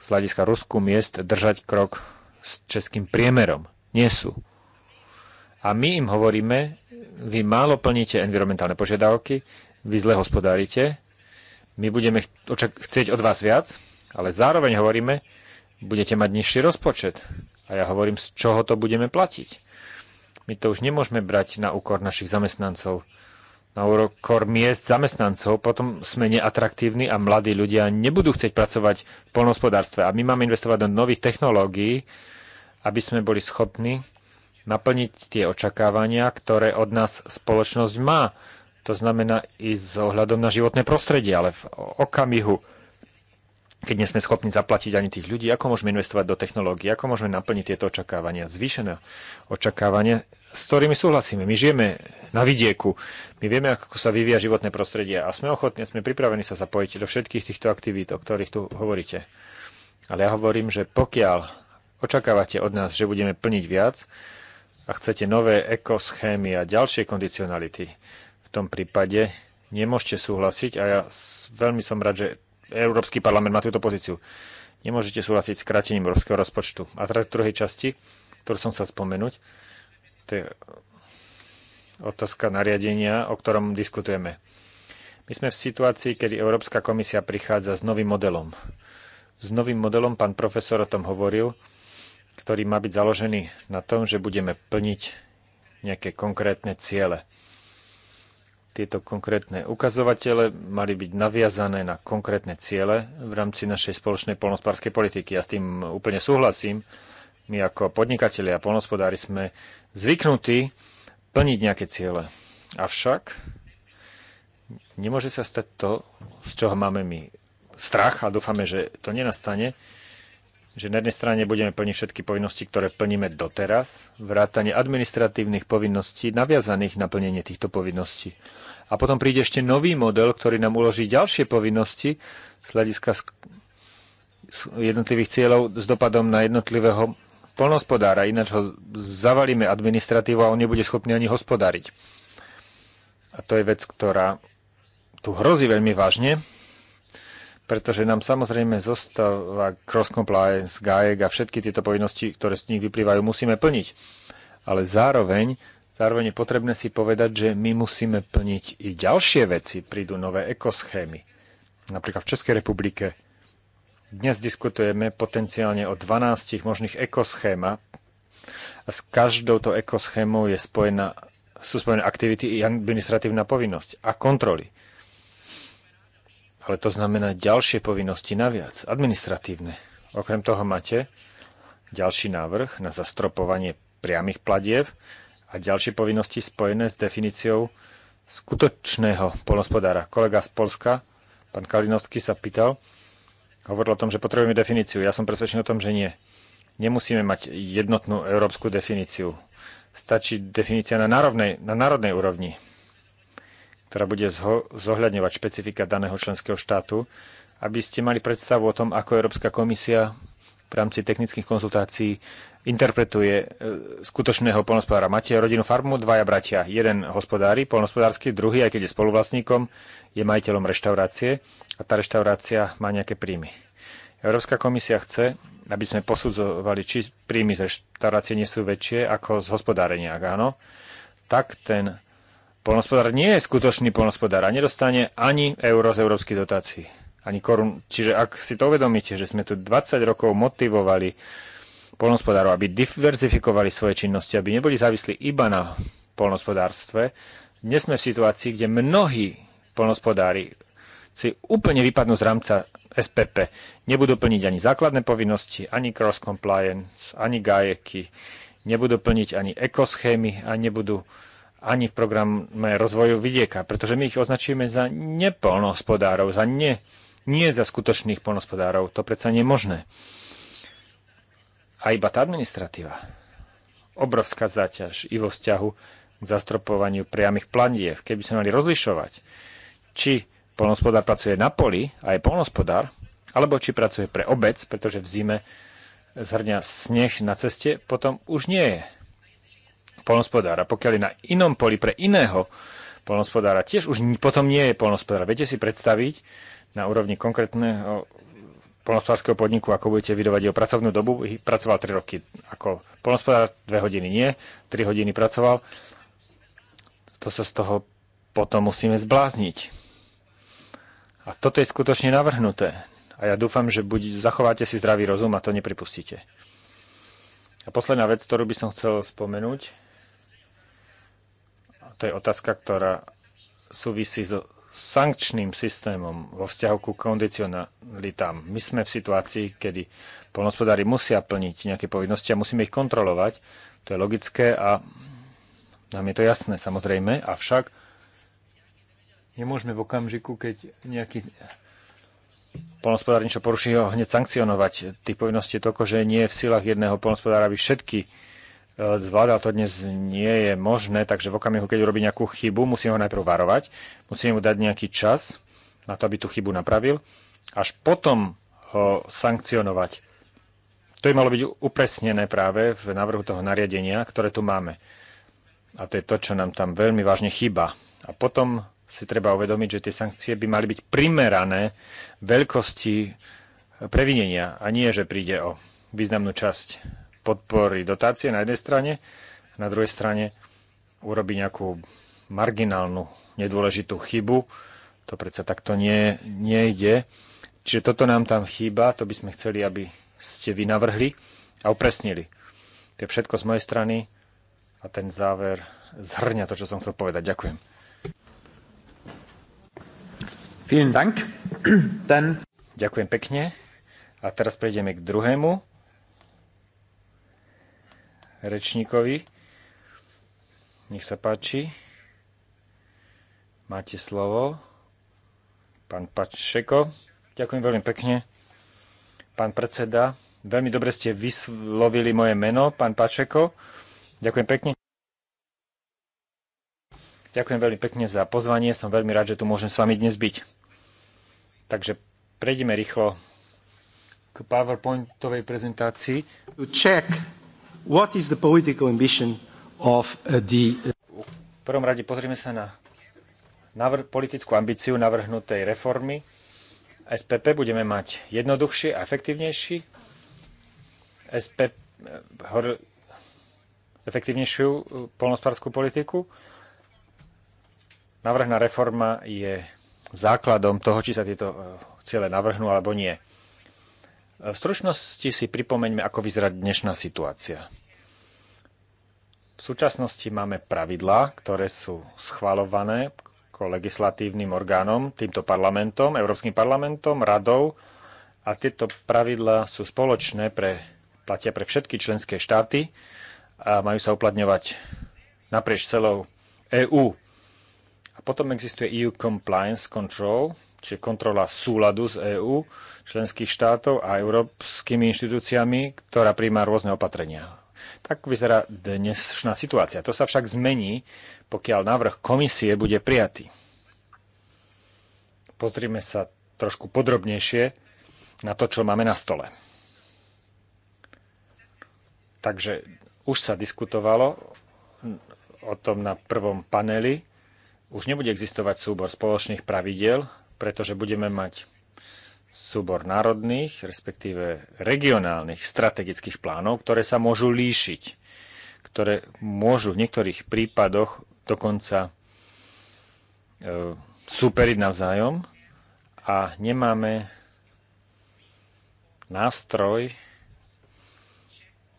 z hľadiska rusku miest držať krok s českým priemerom. Nie sú. A my im hovoríme, vy málo plníte environmentálne požiadavky, vy zle hospodárite, my budeme chcieť od vás viac, ale zároveň hovoríme, budete mať nižší rozpočet. A ja hovorím, z čoho to budeme platiť. My to už nemôžeme brať na úkor našich zamestnancov na úrokor miest zamestnancov, potom sme neatraktívni a mladí ľudia nebudú chcieť pracovať v polnohospodárstve. A my máme investovať do nových technológií, aby sme boli schopní naplniť tie očakávania, ktoré od nás spoločnosť má. To znamená i s ohľadom na životné prostredie, ale v okamihu, keď nie sme schopní zaplatiť ani tých ľudí, ako môžeme investovať do technológií, ako môžeme naplniť tieto očakávania, zvýšené očakávania s ktorými súhlasíme. My žijeme na vidieku, my vieme, ako sa vyvíja životné prostredie a sme ochotní, sme pripravení sa zapojiť do všetkých týchto aktivít, o ktorých tu hovoríte. Ale ja hovorím, že pokiaľ očakávate od nás, že budeme plniť viac a chcete nové ekoschémy a ďalšie kondicionality, v tom prípade nemôžete súhlasiť a ja veľmi som rád, že Európsky parlament má túto pozíciu. Nemôžete súhlasiť s kratením európskeho rozpočtu. A teraz v druhej časti, ktorú som chcel spomenúť, tie otázka nariadenia, o ktorom diskutujeme. My sme v situácii, kedy Európska komisia prichádza s novým modelom. S novým modelom, pán profesor o tom hovoril, ktorý má byť založený na tom, že budeme plniť nejaké konkrétne ciele. Tieto konkrétne ukazovatele mali byť naviazané na konkrétne ciele v rámci našej spoločnej polnospárskej politiky. Ja s tým úplne súhlasím my ako podnikatelia a polnospodári sme zvyknutí plniť nejaké ciele. Avšak nemôže sa stať to, z čoho máme my strach a dúfame, že to nenastane, že na jednej strane budeme plniť všetky povinnosti, ktoré plníme doteraz, vrátanie administratívnych povinností naviazaných na plnenie týchto povinností. A potom príde ešte nový model, ktorý nám uloží ďalšie povinnosti z hľadiska jednotlivých cieľov s dopadom na jednotlivého polnospodára, ináč ho zavalíme administratívu a on nebude schopný ani hospodáriť. A to je vec, ktorá tu hrozí veľmi vážne, pretože nám samozrejme zostáva cross-compliance, GAEG a všetky tieto povinnosti, ktoré z nich vyplývajú, musíme plniť. Ale zároveň, zároveň je potrebné si povedať, že my musíme plniť i ďalšie veci. Prídu nové ekoschémy. Napríklad v Českej republike dnes diskutujeme potenciálne o 12 možných ekoschémach. S každou to ekoschémou je spojená, sú spojené aktivity i administratívna povinnosť a kontroly. Ale to znamená ďalšie povinnosti naviac, administratívne. Okrem toho máte ďalší návrh na zastropovanie priamých platieb a ďalšie povinnosti spojené s definíciou skutočného polnospodára. Kolega z Polska, pán Kalinovský, sa pýtal, hovoril o tom, že potrebujeme definíciu. Ja som presvedčený o tom, že nie. Nemusíme mať jednotnú európsku definíciu. Stačí definícia na národnej, na národnej úrovni, ktorá bude zohľadňovať špecifika daného členského štátu, aby ste mali predstavu o tom, ako Európska komisia v rámci technických konzultácií interpretuje e, skutočného polnospodára. Máte rodinu farmu, dvaja bratia. Jeden hospodári, polnospodársky, druhý, aj keď je spoluvlastníkom, je majiteľom reštaurácie a tá reštaurácia má nejaké príjmy. Európska komisia chce, aby sme posudzovali, či príjmy z reštaurácie nie sú väčšie ako z hospodárenia. Ak áno, tak ten polnospodár nie je skutočný polnospodár a nedostane ani euro z európskych dotácií. Ani korun. Čiže ak si to uvedomíte, že sme tu 20 rokov motivovali polnospodárov, aby diverzifikovali svoje činnosti, aby neboli závislí iba na polnospodárstve. Dnes sme v situácii, kde mnohí polnospodári si úplne vypadnú z rámca SPP. Nebudú plniť ani základné povinnosti, ani cross-compliance, ani gajeky, nebudú plniť ani ekoschémy a nebudú ani v programe rozvoju vidieka, pretože my ich označíme za nepolnohospodárov, za ne, nie za skutočných polnohospodárov. To predsa nie je možné. A iba tá administratíva. Obrovská záťaž i vo vzťahu k zastropovaniu priamých planiev. Keby sme mali rozlišovať, či polnospodár pracuje na poli a je polnospodár, alebo či pracuje pre obec, pretože v zime zhrňa sneh na ceste, potom už nie je A Pokiaľ je na inom poli pre iného polnospodára, tiež už potom nie je polnospodár. Viete si predstaviť na úrovni konkrétneho polnospodárskeho podniku, ako budete vydovať jeho pracovnú dobu, pracoval 3 roky ako polnospodár, 2 hodiny nie, 3 hodiny pracoval. To sa z toho potom musíme zblázniť. A toto je skutočne navrhnuté. A ja dúfam, že buď zachováte si zdravý rozum a to nepripustíte. A posledná vec, ktorú by som chcel spomenúť, to je otázka, ktorá súvisí so sankčným systémom vo vzťahu ku kondicionalitám. My sme v situácii, kedy polnospodári musia plniť nejaké povinnosti a musíme ich kontrolovať. To je logické a nám je to jasné, samozrejme, avšak nemôžeme v okamžiku, keď nejaký polnospodár niečo poruší, ho hneď sankcionovať. Tých povinností je toľko, že nie je v silách jedného polnospodára, aby všetky zvláda to dnes nie je možné, takže v okamihu, keď urobí nejakú chybu, musíme ho najprv varovať, musíme mu dať nejaký čas na to, aby tú chybu napravil, až potom ho sankcionovať. To by malo byť upresnené práve v návrhu toho nariadenia, ktoré tu máme. A to je to, čo nám tam veľmi vážne chýba. A potom si treba uvedomiť, že tie sankcie by mali byť primerané veľkosti previnenia a nie, že príde o významnú časť podpory dotácie na jednej strane, na druhej strane urobí nejakú marginálnu, nedôležitú chybu. To predsa takto nie, ide. Čiže toto nám tam chýba, to by sme chceli, aby ste vy navrhli a upresnili. To je všetko z mojej strany a ten záver zhrňa to, čo som chcel povedať. Ďakujem. Vielen Dank. Ten... Ďakujem pekne. A teraz prejdeme k druhému rečníkovi. Nech sa páči. Máte slovo. Pán Pačeko. Ďakujem veľmi pekne. Pán predseda, veľmi dobre ste vyslovili moje meno, pán Pačeko. Ďakujem pekne. Ďakujem veľmi pekne za pozvanie. Som veľmi rád, že tu môžem s vami dnes byť. Takže prejdeme rýchlo k PowerPointovej prezentácii. Check what is the political ambition of uh, the... V prvom rade pozrieme sa na navr- politickú ambíciu navrhnutej reformy. SPP budeme mať jednoduchšie a efektívnejší. SPP, eh, hor- efektívnejšiu eh, polnospárskú politiku. Navrhná reforma je základom toho, či sa tieto eh, ciele navrhnú alebo nie. V stručnosti si pripomeňme, ako vyzerá dnešná situácia. V súčasnosti máme pravidlá, ktoré sú schvalované ako legislatívnym orgánom, týmto parlamentom, Európskym parlamentom, radou a tieto pravidlá sú spoločné pre, platia pre všetky členské štáty a majú sa uplatňovať naprieč celou EÚ. A potom existuje EU Compliance Control, čiže kontrola súladu z EÚ, členských štátov a európskymi inštitúciami, ktorá príjma rôzne opatrenia. Tak vyzerá dnešná situácia. To sa však zmení, pokiaľ návrh komisie bude prijatý. Pozrime sa trošku podrobnejšie na to, čo máme na stole. Takže už sa diskutovalo o tom na prvom paneli. Už nebude existovať súbor spoločných pravidel pretože budeme mať súbor národných, respektíve regionálnych strategických plánov, ktoré sa môžu líšiť, ktoré môžu v niektorých prípadoch dokonca e, superiť navzájom a nemáme nástroj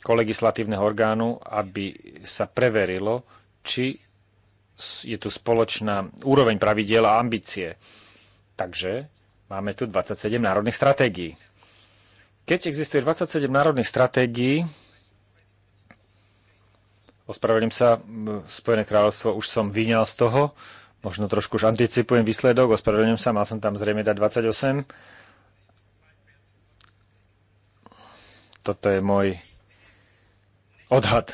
kolegislatívneho orgánu, aby sa preverilo, či je tu spoločná úroveň pravidiel a ambície Takže máme tu 27 národných stratégií. Keď existuje 27 národných stratégií, ospravedlím sa, Spojené kráľovstvo už som vyňal z toho, možno trošku už anticipujem výsledok, ospravedlňujem sa, mal som tam zrejme dať 28. Toto je môj odhad.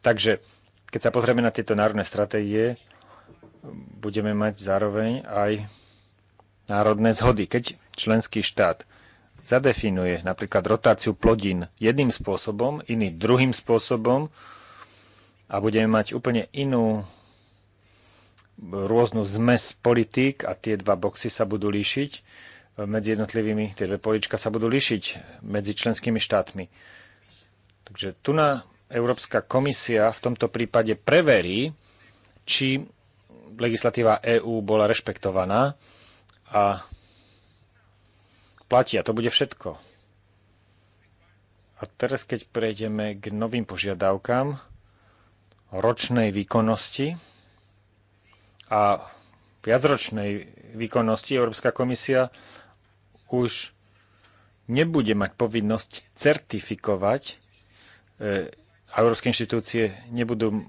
Takže, keď sa pozrieme na tieto národné stratégie, budeme mať zároveň aj národné zhody. Keď členský štát zadefinuje napríklad rotáciu plodín jedným spôsobom, iný druhým spôsobom a budeme mať úplne inú rôznu zmes politík a tie dva boxy sa budú líšiť medzi jednotlivými, tie dve polička sa budú líšiť medzi členskými štátmi. Takže tu na Európska komisia v tomto prípade preverí, či legislatíva EÚ bola rešpektovaná a platia. To bude všetko. A teraz, keď prejdeme k novým požiadavkám ročnej výkonnosti a viacročnej výkonnosti, Európska komisia už nebude mať povinnosť certifikovať e, a európske inštitúcie nebudú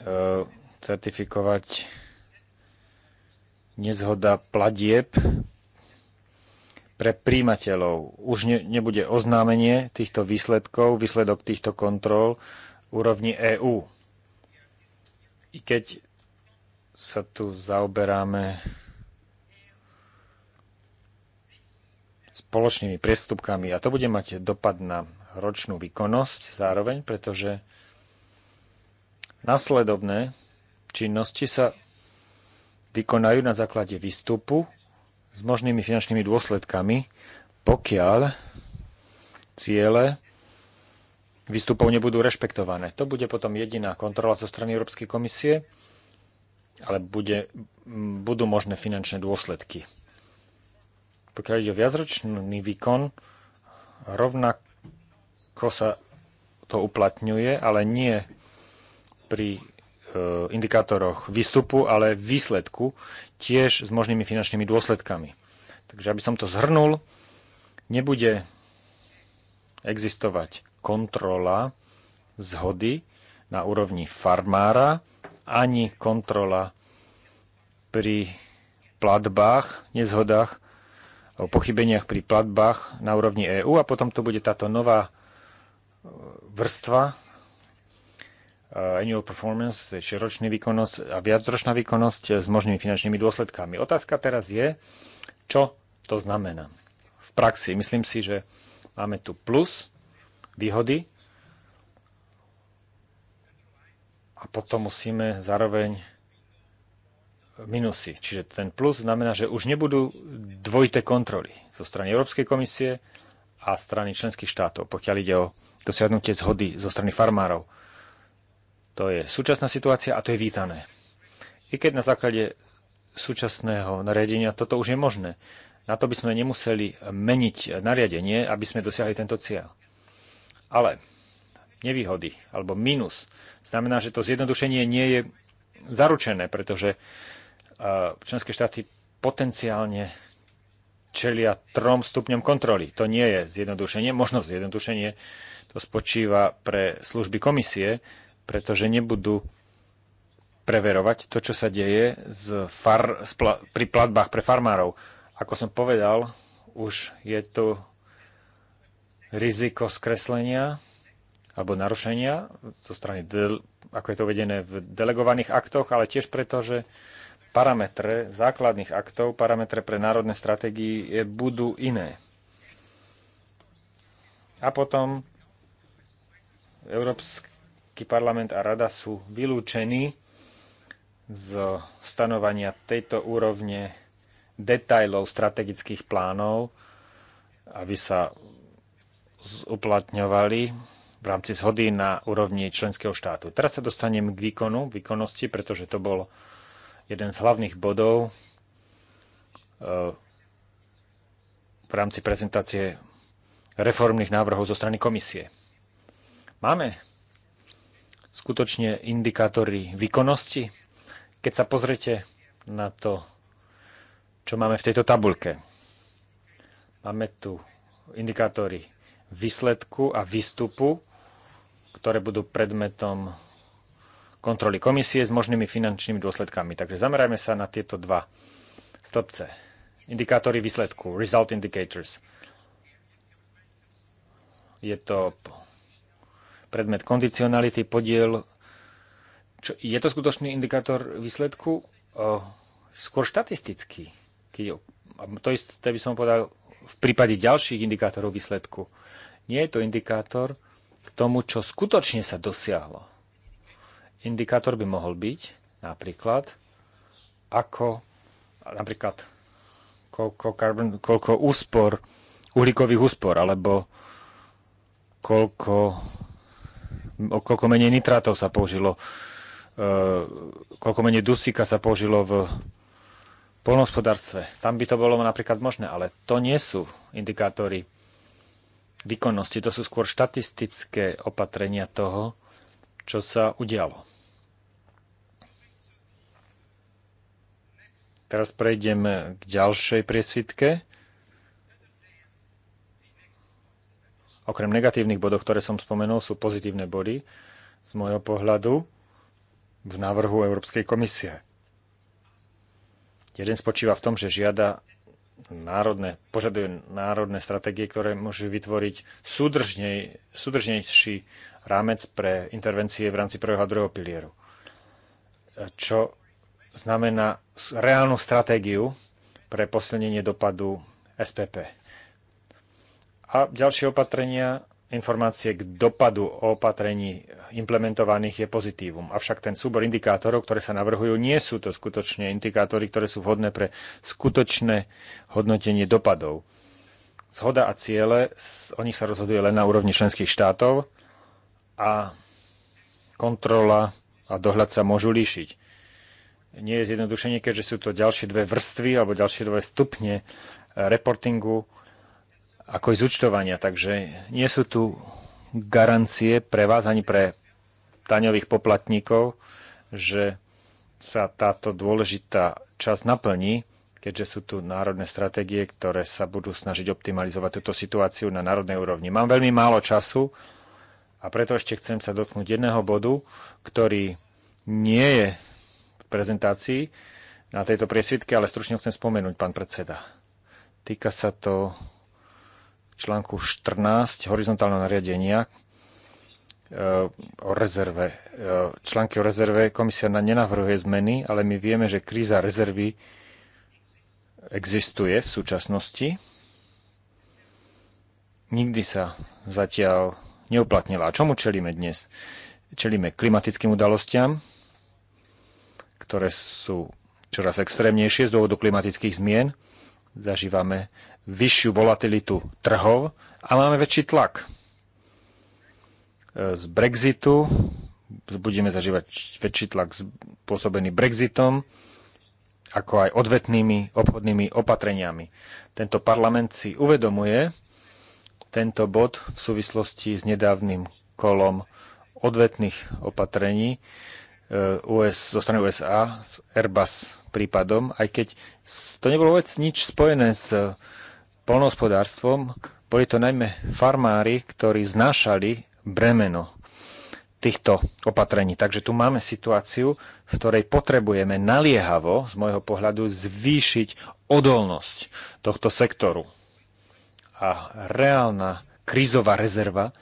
e, certifikovať nezhoda platieb pre príjimateľov. Už ne, nebude oznámenie týchto výsledkov, výsledok týchto kontrol úrovni EÚ. I keď sa tu zaoberáme spoločnými priestupkami a to bude mať dopad na ročnú výkonnosť zároveň, pretože nasledovné činnosti sa vykonajú na základe výstupu s možnými finančnými dôsledkami, pokiaľ ciele výstupov nebudú rešpektované. To bude potom jediná kontrola zo strany Európskej komisie, ale bude, budú možné finančné dôsledky. Pokiaľ ide o viacročný výkon, rovnako sa to uplatňuje, ale nie pri E, indikátoroch výstupu, ale výsledku tiež s možnými finančnými dôsledkami. Takže aby som to zhrnul, nebude existovať kontrola zhody na úrovni farmára ani kontrola pri platbách, nezhodách, o pochybeniach pri platbách na úrovni EÚ a potom tu bude táto nová e, vrstva Eh, annual performance, čiže ročný výkonnosť a viacročná výkonnosť eh, s možnými finančnými dôsledkami. Otázka teraz je, čo to znamená v praxi. Myslím si, že máme tu plus, výhody a potom musíme zároveň minusy. Čiže ten plus znamená, že už nebudú dvojité kontroly zo strany Európskej komisie a strany členských štátov, pokiaľ ide o dosiahnutie zhody zo strany farmárov to je súčasná situácia a to je vítané. I keď na základe súčasného nariadenia toto už je možné. Na to by sme nemuseli meniť nariadenie, aby sme dosiahli tento cieľ. Ale nevýhody alebo minus znamená, že to zjednodušenie nie je zaručené, pretože e, členské štáty potenciálne čelia trom stupňom kontroly. To nie je zjednodušenie, možno zjednodušenie, to spočíva pre služby komisie, pretože nebudú preverovať to, čo sa deje z far, z pla, pri platbách pre farmárov. Ako som povedal, už je tu riziko skreslenia alebo narušenia zo strany, del, ako je to uvedené v delegovaných aktoch, ale tiež preto, že parametre základných aktov, parametre pre národné stratégie budú iné. A potom Európska Európsky parlament a rada sú vylúčení z stanovania tejto úrovne detajlov strategických plánov, aby sa uplatňovali v rámci zhody na úrovni členského štátu. Teraz sa dostanem k výkonu, výkonnosti, pretože to bol jeden z hlavných bodov e, v rámci prezentácie reformných návrhov zo strany komisie. Máme skutočne indikátory výkonnosti. Keď sa pozrete na to, čo máme v tejto tabulke, máme tu indikátory výsledku a výstupu, ktoré budú predmetom kontroly komisie s možnými finančnými dôsledkami. Takže zamerajme sa na tieto dva stĺpce. Indikátory výsledku, result indicators. Je to predmet kondicionality, podiel. Čo, je to skutočný indikátor výsledku? O, skôr štatistický. Keď, to isté by som povedal v prípade ďalších indikátorov výsledku. Nie je to indikátor k tomu, čo skutočne sa dosiahlo. Indikátor by mohol byť napríklad ako napríklad koľko, carbon, koľko úspor, uhlíkových úspor, alebo koľko koľko menej nitrátov sa použilo, e, koľko menej dusíka sa použilo v polnohospodárstve. Tam by to bolo napríklad možné, ale to nie sú indikátory výkonnosti, to sú skôr štatistické opatrenia toho, čo sa udialo. Teraz prejdeme k ďalšej priesvitke. Okrem negatívnych bodov, ktoré som spomenul, sú pozitívne body z môjho pohľadu v návrhu Európskej komisie. Jeden spočíva v tom, že žiada národné, požaduje národné stratégie, ktoré môžu vytvoriť súdržnej, súdržnejší rámec pre intervencie v rámci prvého a druhého pilieru. Čo znamená reálnu stratégiu pre posilnenie dopadu SPP. A ďalšie opatrenia, informácie k dopadu o opatrení implementovaných je pozitívum. Avšak ten súbor indikátorov, ktoré sa navrhujú, nie sú to skutočne indikátory, ktoré sú vhodné pre skutočné hodnotenie dopadov. Zhoda a ciele, o nich sa rozhoduje len na úrovni členských štátov a kontrola a dohľad sa môžu líšiť. Nie je zjednodušenie, keďže sú to ďalšie dve vrstvy alebo ďalšie dve stupne reportingu ako aj zúčtovania. Takže nie sú tu garancie pre vás ani pre daňových poplatníkov, že sa táto dôležitá časť naplní, keďže sú tu národné stratégie, ktoré sa budú snažiť optimalizovať túto situáciu na národnej úrovni. Mám veľmi málo času a preto ešte chcem sa dotknúť jedného bodu, ktorý nie je v prezentácii na tejto priesvitke, ale stručne chcem spomenúť, pán predseda. Týka sa to článku 14 horizontálneho nariadenia e, o rezerve. E, články o rezerve komisia nenavrhuje zmeny, ale my vieme, že kríza rezervy existuje v súčasnosti. Nikdy sa zatiaľ neuplatnila. A čomu čelíme dnes? Čelíme klimatickým udalostiam, ktoré sú čoraz extrémnejšie z dôvodu klimatických zmien. Zažívame vyššiu volatilitu trhov a máme väčší tlak. E, z Brexitu budeme zažívať väčší tlak spôsobený Brexitom, ako aj odvetnými obchodnými opatreniami. Tento parlament si uvedomuje tento bod v súvislosti s nedávnym kolom odvetných opatrení e, US, zo strany USA s Airbus prípadom, aj keď to nebolo vôbec nič spojené s polnohospodárstvom, boli to najmä farmári, ktorí znašali bremeno týchto opatrení. Takže tu máme situáciu, v ktorej potrebujeme naliehavo, z môjho pohľadu, zvýšiť odolnosť tohto sektoru. A reálna krízová rezerva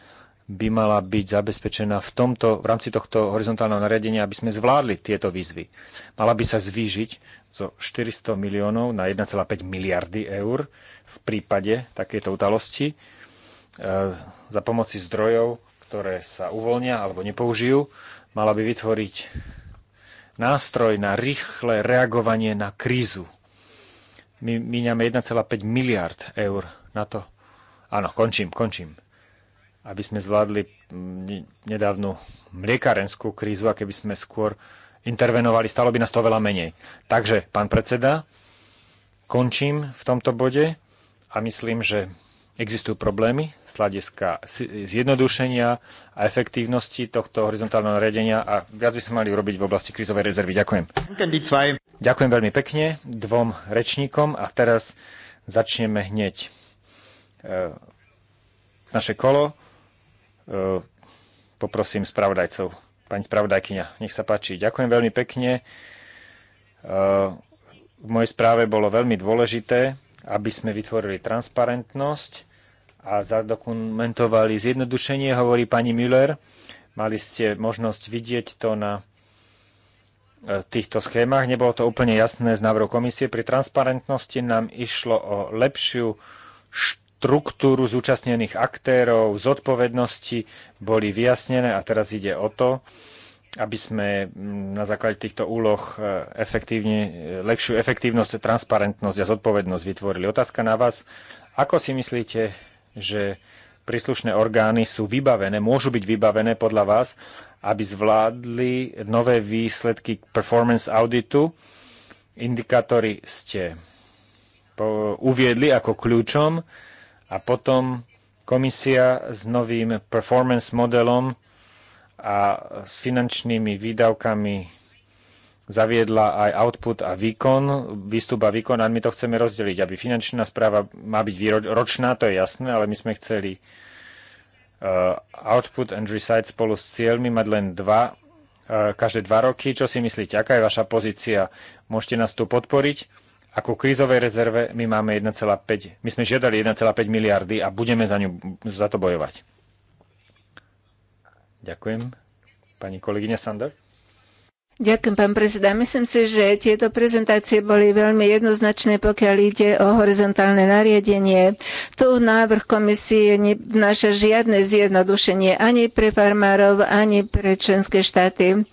by mala byť zabezpečená v, tomto, v rámci tohto horizontálneho nariadenia, aby sme zvládli tieto výzvy. Mala by sa zvýžiť zo 400 miliónov na 1,5 miliardy eur v prípade takéto udalosti e, za pomoci zdrojov, ktoré sa uvoľnia alebo nepoužijú. Mala by vytvoriť nástroj na rýchle reagovanie na krízu. My míňame 1,5 miliard eur na to. Áno, končím, končím aby sme zvládli mm, nedávnu mliekarenskú krízu a keby sme skôr intervenovali, stalo by nás to veľa menej. Takže, pán predseda, končím v tomto bode a myslím, že existujú problémy z hľadiska zjednodušenia a efektívnosti tohto horizontálneho riadenia a viac by sme mali urobiť v oblasti krízovej rezervy. Ďakujem. Ďakujem veľmi pekne dvom rečníkom a teraz začneme hneď e, naše kolo. E, poprosím spravodajcov. Pani spravodajkyňa, nech sa páči. Ďakujem veľmi pekne. E, v mojej správe bolo veľmi dôležité, aby sme vytvorili transparentnosť a zadokumentovali zjednodušenie, hovorí pani Müller. Mali ste možnosť vidieť to na e, týchto schémach. Nebolo to úplne jasné z návrhu komisie. Pri transparentnosti nám išlo o lepšiu štruktúru zúčastnených aktérov, zodpovednosti boli vyjasnené a teraz ide o to, aby sme mm, na základe týchto úloh e, efektívne, e, lepšiu efektívnosť, transparentnosť a zodpovednosť vytvorili. Otázka na vás, ako si myslíte, že príslušné orgány sú vybavené, môžu byť vybavené podľa vás, aby zvládli nové výsledky performance auditu. Indikátory ste uviedli ako kľúčom a potom komisia s novým performance modelom a s finančnými výdavkami zaviedla aj output a výkon, výstup a výkon a my to chceme rozdeliť, aby finančná správa má byť ročná, to je jasné, ale my sme chceli uh, output and recite spolu s cieľmi mať len dva, uh, každé dva roky. Čo si myslíte, aká je vaša pozícia? Môžete nás tu podporiť? Ako krízovej rezerve my máme 1,5, my sme žiadali 1,5 miliardy a budeme za, ňu, za to bojovať. Ďakujem. Pani kolegyňa Sander. Ďakujem, pán prezida. Myslím si, že tieto prezentácie boli veľmi jednoznačné, pokiaľ ide o horizontálne nariadenie. Tu návrh komisie nevnáša žiadne zjednodušenie ani pre farmárov, ani pre členské štáty.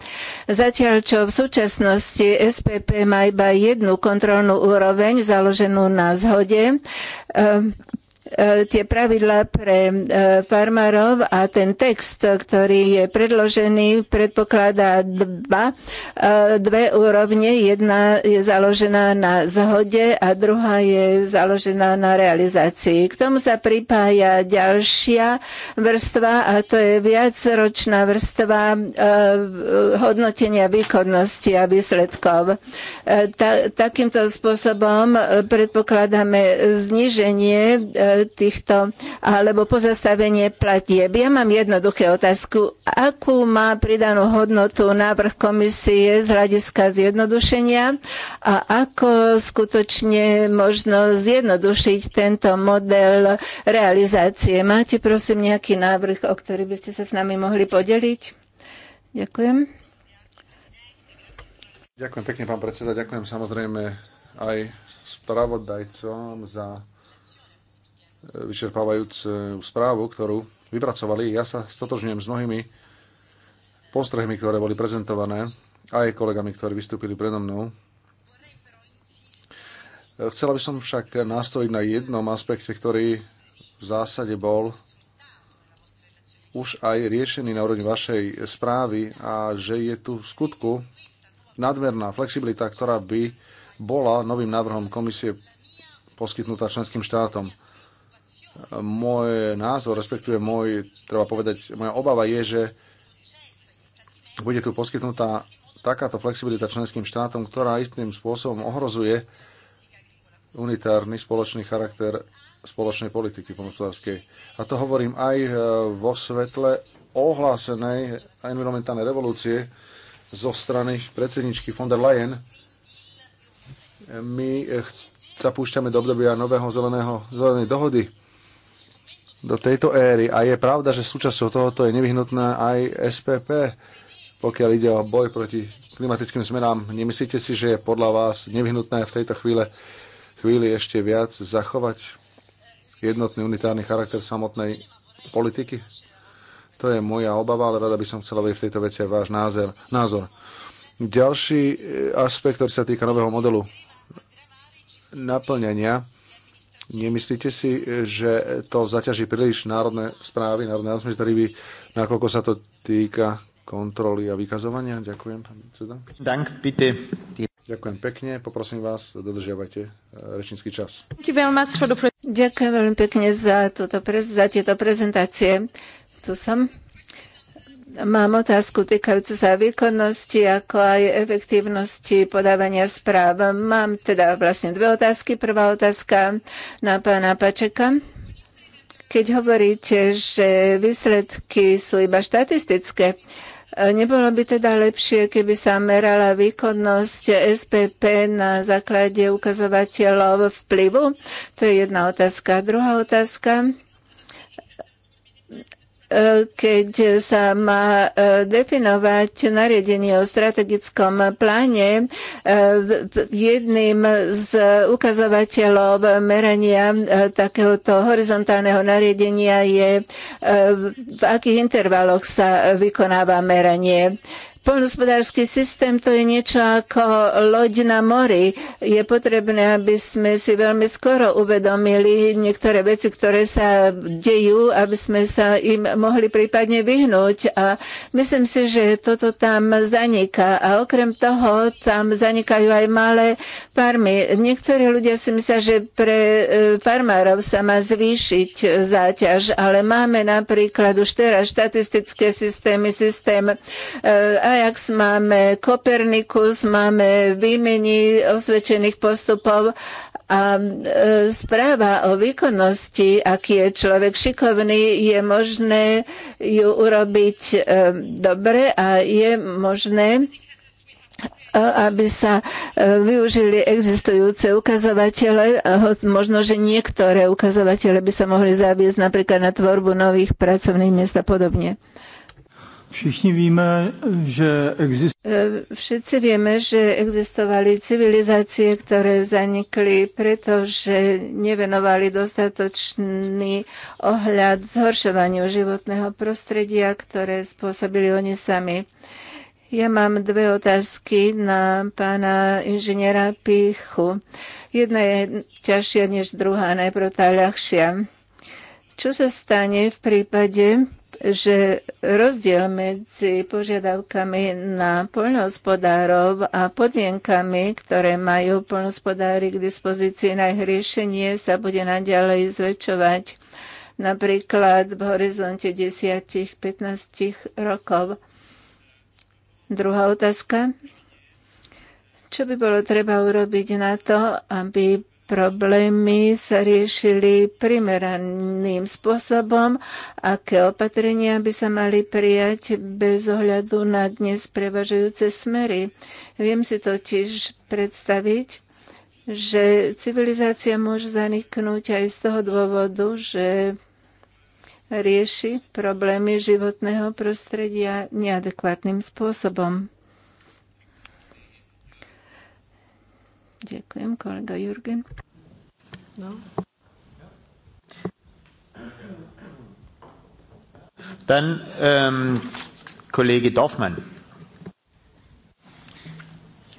Zatiaľ, čo v súčasnosti SPP má iba jednu kontrolnú úroveň založenú na zhode, E, tie pravidlá pre e, farmárov a ten text, ktorý je predložený, predpokladá dva, e, dve úrovne. Jedna je založená na zhode a druhá je založená na realizácii. K tomu sa pripája ďalšia vrstva a to je viacročná vrstva hodnotenia výkonnosti a výsledkov. Takýmto spôsobom predpokladáme zníženie týchto, alebo pozastavenie platieb. Ja mám jednoduché otázku. Akú má pridanú hodnotu návrh komisie z hľadiska zjednodušenia a ako skutočne možno zjednodušiť tento model realizácie? Máte prosím nejaký návrh, o ktorý by ste sa s nami mohli podeliť? Ďakujem. Ďakujem pekne, pán predseda. Ďakujem samozrejme aj spravodajcom za vyčerpávajúcu e, správu, ktorú vypracovali. Ja sa stotožňujem s mnohými postrehmi, ktoré boli prezentované aj kolegami, ktorí vystúpili predo mnou. E, chcela by som však nastojiť na jednom aspekte, ktorý v zásade bol už aj riešený na úrovni vašej správy a že je tu v skutku nadmerná flexibilita, ktorá by bola novým návrhom komisie poskytnutá členským štátom. Môj názor, respektíve môj, treba povedať, moja obava je, že bude tu poskytnutá takáto flexibilita členským štátom, ktorá istým spôsobom ohrozuje unitárny spoločný charakter spoločnej politiky pomospodárskej. A to hovorím aj e, vo svetle ohlásenej environmentálnej revolúcie zo strany predsedničky von der Leyen. E, my e, sa púšťame do obdobia nového zeleného, zelenej dohody do tejto éry. A je pravda, že súčasťou tohoto je nevyhnutná aj SPP, pokiaľ ide o boj proti klimatickým zmenám. Nemyslíte si, že je podľa vás nevyhnutné v tejto chvíle, chvíli ešte viac zachovať jednotný unitárny charakter samotnej politiky? To je moja obava, ale rada by som chcela byť v tejto veci váš názor. názor. Ďalší eh, aspekt, ktorý sa týka nového modelu naplňania Nemyslíte si, že to zaťaží príliš národné správy, národné rozmery ryby, nakoľko sa to týka kontroly a vykazovania? Ďakujem, pán predseda. Dank, bitte. Ďakujem pekne, poprosím vás, dodržiavajte eh, rečnícky čas. Ďakujem veľmi pekne za, toto, za tieto prezentácie. Tu som. Mám otázku týkajúcu sa výkonnosti, ako aj efektívnosti podávania správ. Mám teda vlastne dve otázky. Prvá otázka na pána Pačeka. Keď hovoríte, že výsledky sú iba štatistické, Nebolo by teda lepšie, keby sa merala výkonnosť SPP na základe ukazovateľov vplyvu? To je jedna otázka. Druhá otázka keď sa má e, definovať nariadenie o strategickom pláne, e, jedným z ukazovateľov merania e, takéhoto horizontálneho nariadenia je, v akých intervaloch sa vykonáva meranie. Polnospodársky systém to je niečo ako loď na mori. Je potrebné, aby sme si veľmi skoro uvedomili niektoré veci, ktoré sa dejú, aby sme sa im mohli prípadne vyhnúť. A myslím si, že toto tam zaniká. A okrem toho tam zanikajú aj malé farmy. Niektorí ľudia si myslia, že pre e, farmárov sa má zvýšiť záťaž, ale máme napríklad už teraz štatistické systémy, systém e, Ajax, máme Kopernikus, máme výmeny osvedčených postupov a e, správa o výkonnosti, aký je človek šikovný, je možné ju urobiť e, dobre a je možné e, aby sa využili existujúce ukazovatele, možno, že niektoré ukazovatele by sa mohli zaviesť napríklad na tvorbu nových pracovných miest a podobne. Všichni víme, že exist... E, všetci vieme, že existovali civilizácie, ktoré zanikli, pretože nevenovali dostatočný ohľad zhoršovaniu životného prostredia, ktoré spôsobili oni sami. Ja mám dve otázky na pána inžiniera Pichu. Jedna je ťažšia než druhá, najprv tá ľahšia. Čo sa stane v prípade, že rozdiel medzi požiadavkami na poľnohospodárov a podmienkami, ktoré majú poľnohospodári k dispozícii na ich riešenie, sa bude naďalej zväčšovať napríklad v horizonte 10-15 rokov. Druhá otázka. Čo by bolo treba urobiť na to, aby problémy sa riešili primeraným spôsobom, aké opatrenia by sa mali prijať bez ohľadu na dnes prevažujúce smery. Viem si totiž predstaviť, že civilizácia môže zaniknúť aj z toho dôvodu, že rieši problémy životného prostredia neadekvátnym spôsobom. Ďakujem, kolega Jurgen. No. Dann ähm, Kollege Dorfmann.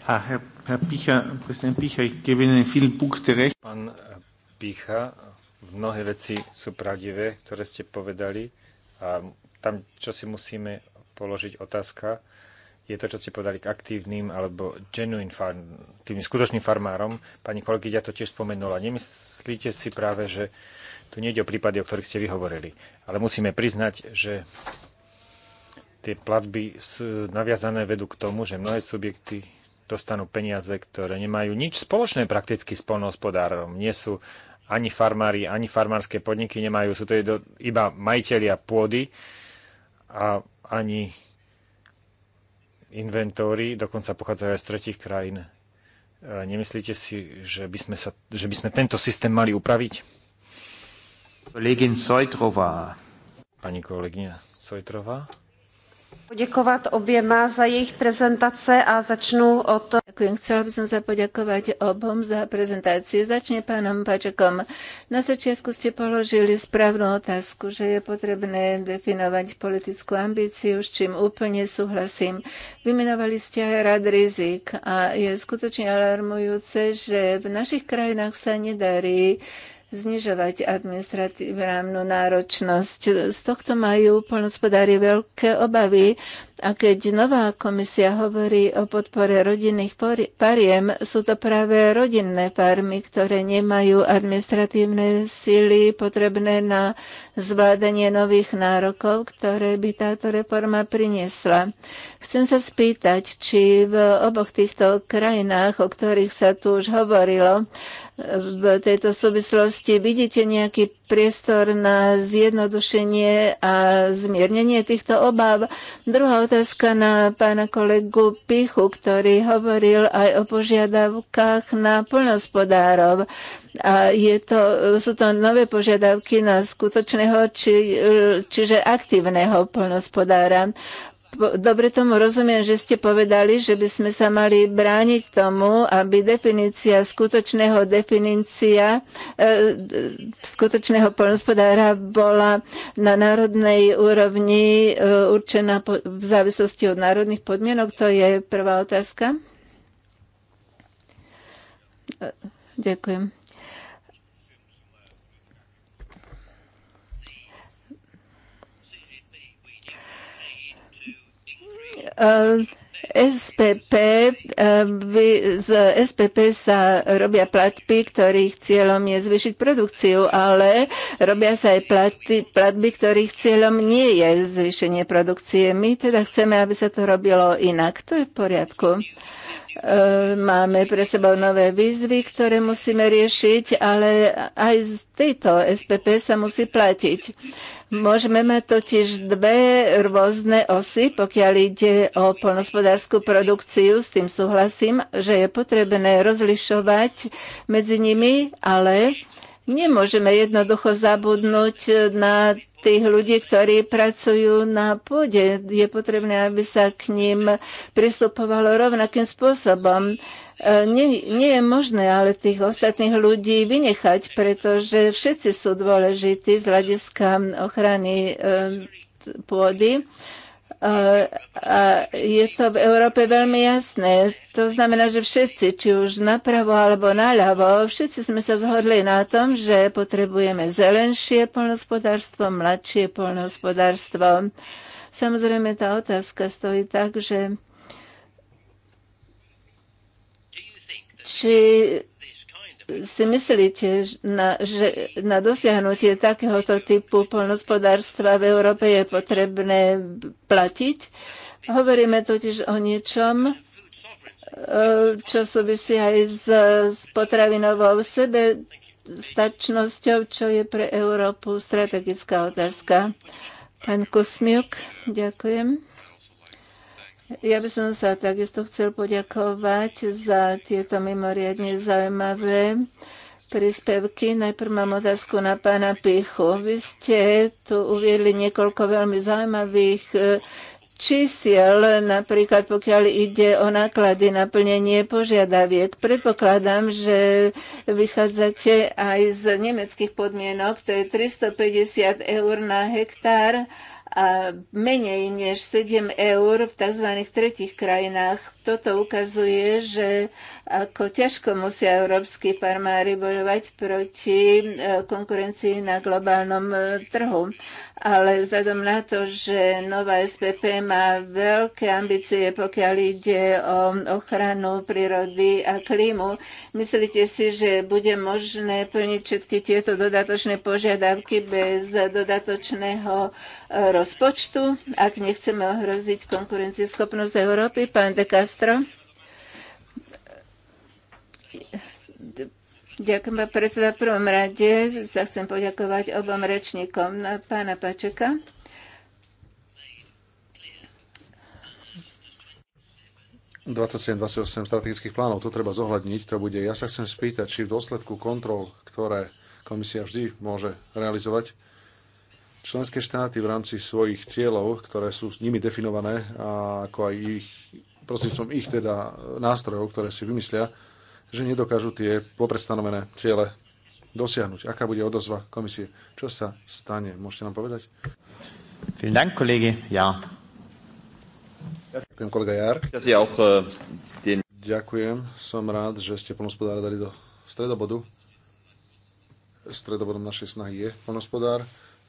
Ja, Herr, Herr Picher, Präsident Picher, ich gebe Ihnen in vielen Punkten recht. Pan e, Picha, mnohé veci sú pravdivé, ktoré ste povedali. A tam, čo si musíme položiť otázka, je to, čo ste povedali k aktívnym alebo genuine farm, tým skutočným farmárom. Pani kolegyňa to tiež spomenula. Nemyslíte si práve, že tu nejde o prípady, o ktorých ste vyhovorili. Ale musíme priznať, že tie platby sú naviazané vedú k tomu, že mnohé subjekty dostanú peniaze, ktoré nemajú nič spoločné prakticky s polnohospodárom. Nie sú ani farmári, ani farmárske podniky nemajú. Sú to iba majiteľia pôdy a ani inventóry dokonca pochádzajú aj z tretich krajín. E, nemyslíte si, že by sme, sa, že by sme tento systém mali upraviť? Kolegin Sojtrová. Pani kolegyňa Sojtrová. Poďakovať objema za ich prezentácie a začnú od... Ďakujem, chcela by som sa poďakovať obom za prezentáciu. Začne pánom Pačekom. Na začiatku ste položili správnu otázku, že je potrebné definovať politickú ambíciu, s čím úplne súhlasím. Vymenovali ste aj rad rizik a je skutočne alarmujúce, že v našich krajinách sa nedarí znižovať administratívnu náročnosť. Z tohto majú polnospodári veľké obavy a keď nová komisia hovorí o podpore rodinných pariem, sú to práve rodinné farmy, ktoré nemajú administratívne síly potrebné na zvládanie nových nárokov, ktoré by táto reforma priniesla. Chcem sa spýtať, či v oboch týchto krajinách, o ktorých sa tu už hovorilo, v tejto súvislosti. Vidíte nejaký priestor na zjednodušenie a zmiernenie týchto obáv? Druhá otázka na pána kolegu Pichu, ktorý hovoril aj o požiadavkách na plnospodárov. A je to, sú to nové požiadavky na skutočného, či, čiže aktívneho plnospodára dobre tomu rozumiem, že ste povedali, že by sme sa mali brániť tomu, aby definícia skutočného definícia e, skutočného poľnospodára bola na národnej úrovni e, určená v závislosti od národných podmienok. To je prvá otázka. E, ďakujem. Eh, SPP, eh, z SPP sa robia platby, ktorých cieľom je zvýšiť produkciu, ale robia sa aj platby, platby, ktorých cieľom nie je zvýšenie produkcie. My teda chceme, aby sa to robilo inak. To je v poriadku eh, máme pre sebou nové výzvy, ktoré musíme riešiť, ale aj z tejto SPP sa musí platiť. Môžeme mať totiž dve rôzne osy, pokiaľ ide o polnospodárskú produkciu, s tým súhlasím, že je potrebné rozlišovať medzi nimi, ale nemôžeme jednoducho zabudnúť na tých ľudí, ktorí pracujú na pôde. Je potrebné, aby sa k ním pristupovalo rovnakým spôsobom. E, nie, nie je možné ale tých ostatných ľudí vynechať, pretože všetci sú dôležití z hľadiska ochrany e, pôdy. E, a je to v Európe veľmi jasné. To znamená, že všetci, či už napravo alebo naľavo, všetci sme sa zhodli na tom, že potrebujeme zelenšie polnospodárstvo, mladšie polnospodárstvo. Samozrejme, tá otázka stojí tak, že Či si myslíte, na, že na dosiahnutie takéhoto typu polnospodárstva v Európe je potrebné platiť? Hovoríme totiž o niečom, e, čo súvisí aj s, s potravinovou sebe stačnosťou, čo je pre Európu strategická otázka. Pán Kusmiuk, ďakujem. Ja by som sa takisto chcel poďakovať za tieto mimoriadne zaujímavé príspevky. Najprv mám otázku na pána Pichu. Vy ste tu uviedli niekoľko veľmi zaujímavých e, čísiel, napríklad pokiaľ ide o náklady na plnenie požiadaviek. Predpokladám, že vychádzate aj z nemeckých podmienok, to je 350 eur na hektár a menej než 7 eur v tzv. tretich krajinách. Toto ukazuje, že ako ťažko musia európsky farmári bojovať proti e, konkurencii na globálnom e, trhu. Ale vzhľadom na to, že nová SPP má veľké ambície, pokiaľ ide o ochranu prírody a klímu, myslíte si, že bude možné plniť všetky tieto dodatočné požiadavky bez dodatočného e, rozpočtu, ak nechceme ohroziť konkurencieschopnosť Európy? Pán de Castro. Ďakujem, pán predseda. V prvom rade sa chcem poďakovať obom rečníkom. Pána Pačeka. ...27-28 strategických plánov, to treba zohľadniť, to bude. Ja sa chcem spýtať, či v dôsledku kontrol, ktoré komisia vždy môže realizovať, členské štáty v rámci svojich cieľov, ktoré sú s nimi definované, a ako aj ich, som ich teda nástrojov, ktoré si vymyslia, že nedokážu tie poprestanovené ciele dosiahnuť. Aká bude odozva komisie? Čo sa stane? Môžete nám povedať? Vielen Dank, kolegy. Ja. Ďakujem, kolega Jar. Äh, Ďakujem. Som rád, že ste polnospodára dali do stredobodu. Stredobodom našej snahy je plnospodár,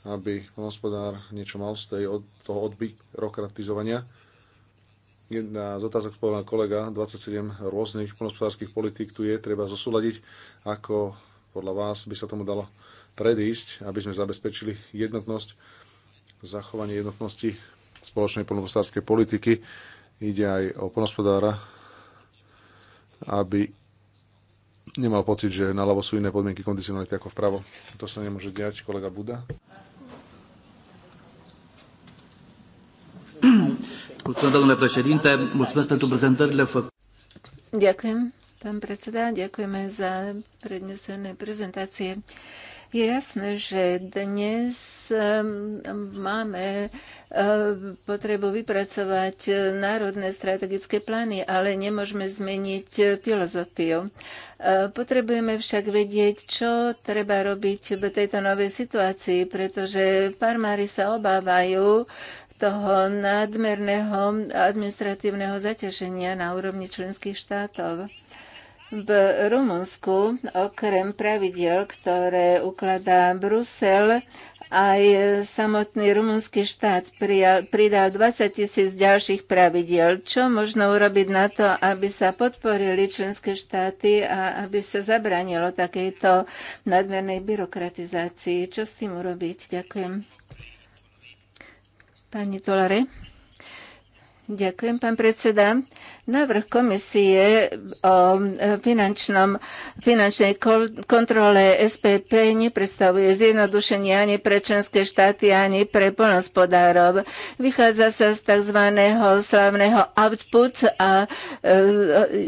aby plnospodár niečo mal z tej, od toho odbyrokratizovania. Jedna z otázok spomenul kolega, 27 rôznych plnospodárských politík tu je, treba zosúľadiť, ako podľa vás by sa tomu dalo predísť, aby sme zabezpečili jednotnosť, zachovanie jednotnosti spoločnej plnospodárskej politiky. Ide aj o plnospodára, aby nemal pocit, že naľavo sú iné podmienky kondicionality ako vpravo. To sa nemôže diať, kolega Buda. Mulțumesc, domnule președinte, mulțumesc pentru prezentările făcute. Ďakujem, pán predseda, ďakujeme za prednesené prezentácie. Je jasné, že dnes um, máme um, potrebu vypracovať národné strategické plány, ale nemôžeme zmeniť filozofiu. Um, potrebujeme však vedieť, čo treba robiť v tejto novej situácii, pretože farmári sa obávajú, toho nadmerného administratívneho zaťaženia na úrovni členských štátov. V Rumunsku, okrem pravidel, ktoré ukladá Brusel, aj samotný rumunský štát pridal 20 tisíc ďalších pravidiel. Čo možno urobiť na to, aby sa podporili členské štáty a aby sa zabranilo takejto nadmernej byrokratizácii? Čo s tým urobiť? Ďakujem. Pani Tolare. Ďakujem, pán predseda. Návrh komisie o finančnom, finančnej kontrole SPP nepredstavuje zjednodušenie ani pre členské štáty, ani pre polnospodárov. Vychádza sa z tzv. slavného output a e, e,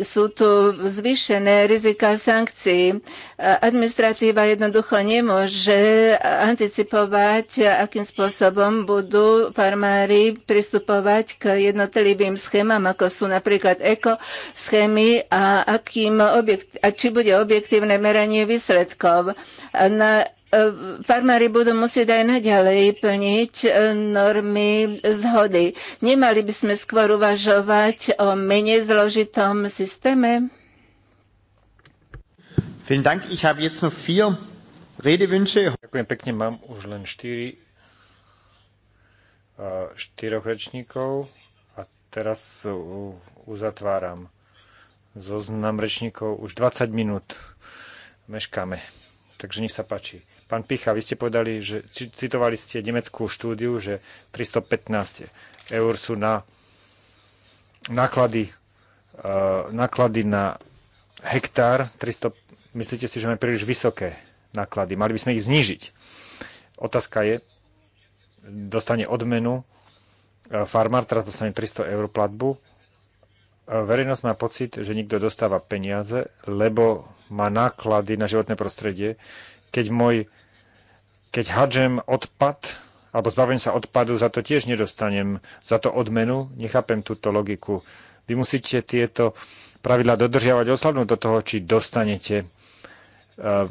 sú tu zvýšené rizika sankcií. Administratíva jednoducho nemôže anticipovať, akým spôsobom budú farmári pristupovať k jednotlivým schémam, ako sú napríklad napríklad ekoschémy a, akým objekt, a či bude objektívne meranie výsledkov. Na e, farmári budú musieť aj naďalej plniť e, normy zhody. Nemali by sme skôr uvažovať o menej zložitom systéme? Vielen Dank. Ich habe jetzt noch vier Redewünsche. Ďakujem pekne, mám už len štyri, e, štyroch rečníkov. A teraz uzatváram zoznam rečníkov. Už 20 minút meškáme. Takže nech sa páči. Pán Picha, vy ste povedali, že citovali ste nemeckú štúdiu, že 315 eur sú na náklady, uh, náklady na hektár. 300, myslíte si, že máme príliš vysoké náklady? Mali by sme ich znížiť. Otázka je, dostane odmenu eh, farmár, teraz dostane 300 eur platbu, verejnosť má pocit, že nikto dostáva peniaze, lebo má náklady na životné prostredie. Keď môj, keď hadžem odpad, alebo zbavím sa odpadu, za to tiež nedostanem za to odmenu. Nechápem túto logiku. Vy musíte tieto pravidla dodržiavať oslavnú do toho, či dostanete uh,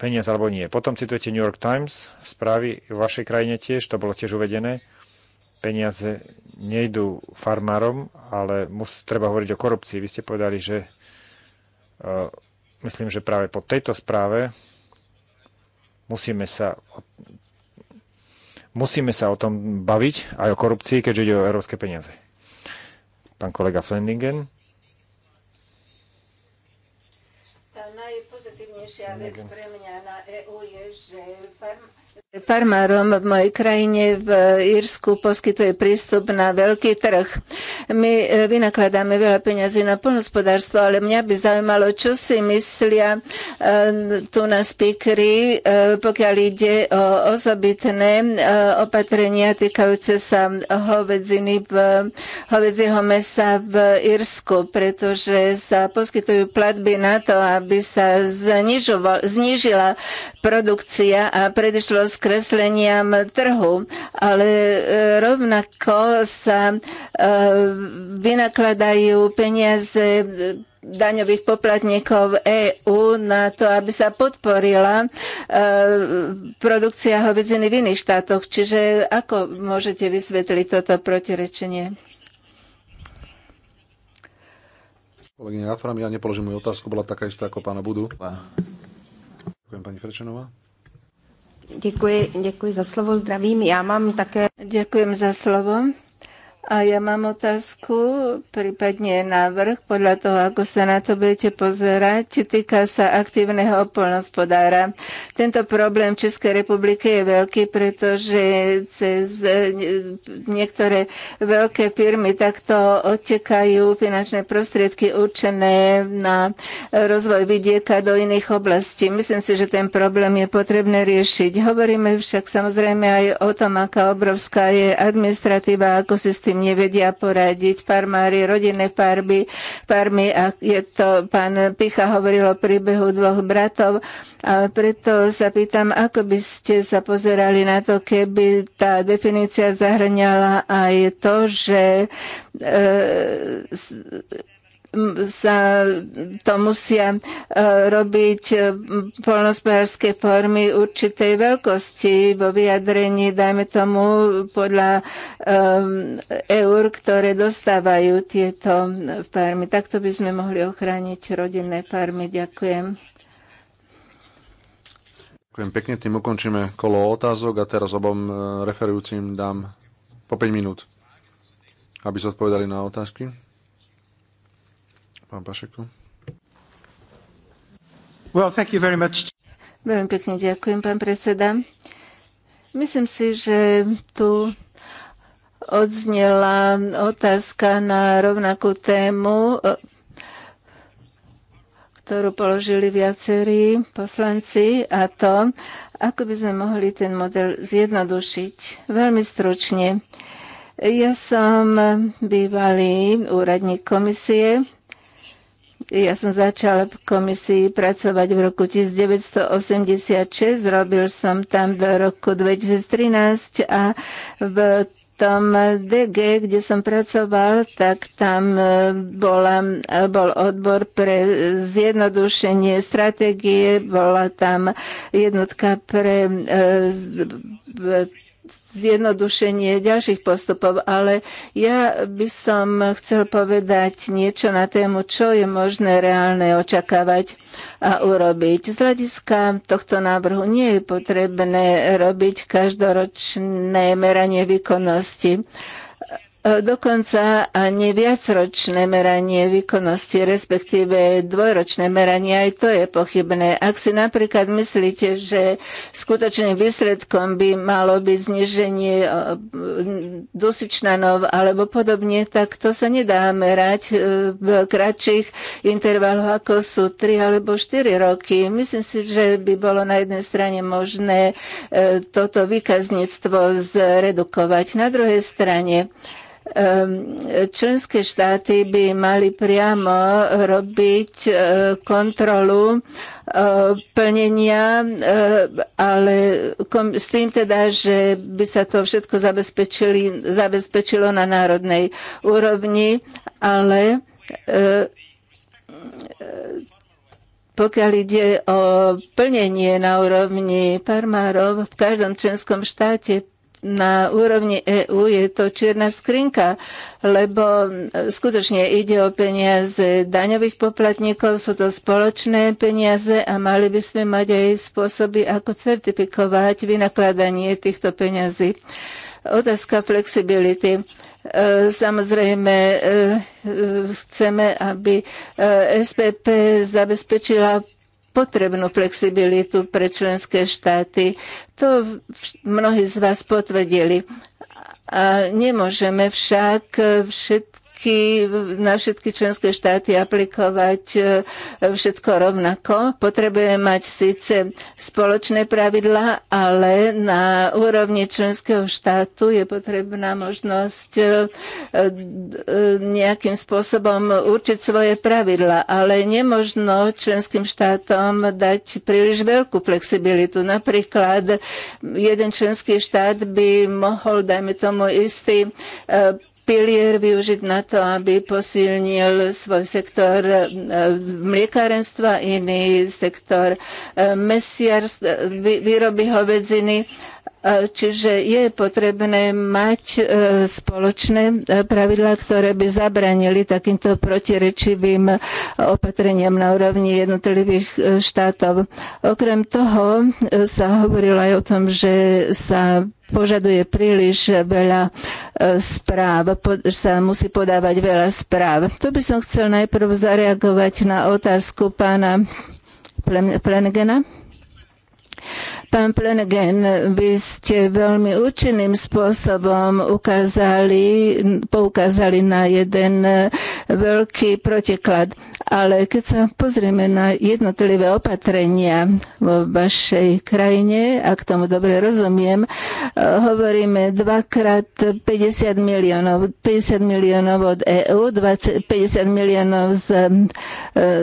peniaz alebo nie. Potom citujete New York Times, správy v vašej krajine tiež, to bolo tiež uvedené peniaze nejdú farmárom, ale mus, treba hovoriť o korupcii. Vy ste povedali, že uh, myslím, že práve po tejto správe musíme sa musíme sa o tom baviť aj o korupcii, keďže ide o európske peniaze. Pán kolega Flendingen. Tá najpozitívnejšia vec pre mňa na EU je, že farm, farmárom v mojej krajine v Írsku poskytuje prístup na veľký trh. My e, vynakladáme veľa peňazí na polnospodárstvo, ale mňa by zaujímalo, čo si myslia e, tu na speakery, pokiaľ ide o osobitné e, opatrenia týkajúce sa hovedziny v, hovedzieho mesa v Írsku, pretože sa poskytujú platby na to, aby sa znižila produkcia a predišlo skresleniam trhu, ale e, rovnako sa e, vynakladajú peniaze e, daňových poplatníkov EÚ na to, aby sa podporila produkcia hovedziny v iných štátoch. Čiže ako môžete vysvetliť toto protirečenie? Kolegyňa Afram, ja nepoložím moju otázku, bola taká istá ako pána Budu. Ďakujem, pani Frečenová. Děkuji, děkuji za slovo, zdravím. Ja mám také... Ďakujem za slovo. A ja mám otázku, prípadne návrh, podľa toho, ako sa na to budete pozerať, týka sa aktívneho polnospodára. Tento problém v Českej republike je veľký, pretože cez niektoré veľké firmy takto odtekajú finančné prostriedky určené na rozvoj vidieka do iných oblastí. Myslím si, že ten problém je potrebné riešiť. Hovoríme však samozrejme aj o tom, aká obrovská je administratíva, ako si s tým nevedia poradiť. Farmári, rodinné farby, farmy a je to, pán Picha hovoril o príbehu dvoch bratov a preto sa pýtam, ako by ste sa pozerali na to, keby tá definícia zahrňala aj to, že e, sa to musia e, robiť e, polnospodárske formy určitej veľkosti vo vyjadrení, dajme tomu, podľa e, eur, ktoré dostávajú tieto farmy. Takto by sme mohli ochrániť rodinné farmy. Ďakujem. Ďakujem pekne, tým ukončíme kolo otázok a teraz obom referujúcim dám po 5 minút, aby sa odpovedali na otázky pán Pašeko. Well, thank you very much. Veľmi pekne ďakujem, pán predseda. Myslím si, že tu odznela otázka na rovnakú tému, ktorú položili viacerí poslanci a to, ako by sme mohli ten model zjednodušiť. Veľmi stručne. Ja som bývalý úradník komisie ja som začala v komisii pracovať v roku 1986, robil som tam do roku 2013 a v tom DG, kde som pracoval, tak tam e, bola, bol odbor pre zjednodušenie stratégie, bola tam jednotka pre e, zjednodušenie ďalších postupov, ale ja by som chcel povedať niečo na tému, čo je možné reálne očakávať a urobiť. Z hľadiska tohto návrhu nie je potrebné robiť každoročné meranie výkonnosti E, dokonca ani viacročné meranie výkonnosti, respektíve dvojročné meranie, aj to je pochybné. Ak si napríklad myslíte, že skutočným výsledkom by malo byť zniženie e, dusičnanov alebo podobne, tak to sa nedá merať e, v kratších intervaloch, ako sú 3 alebo 4 roky. Myslím si, že by bolo na jednej strane možné toto výkazníctvo zredukovať. Na druhej strane, Ehm, členské štáty by mali priamo robiť e, kontrolu e, plnenia, e, ale s tým teda, že by sa to všetko zabezpečilo na národnej úrovni, ale pokiaľ ide o plnenie na úrovni farmárov, v každom členskom štáte na úrovni EÚ je to čierna skrinka, lebo e, skutočne ide o peniaze daňových poplatníkov, sú to spoločné peniaze a mali by sme mať aj spôsoby, ako certifikovať vynakladanie týchto peniazí. Otázka flexibility. E, samozrejme, e, chceme, aby SPP zabezpečila potrebnú flexibilitu pre členské štáty. To mnohí z vás potvrdili. A nemôžeme však všetko všetky, na všetky členské štáty aplikovať e, všetko rovnako. Potrebujeme mať síce spoločné pravidlá, ale na úrovni členského štátu je potrebná možnosť e, e, nejakým spôsobom určiť svoje pravidlá, ale nemožno členským štátom dať príliš veľkú flexibilitu. Napríklad jeden členský štát by mohol, dajme tomu, istý pilier využiť na to, aby posilnil svoj sektor e, mliekárenstva, iný sektor e, mesiarstv, e, výroby hovedziny E, čiže je potrebné mať e, spoločné e, pravidlá, ktoré by zabranili takýmto protirečivým opatreniam na úrovni jednotlivých štátov. Okrem toho sa hovorilo aj o tom, že sa požaduje príliš veľa správ, sa musí podávať veľa správ. Tu by som chcel najprv zareagovať na otázku pána Plengena. Pán Plenegen, vy ste veľmi účinným spôsobom ukázali, poukázali na jeden veľký protiklad. Ale keď sa pozrieme na jednotlivé opatrenia vo vašej krajine, ak tomu dobre rozumiem, hovoríme dvakrát 50 miliónov, 50 miliónov od EÚ, 20, 50 miliónov z e,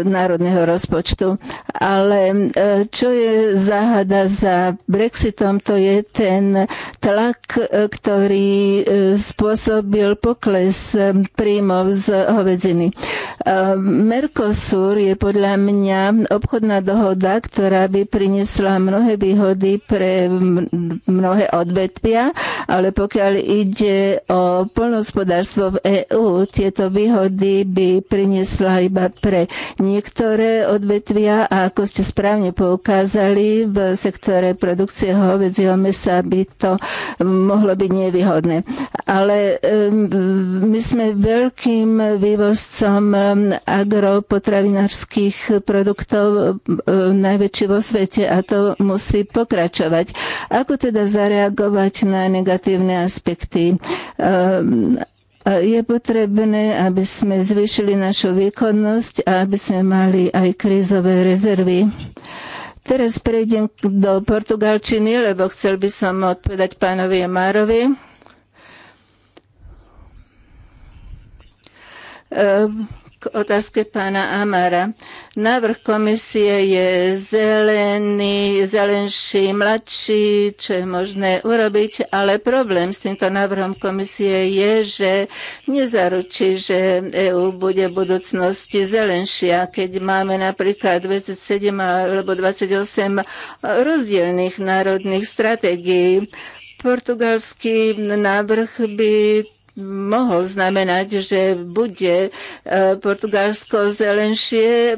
národného rozpočtu. Ale e, čo je záhada za Brexitom, to je ten tlak, e, ktorý e, spôsobil pokles e, príjmov z hovedziny. Mercosur je podľa mňa obchodná dohoda, ktorá by priniesla mnohé výhody pre mnohé odvetvia, ale pokiaľ ide o polnohospodárstvo v EÚ, tieto výhody by priniesla iba pre niektoré odvetvia a ako ste správne poukázali, v sektore sektore produkcie hovedzieho mesa by to mohlo byť nevýhodné. Ale my sme veľkým vývozcom agropotravinárskych produktov najväčší vo svete a to musí pokračovať. Ako teda zareagovať na negatívne aspekty? je potrebné, aby sme zvýšili našu výkonnosť a aby sme mali aj krízové rezervy. Teraz prejdem do portugalčiny, lebo chcel by som odpovedať pánovi Jamárovi. Uh, ehm, otázke pána Amara. Návrh komisie je zelený, zelenší, mladší, čo je možné urobiť, ale problém s týmto návrhom komisie je, že nezaručí, že EÚ bude v budúcnosti zelenšia, keď máme napríklad 27 alebo 28 rozdielných národných stratégií portugalský návrh by mohol znamenať, že bude e, Portugalsko zelenšie e,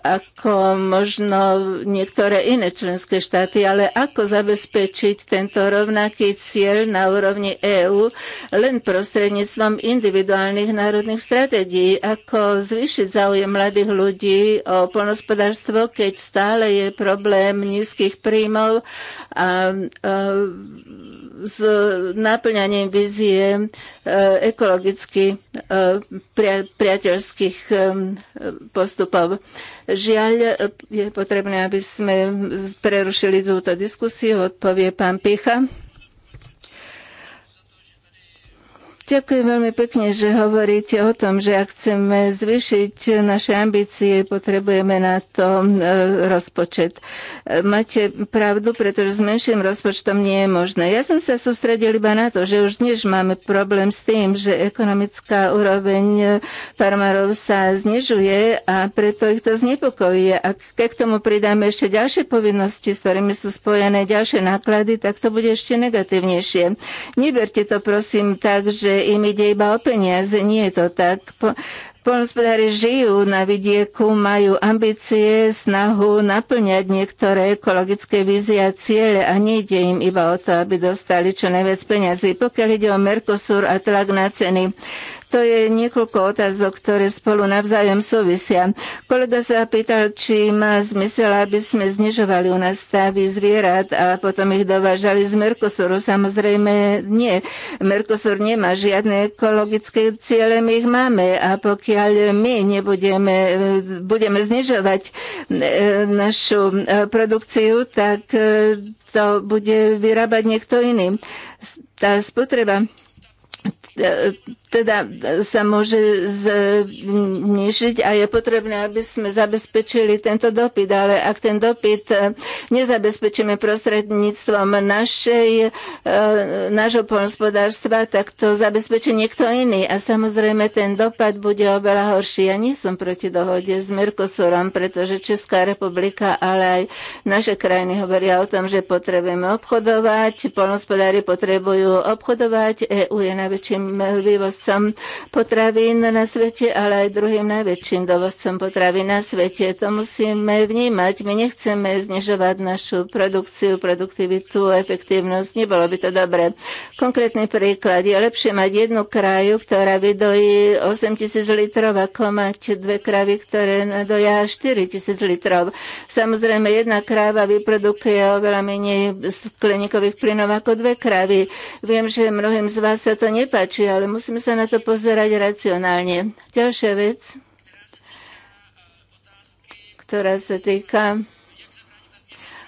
ako možno niektoré iné členské štáty, ale ako zabezpečiť tento rovnaký cieľ na úrovni EÚ len prostredníctvom individuálnych národných stratégií, ako zvýšiť záujem mladých ľudí o polnospodárstvo, keď stále je problém nízkych príjmov a, a e, s náplňaním vizie e, ekologicky e, priateľských e, postupov. Žiaľ, je potrebné, aby sme prerušili túto diskusiu, odpovie pán Picha. Ďakujem veľmi pekne, že hovoríte o tom, že ak chceme zvýšiť naše ambície, potrebujeme na to e, rozpočet. E, máte pravdu, pretože s menším rozpočtom nie je možné. Ja som sa sústredil iba na to, že už dnes máme problém s tým, že ekonomická úroveň e, farmárov sa znižuje a preto ich to znepokojuje. A keď k tomu pridáme ešte ďalšie povinnosti, s ktorými sú spojené ďalšie náklady, tak to bude ešte negatívnejšie. Neberte to prosím tak, že im ide iba o peniaze. Nie je to tak. Po, Polnospodári žijú na vidieku, majú ambície, snahu naplňať niektoré ekologické vízie a ciele a nejde im iba o to, aby dostali čo najviac peniazy. Pokiaľ ide o Mercosur a tlak na ceny to je niekoľko otázok, ktoré spolu navzájom súvisia. Kolega sa pýtal, či má zmysel, aby sme znižovali u nás stavy zvierat a potom ich dovážali z Mercosuru. Samozrejme nie. Mercosur nemá žiadne ekologické ciele, my ich máme a pokiaľ my nebudeme budeme znižovať e, našu e, produkciu, tak e, to bude vyrábať niekto iný. Tá spotreba teda e, sa môže znižiť a je potrebné, aby sme zabezpečili tento dopyt. Ale ak ten dopyt e, nezabezpečíme prostredníctvom našej, e, nášho polnospodárstva, tak to zabezpečí niekto iný. A samozrejme ten dopad bude oveľa horší. Ja nie som proti dohode s Mirkosurom, pretože Česká republika, ale aj naše krajiny hovoria o tom, že potrebujeme obchodovať, polnospodári potrebujú obchodovať, EU je najväčším vývozom dovozcom potravín na svete, ale aj druhým najväčším dovozcom potravín na svete. To musíme vnímať. My nechceme znižovať našu produkciu, produktivitu, efektívnosť. Nebolo by to dobré. Konkrétny príklad. Je lepšie mať jednu kraju, ktorá vydojí 8 tisíc litrov, ako mať dve kravy, ktoré dojá 4 tisíc litrov. Samozrejme, jedna kráva vyprodukuje oveľa menej skleníkových plynov ako dve kravy. Viem, že mnohým z vás sa to nepáči, ale musíme sa sa na to pozerať racionálne. Ďalšia vec, ktorá sa týka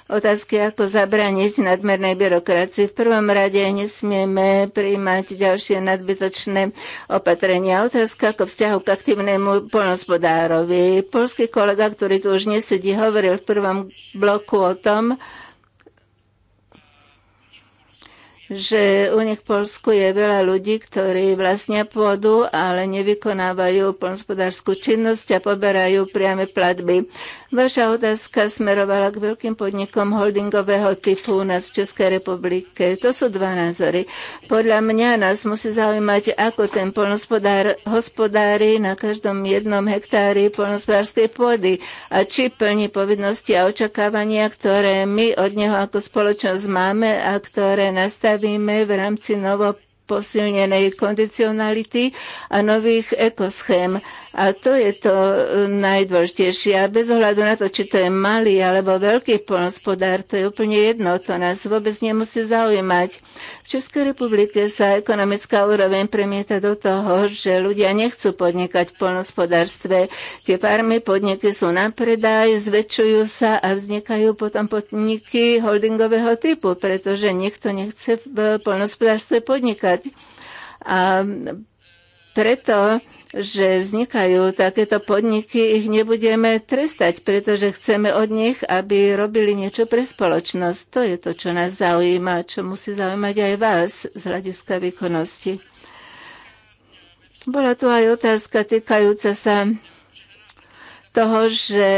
otázky, ako zabraniť nadmernej byrokracii. V prvom rade nesmieme prijímať ďalšie nadbytočné opatrenia. Otázka ako vzťahu k aktívnemu polnospodárovi. Polský kolega, ktorý tu už nesedí, hovoril v prvom bloku o tom, že u nich v Polsku je veľa ľudí, ktorí vlastne pôdu, ale nevykonávajú polnospodárskú činnosť a poberajú priame platby. Vaša otázka smerovala k veľkým podnikom holdingového typu u nás v Českej republike. To sú dva názory. Podľa mňa nás musí zaujímať, ako ten polnospodár hospodári na každom jednom hektári polnospodárskej pôdy a či plní povinnosti a očakávania, ktoré my od neho ako spoločnosť máme a ktoré nastavíme v rámci novo posilnenej kondicionality a nových ekoschém. A to je to e, najdôležitejšie. A bez ohľadu na to, či to je malý alebo veľký polnospodár, to je úplne jedno. To nás vôbec nemusí zaujímať. V Českej republike sa ekonomická úroveň premieta do toho, že ľudia nechcú podnikať v polnospodárstve. Tie farmy podniky sú na predaj, zväčšujú sa a vznikajú potom podniky holdingového typu, pretože nikto nechce v polnospodárstve podnikať využívať. A preto že vznikajú takéto podniky, ich nebudeme trestať, pretože chceme od nich, aby robili niečo pre spoločnosť. To je to, čo nás zaujíma, čo musí zaujímať aj vás z hľadiska výkonnosti. Bola tu aj otázka týkajúca sa toho, že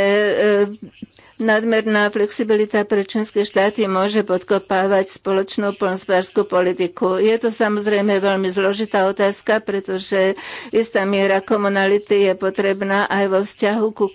Nadmerná flexibilita pre členské štáty môže podkopávať spoločnú polnospodárskú politiku. Je to samozrejme veľmi zložitá otázka, pretože istá miera komunality je potrebná aj vo vzťahu ku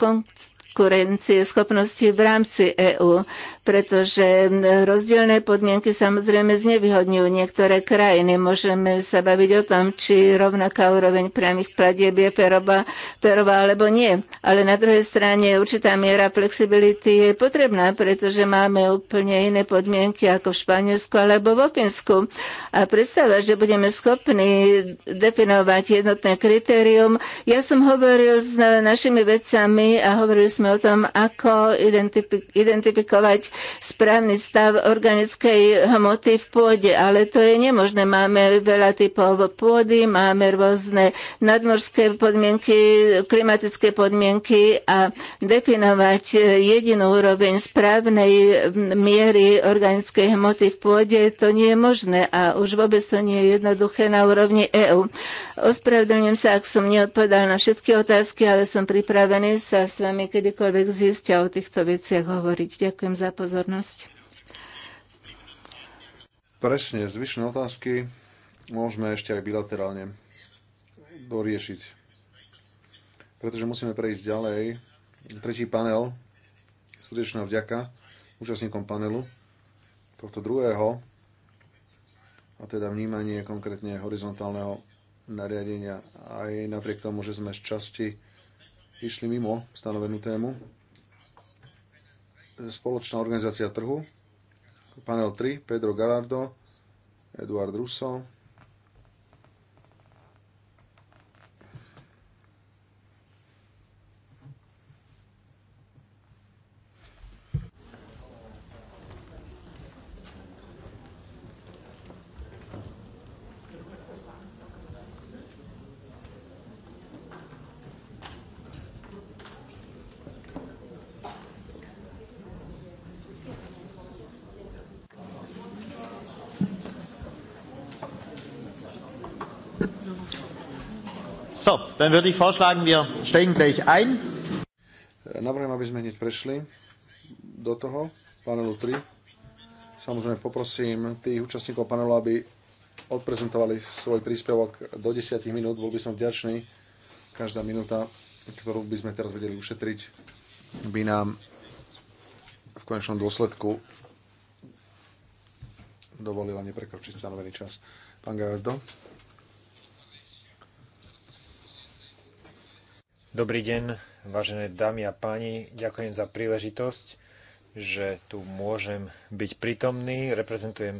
konkurencie schopnosti v rámci EÚ, pretože rozdielne podmienky samozrejme znevýhodňujú niektoré krajiny. Môžeme sa baviť o tom, či rovnaká úroveň priamých platieb je perová, perová alebo nie. Ale na druhej strane určitá miera flexibility je potrebná, pretože máme úplne iné podmienky ako v Španielsku alebo v Opinsku. A predstava, že budeme schopní definovať jednotné kritérium. Ja som hovoril s našimi vedcami a hovorili sme o tom, ako identifikovať správny stav organickej hmoty v pôde, ale to je nemožné. Máme veľa typov pôdy, máme rôzne nadmorské podmienky, klimatické podmienky a definovať jedinú úroveň správnej miery organickej hmoty v pôde, to nie je možné a už vôbec to nie je jednoduché na úrovni EÚ. Ospravedlňujem sa, ak som neodpovedal na všetky otázky, ale som pripravený sa s vami kedy čokoľvek zistia o týchto veciach hovoriť. Ďakujem za pozornosť. Presne, zvyšné otázky môžeme ešte aj bilaterálne doriešiť. Pretože musíme prejsť ďalej. Tretí panel, srdečná vďaka účastníkom panelu, tohto druhého, a teda vnímanie konkrétne horizontálneho nariadenia. Aj napriek tomu, že sme z časti išli mimo stanovenú tému. Spoločná organizácia trhu, panel 3, Pedro Gallardo, Eduard Russo, Dann würde ich vorschlagen, wir steigen gleich ein. Navrhujem, aby sme hneď prešli do toho, panelu 3. Samozrejme poprosím tých účastníkov panelu, aby odprezentovali svoj príspevok do 10 minút. Bol by som vďačný. Každá minúta, ktorú by sme teraz vedeli ušetriť, by nám v konečnom dôsledku dovolila neprekročiť stanovený čas. Pán Gajardo. Dobrý deň, vážené dámy a páni. Ďakujem za príležitosť, že tu môžem byť prítomný. Reprezentujem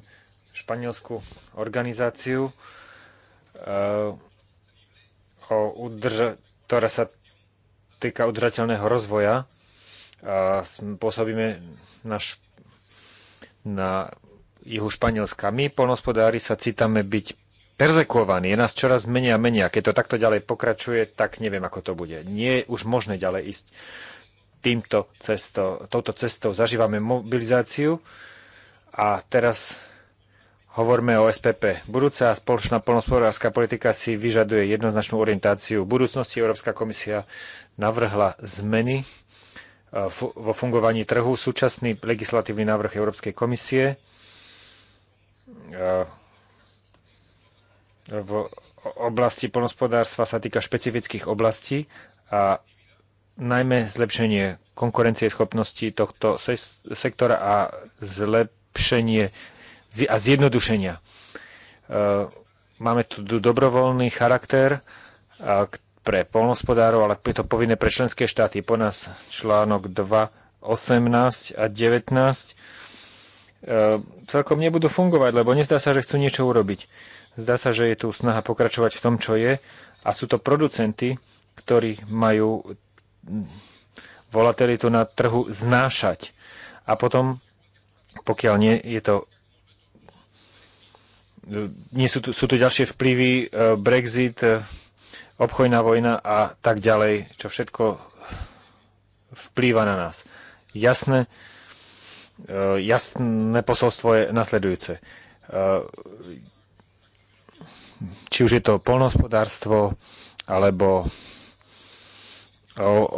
španielskú organizáciu, eh, o udrža- ktorá sa týka udržateľného rozvoja. A pôsobíme na, na juhu Španielska. My, polnospodári, sa cítame byť perzekovaní. Je nás čoraz menej a menej. Keď to takto ďalej pokračuje, tak neviem, ako to bude. Nie je už možné ďalej ísť týmto cesto, touto cestou. Zažívame mobilizáciu a teraz hovoríme o SPP. Budúca spoločná polnospodárska politika si vyžaduje jednoznačnú orientáciu. V budúcnosti Európska komisia navrhla zmeny e, vo fungovaní trhu. Súčasný legislatívny návrh Európskej komisie e, v oblasti polnospodárstva sa týka špecifických oblastí a najmä zlepšenie konkurencie schopnosti tohto se sektora a zlepšenie a zjednodušenia. E, máme tu dobrovoľný charakter pre polnospodárov, ale je to povinné pre členské štáty. Po nás článok 2, 18 a 19 e, celkom nebudú fungovať, lebo nezdá sa, že chcú niečo urobiť Zdá sa, že je tu snaha pokračovať v tom, čo je a sú to producenty, ktorí majú mm, volatilitu na trhu znášať. A potom, pokiaľ nie, je to nie sú, tu, sú tu ďalšie vplyvy, e, Brexit, e, obchojná vojna a tak ďalej, čo všetko vplýva na nás. Jasné, e, jasné posolstvo je nasledujúce či už je to polnohospodárstvo alebo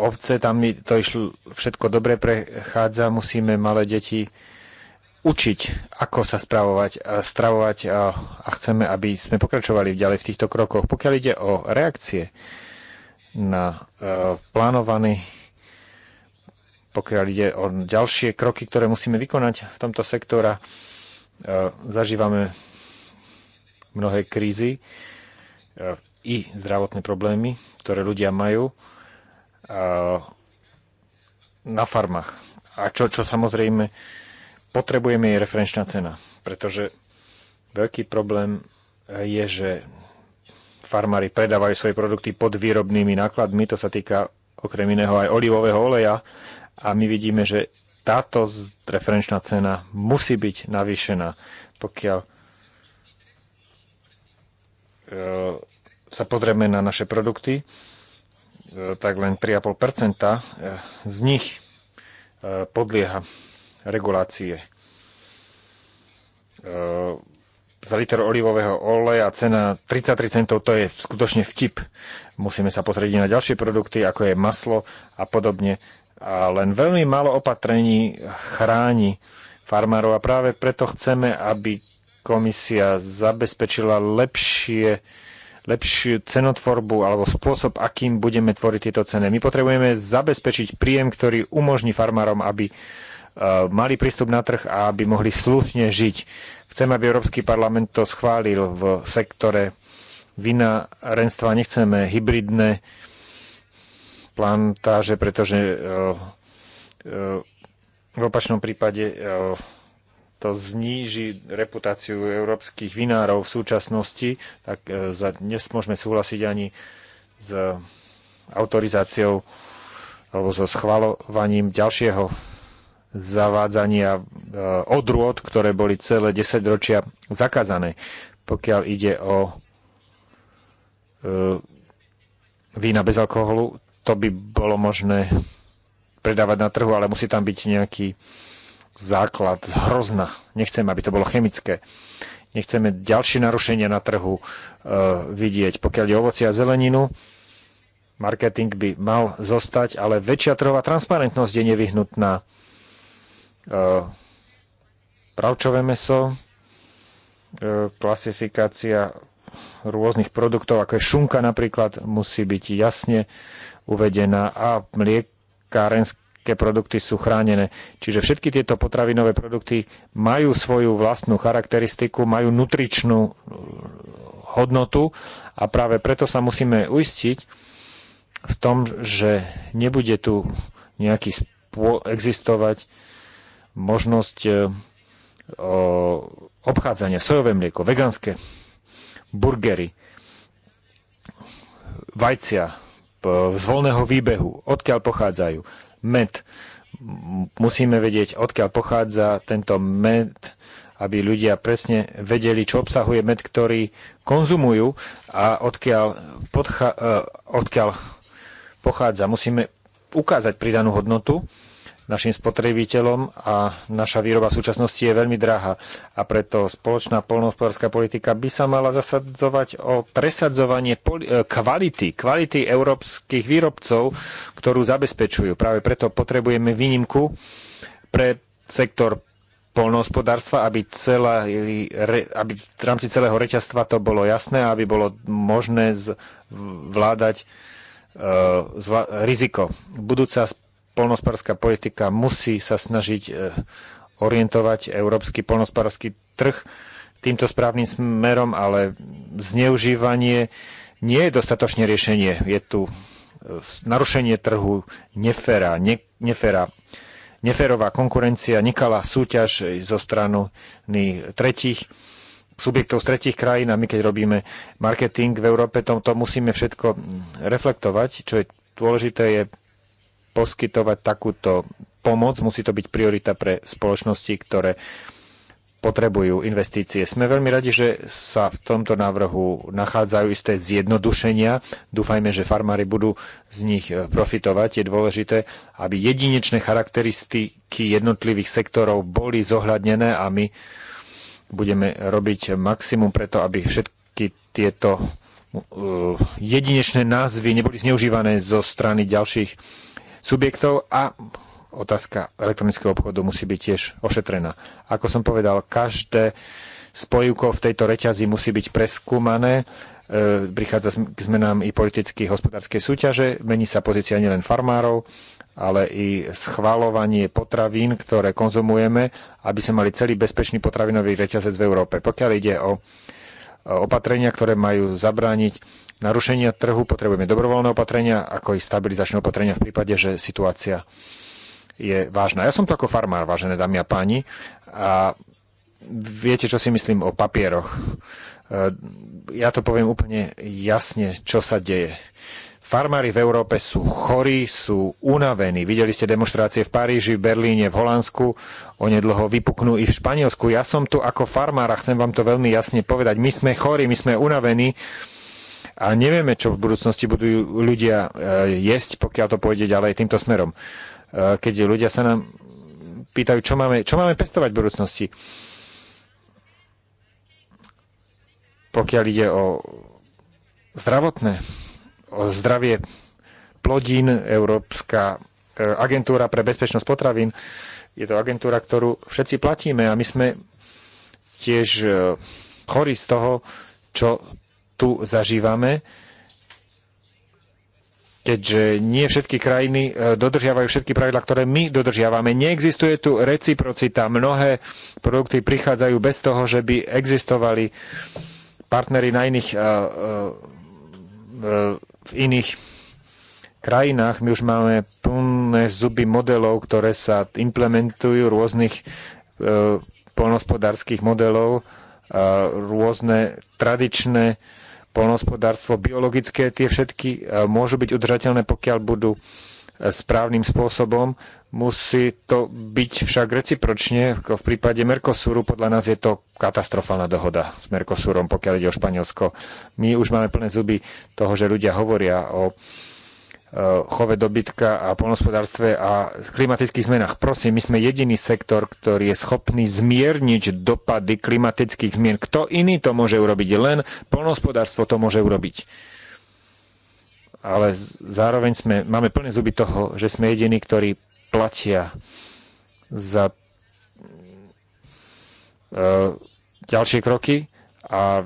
ovce, tam mi to išlo všetko dobre prechádza, musíme malé deti učiť, ako sa spravovať, stravovať a, a chceme, aby sme pokračovali ďalej v týchto krokoch. Pokiaľ ide o reakcie na uh, plánovaný, pokiaľ ide o ďalšie kroky, ktoré musíme vykonať v tomto sektora, e, zažívame mnohé krízy e, i zdravotné problémy, ktoré ľudia majú e, na farmách. A čo, čo samozrejme potrebujeme je referenčná cena, pretože veľký problém je, že farmári predávajú svoje produkty pod výrobnými nákladmi, to sa týka okrem iného aj olivového oleja a my vidíme, že táto referenčná cena musí byť navýšená, pokiaľ sa pozrieme na naše produkty, e, tak len 3,5 e, z nich e, podlieha regulácie. Za liter olivového oleja cena 33 centov, to je skutočne vtip. Musíme sa pozrieť na ďalšie produkty, ako je maslo a podobne. A len veľmi málo opatrení chráni farmárov a práve preto chceme, aby komisia zabezpečila lepšie lepšiu cenotvorbu alebo spôsob, akým budeme tvoriť tieto ceny. My potrebujeme zabezpečiť príjem, ktorý umožní farmárom, aby e, mali prístup na trh a aby mohli slušne žiť. Chcem, aby Európsky parlament to schválil v sektore vina, renstva. Nechceme hybridné plantáže, pretože e, e, v opačnom prípade to zníži reputáciu európskych vinárov v súčasnosti, tak e, za, môžeme súhlasiť ani s autorizáciou alebo so schvalovaním ďalšieho zavádzania e, odrôd, ktoré boli celé 10 ročia zakázané, pokiaľ ide o e, vína bez alkoholu, to by bolo možné predávať na trhu, ale musí tam byť nejaký základ z hrozna. Nechcem, aby to bolo chemické. Nechceme ďalšie narušenia na trhu e, vidieť. Pokiaľ je ovoci a zeleninu, marketing by mal zostať, ale väčšia trhová transparentnosť je nevyhnutná. E, pravčové meso, e, klasifikácia rôznych produktov, ako je šunka napríklad, musí byť jasne uvedená a mliekárenské aké produkty sú chránené. Čiže všetky tieto potravinové produkty majú svoju vlastnú charakteristiku, majú nutričnú eh, hodnotu a práve preto sa musíme uistiť v tom, že nebude tu nejaký spô- existovať možnosť eh, obchádzania, sojové mlieko, vegánske burgery, vajcia z voľného výbehu, odkiaľ pochádzajú, med. Musíme vedieť, odkiaľ pochádza tento med, aby ľudia presne vedeli, čo obsahuje med, ktorý konzumujú a odkiaľ, podcha- e, odkiaľ pochádza. Musíme ukázať pridanú hodnotu našim spotrebiteľom a naša výroba v súčasnosti je veľmi drahá. A preto spoločná polnohospodárska politika by sa mala zasadzovať o presadzovanie e, kvality, kvality európskych výrobcov, ktorú zabezpečujú. Práve preto potrebujeme výnimku pre sektor polnohospodárstva, aby, celá, aby v rámci celého reťazstva to bolo jasné, aby bolo možné zvládať e, zva, riziko. Budúca polnospárska politika musí sa snažiť e, orientovať európsky polnospárský trh týmto správnym smerom, ale zneužívanie nie je dostatočné riešenie. Je tu e, narušenie trhu, neféra, ne, neféra, neférová konkurencia, nekalá súťaž e, zo strany tretich subjektov z tretich krajín a my keď robíme marketing v Európe, to, to musíme všetko reflektovať. Čo je dôležité je poskytovať takúto pomoc. Musí to byť priorita pre spoločnosti, ktoré potrebujú investície. Sme veľmi radi, že sa v tomto návrhu nachádzajú isté zjednodušenia. Dúfajme, že farmári budú z nich e, profitovať. Je dôležité, aby jedinečné charakteristiky jednotlivých sektorov boli zohľadnené a my budeme robiť maximum preto, aby všetky tieto e, jedinečné názvy neboli zneužívané zo strany ďalších subjektov a otázka elektronického obchodu musí byť tiež ošetrená. Ako som povedal, každé spojivko v tejto reťazi musí byť preskúmané. E, prichádza k zmenám i politických hospodárskej súťaže, mení sa pozícia nielen farmárov, ale i schvalovanie potravín, ktoré konzumujeme, aby sme mali celý bezpečný potravinový reťazec v Európe. Pokiaľ ide o opatrenia, ktoré majú zabrániť narušenia trhu, potrebujeme dobrovoľné opatrenia, ako i stabilizačné opatrenia v prípade, že situácia je vážna. Ja som to ako farmár, vážené dámy a páni, a viete, čo si myslím o papieroch. E, ja to poviem úplne jasne, čo sa deje. Farmári v Európe sú chorí, sú unavení. Videli ste demonstrácie v Paríži, v Berlíne, v Holandsku. Onedlho vypuknú i v Španielsku. Ja som tu ako farmár a chcem vám to veľmi jasne povedať. My sme chorí, my sme unavení. Uh, a nevieme, čo v budúcnosti budú ľudia e, jesť, pokiaľ to pôjde ďalej týmto smerom. E, keď ľudia sa nám pýtajú, čo máme, čo máme pestovať v budúcnosti, pokiaľ ide o zdravotné, o zdravie plodín, Európska e, agentúra pre bezpečnosť potravín, je to agentúra, ktorú všetci platíme a my sme tiež chorí z toho, čo tu zažívame, keďže nie všetky krajiny e, dodržiavajú všetky pravidlá, ktoré my dodržiavame. Neexistuje tu reciprocita. Mnohé produkty prichádzajú bez toho, že by existovali partnery na iných, e, e, v iných krajinách. My už máme plné zuby modelov, ktoré sa implementujú rôznych polnospodárských modelov, rôzne tradičné polnohospodárstvo, biologické, tie všetky e, môžu byť udržateľné, pokiaľ budú e, správnym spôsobom. Musí to byť však recipročne. V prípade Mercosuru podľa nás je to katastrofálna dohoda s Mercosurom, pokiaľ ide o Španielsko. My už máme plné zuby toho, že ľudia hovoria o Eh, chove dobytka a polnospodárstve a klimatických zmenách. Prosím, my sme jediný sektor, ktorý je schopný zmierniť dopady klimatických zmien. Kto iný to môže urobiť? Len polnospodárstvo to môže urobiť. Ale zároveň sme, máme plné zuby toho, že sme jediní, ktorí platia za eh, ďalšie kroky a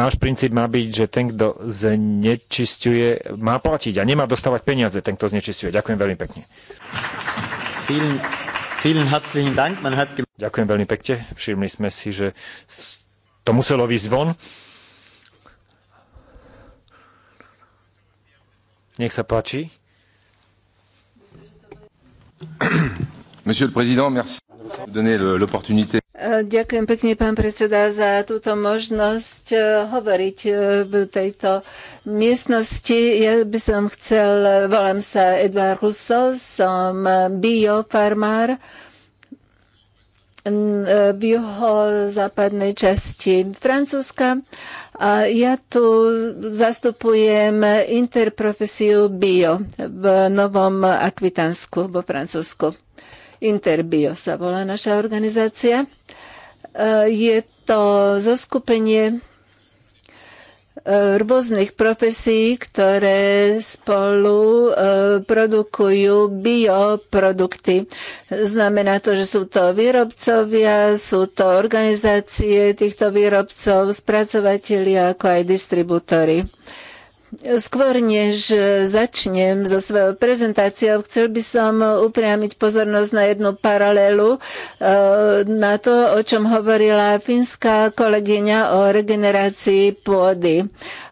náš princíp má byť, že ten, kto znečisťuje, má platiť a nemá dostávať peniaze, ten, kto znečisťuje. Ďakujem veľmi pekne. Vielen, vielen herzlichen Dank. Man hat... Ďakujem veľmi pekne. Všimli sme si, že to muselo výsť von. Nech sa páči. Monsieur le Président, merci de donner l'opportunité Ďakujem pekne, pán predseda, za túto možnosť eh, hovoriť eh, v tejto miestnosti. Ja by som chcel, eh, volám sa Edvard Russo, som biofarmár v juhozápadnej časti Francúzska. A ja tu zastupujem interprofesiu bio v Novom Akvitansku vo Francúzsku. Interbio sa volá naša organizácia. Eh, je to zoskupenie eh, rôznych profesí, ktoré spolu eh, produkujú bioprodukty. Znamená to, že sú to výrobcovia, sú to organizácie týchto výrobcov, spracovatelia, ako aj distribútory. Skôr než začnem so svojou prezentáciou, chcel by som upriamiť pozornosť na jednu paralelu e, na to, o čom hovorila fínska kolegyňa o regenerácii pôdy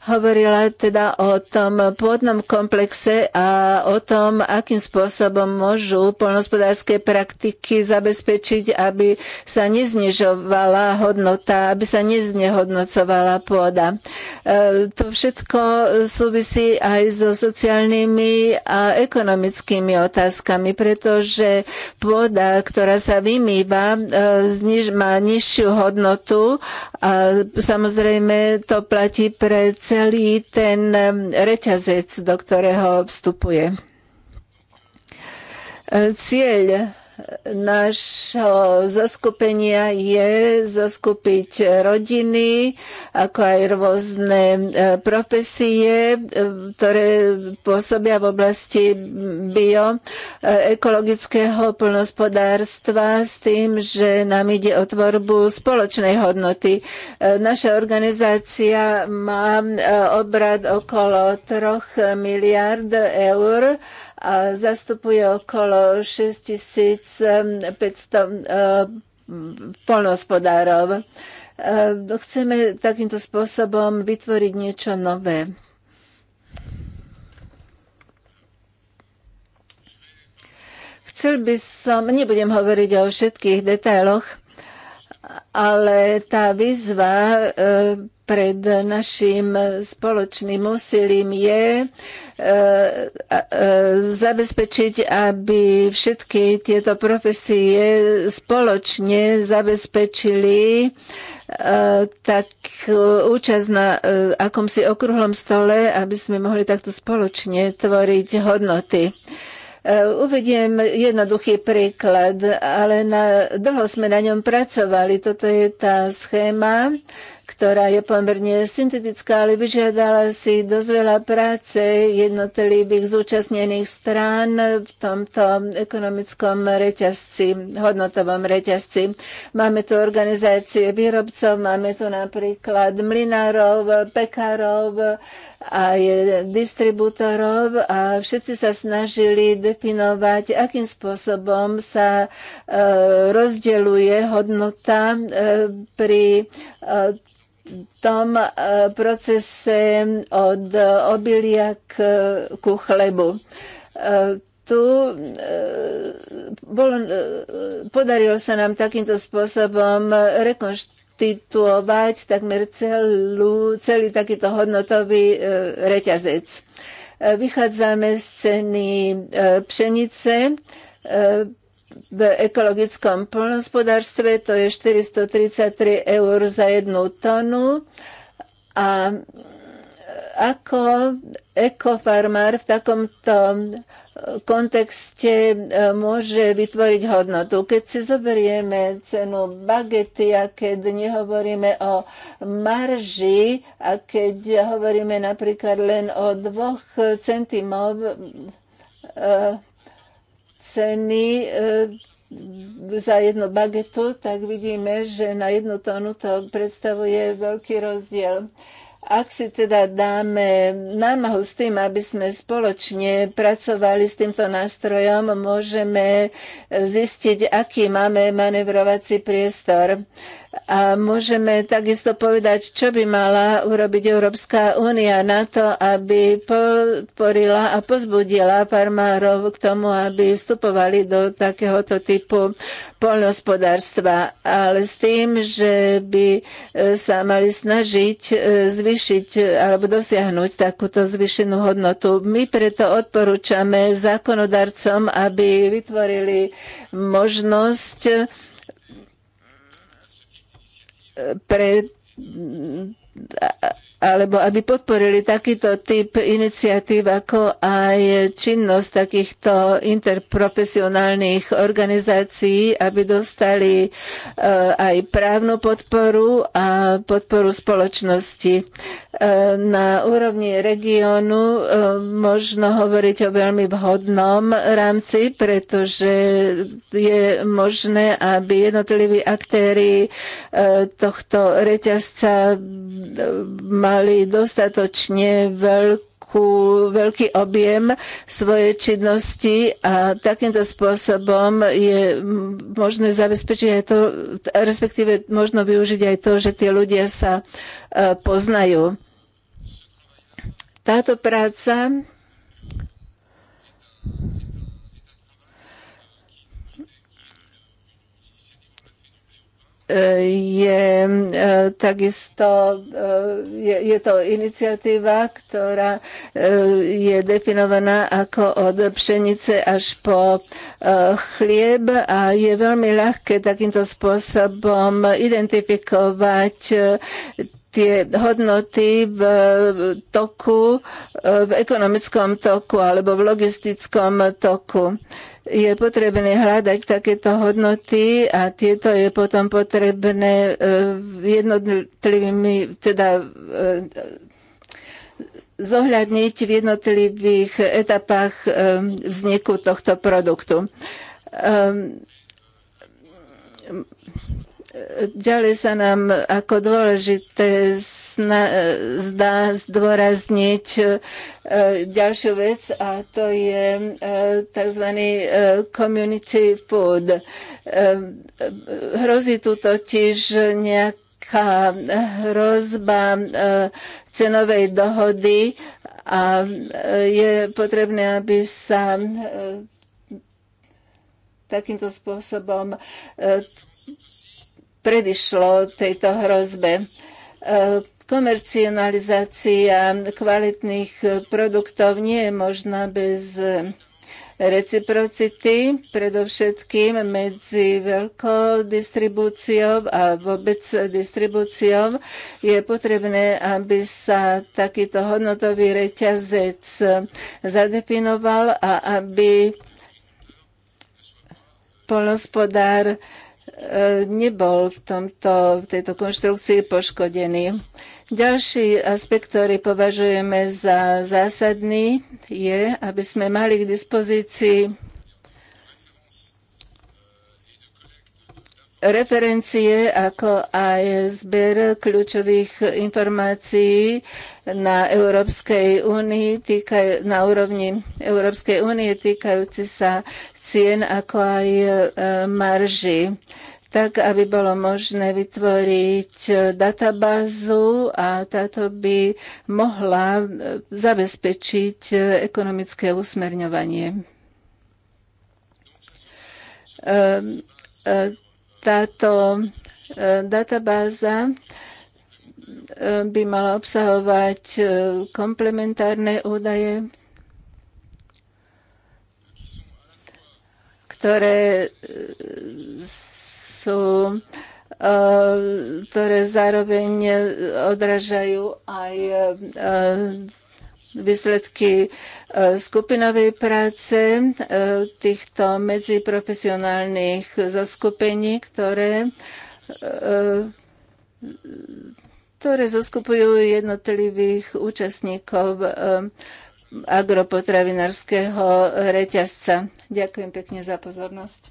hovorila teda o tom pôdnom komplexe a o tom, akým spôsobom môžu poľnohospodárske praktiky zabezpečiť, aby sa neznižovala hodnota, aby sa neznehodnocovala pôda. E, to všetko súvisí aj so sociálnymi a ekonomickými otázkami, pretože pôda, ktorá sa vymýva, e, má nižšiu hodnotu a samozrejme to platí pre celé celý ten reťazec, do ktorého vstupuje. E, cieľ nášho zaskupenia je zaskupiť rodiny, ako aj rôzne e, profesie, e, ktoré pôsobia v oblasti bioekologického e, plnospodárstva s tým, že nám ide o tvorbu spoločnej hodnoty. Naša organizácia má obrad okolo 3 miliard eur a zastupuje okolo 6500 eh, polnohospodárov. Eh, chceme takýmto spôsobom vytvoriť niečo nové. Chcel by som, nebudem hovoriť o všetkých detailoch, ale tá výzva eh, pred našim spoločným úsilím je e, e, zabezpečiť, aby všetky tieto profesie spoločne zabezpečili e, tak účasť na akomsi okruhlom stole, aby sme mohli takto spoločne tvoriť hodnoty. Uvediem jednoduchý príklad, ale na, dlho sme na ňom pracovali. Toto je tá schéma, ktorá je pomerne syntetická, ale vyžiadala si dosť veľa práce jednotlivých zúčastnených strán v tomto ekonomickom reťazci, hodnotovom reťazci. Máme tu organizácie výrobcov, máme tu napríklad mlinárov, pekárov, a distribútorov a všetci sa snažili definovať, akým spôsobom sa e, rozdeluje hodnota e, pri e, tom e, procese od obilia k, ku chlebu e, tu e, bol, podarilo sa nám takýmto spôsobom rekonštituovať takmer celú, celý takýto hodnotový reťazec. Vychádzame z ceny pšenice, v ekologickom poľnohospodárstve, to je 433 eur za jednu tonu. A ako ekofarmár v takomto kontexte e, môže vytvoriť hodnotu. Keď si zoberieme cenu bagety a keď nehovoríme o marži a keď hovoríme napríklad len o dvoch centimov, e, ceny e, za jednu bagetu, tak vidíme, že na jednu tónu to predstavuje veľký rozdiel. Ak si teda dáme námahu s tým, aby sme spoločne pracovali s týmto nástrojom, môžeme zistiť, aký máme manevrovací priestor. A môžeme takisto povedať, čo by mala urobiť Európska únia na to, aby podporila a pozbudila farmárov k tomu, aby vstupovali do takéhoto typu poľnohospodárstva. Ale s tým, že by e, sa mali snažiť e, zvyšiť e, alebo dosiahnuť takúto zvyšenú hodnotu. My preto odporúčame zákonodarcom, aby vytvorili možnosť pre alebo aby podporili takýto typ iniciatív, ako aj činnosť takýchto interprofesionálnych organizácií, aby dostali e, aj právnu podporu a podporu spoločnosti. E, na úrovni regiónu e, možno hovoriť o veľmi vhodnom rámci, pretože je možné, aby jednotliví aktéry tohto reťazca mali dostatočne veľkú veľký objem svojej činnosti a takýmto spôsobom je možné zabezpečiť aj to, respektíve možno využiť aj to, že tie ľudia sa e, poznajú. Táto práca je e, takisto e, je, je to iniciatíva, ktorá e, je definovaná ako od pšenice až po chlieb a je veľmi ľahké takýmto spôsobom identifikovať tie hodnoty v toku, v ekonomickom toku alebo v logistickom toku. Je potrebné hľadať takéto hodnoty a tieto je potom potrebné e, jednotlivými, teda e, zohľadniť v jednotlivých etapách e, vzniku tohto produktu Ďalej sa nám ako dôležité zdá zdôrazniť e, ďalšiu vec a to je e, tzv. E, community food. Hrozí tu totiž nejaká hrozba cenovej dohody a je potrebné, aby sa takýmto spôsobom predišlo tejto hrozbe. E, komercionalizácia kvalitných produktov nie je možná bez reciprocity, predovšetkým medzi veľkou distribúciou a vôbec distribúciou. Je potrebné, aby sa takýto hodnotový reťazec zadefinoval a aby polospodár nebol v, tomto, v tejto konštrukcii poškodený. Ďalší aspekt, ktorý považujeme za zásadný, je, aby sme mali k dispozícii referencie, ako aj zber kľúčových informácií na Európskej únii, na úrovni Európskej únie týkajúci sa cien, ako aj e, marži tak aby bolo možné vytvoriť e, databázu a táto by mohla e, zabezpečiť ekonomické usmerňovanie. Táto e, databáza e, by mala obsahovať e, komplementárne údaje, ktoré sú ktoré zároveň odražajú aj výsledky e, skupinovej práce e, týchto medziprofesionálnych zaskupení, ktoré e, ktoré zoskupujú jednotlivých účastníkov agropotravinárskeho reťazca. Ďakujem pekne za pozornosť.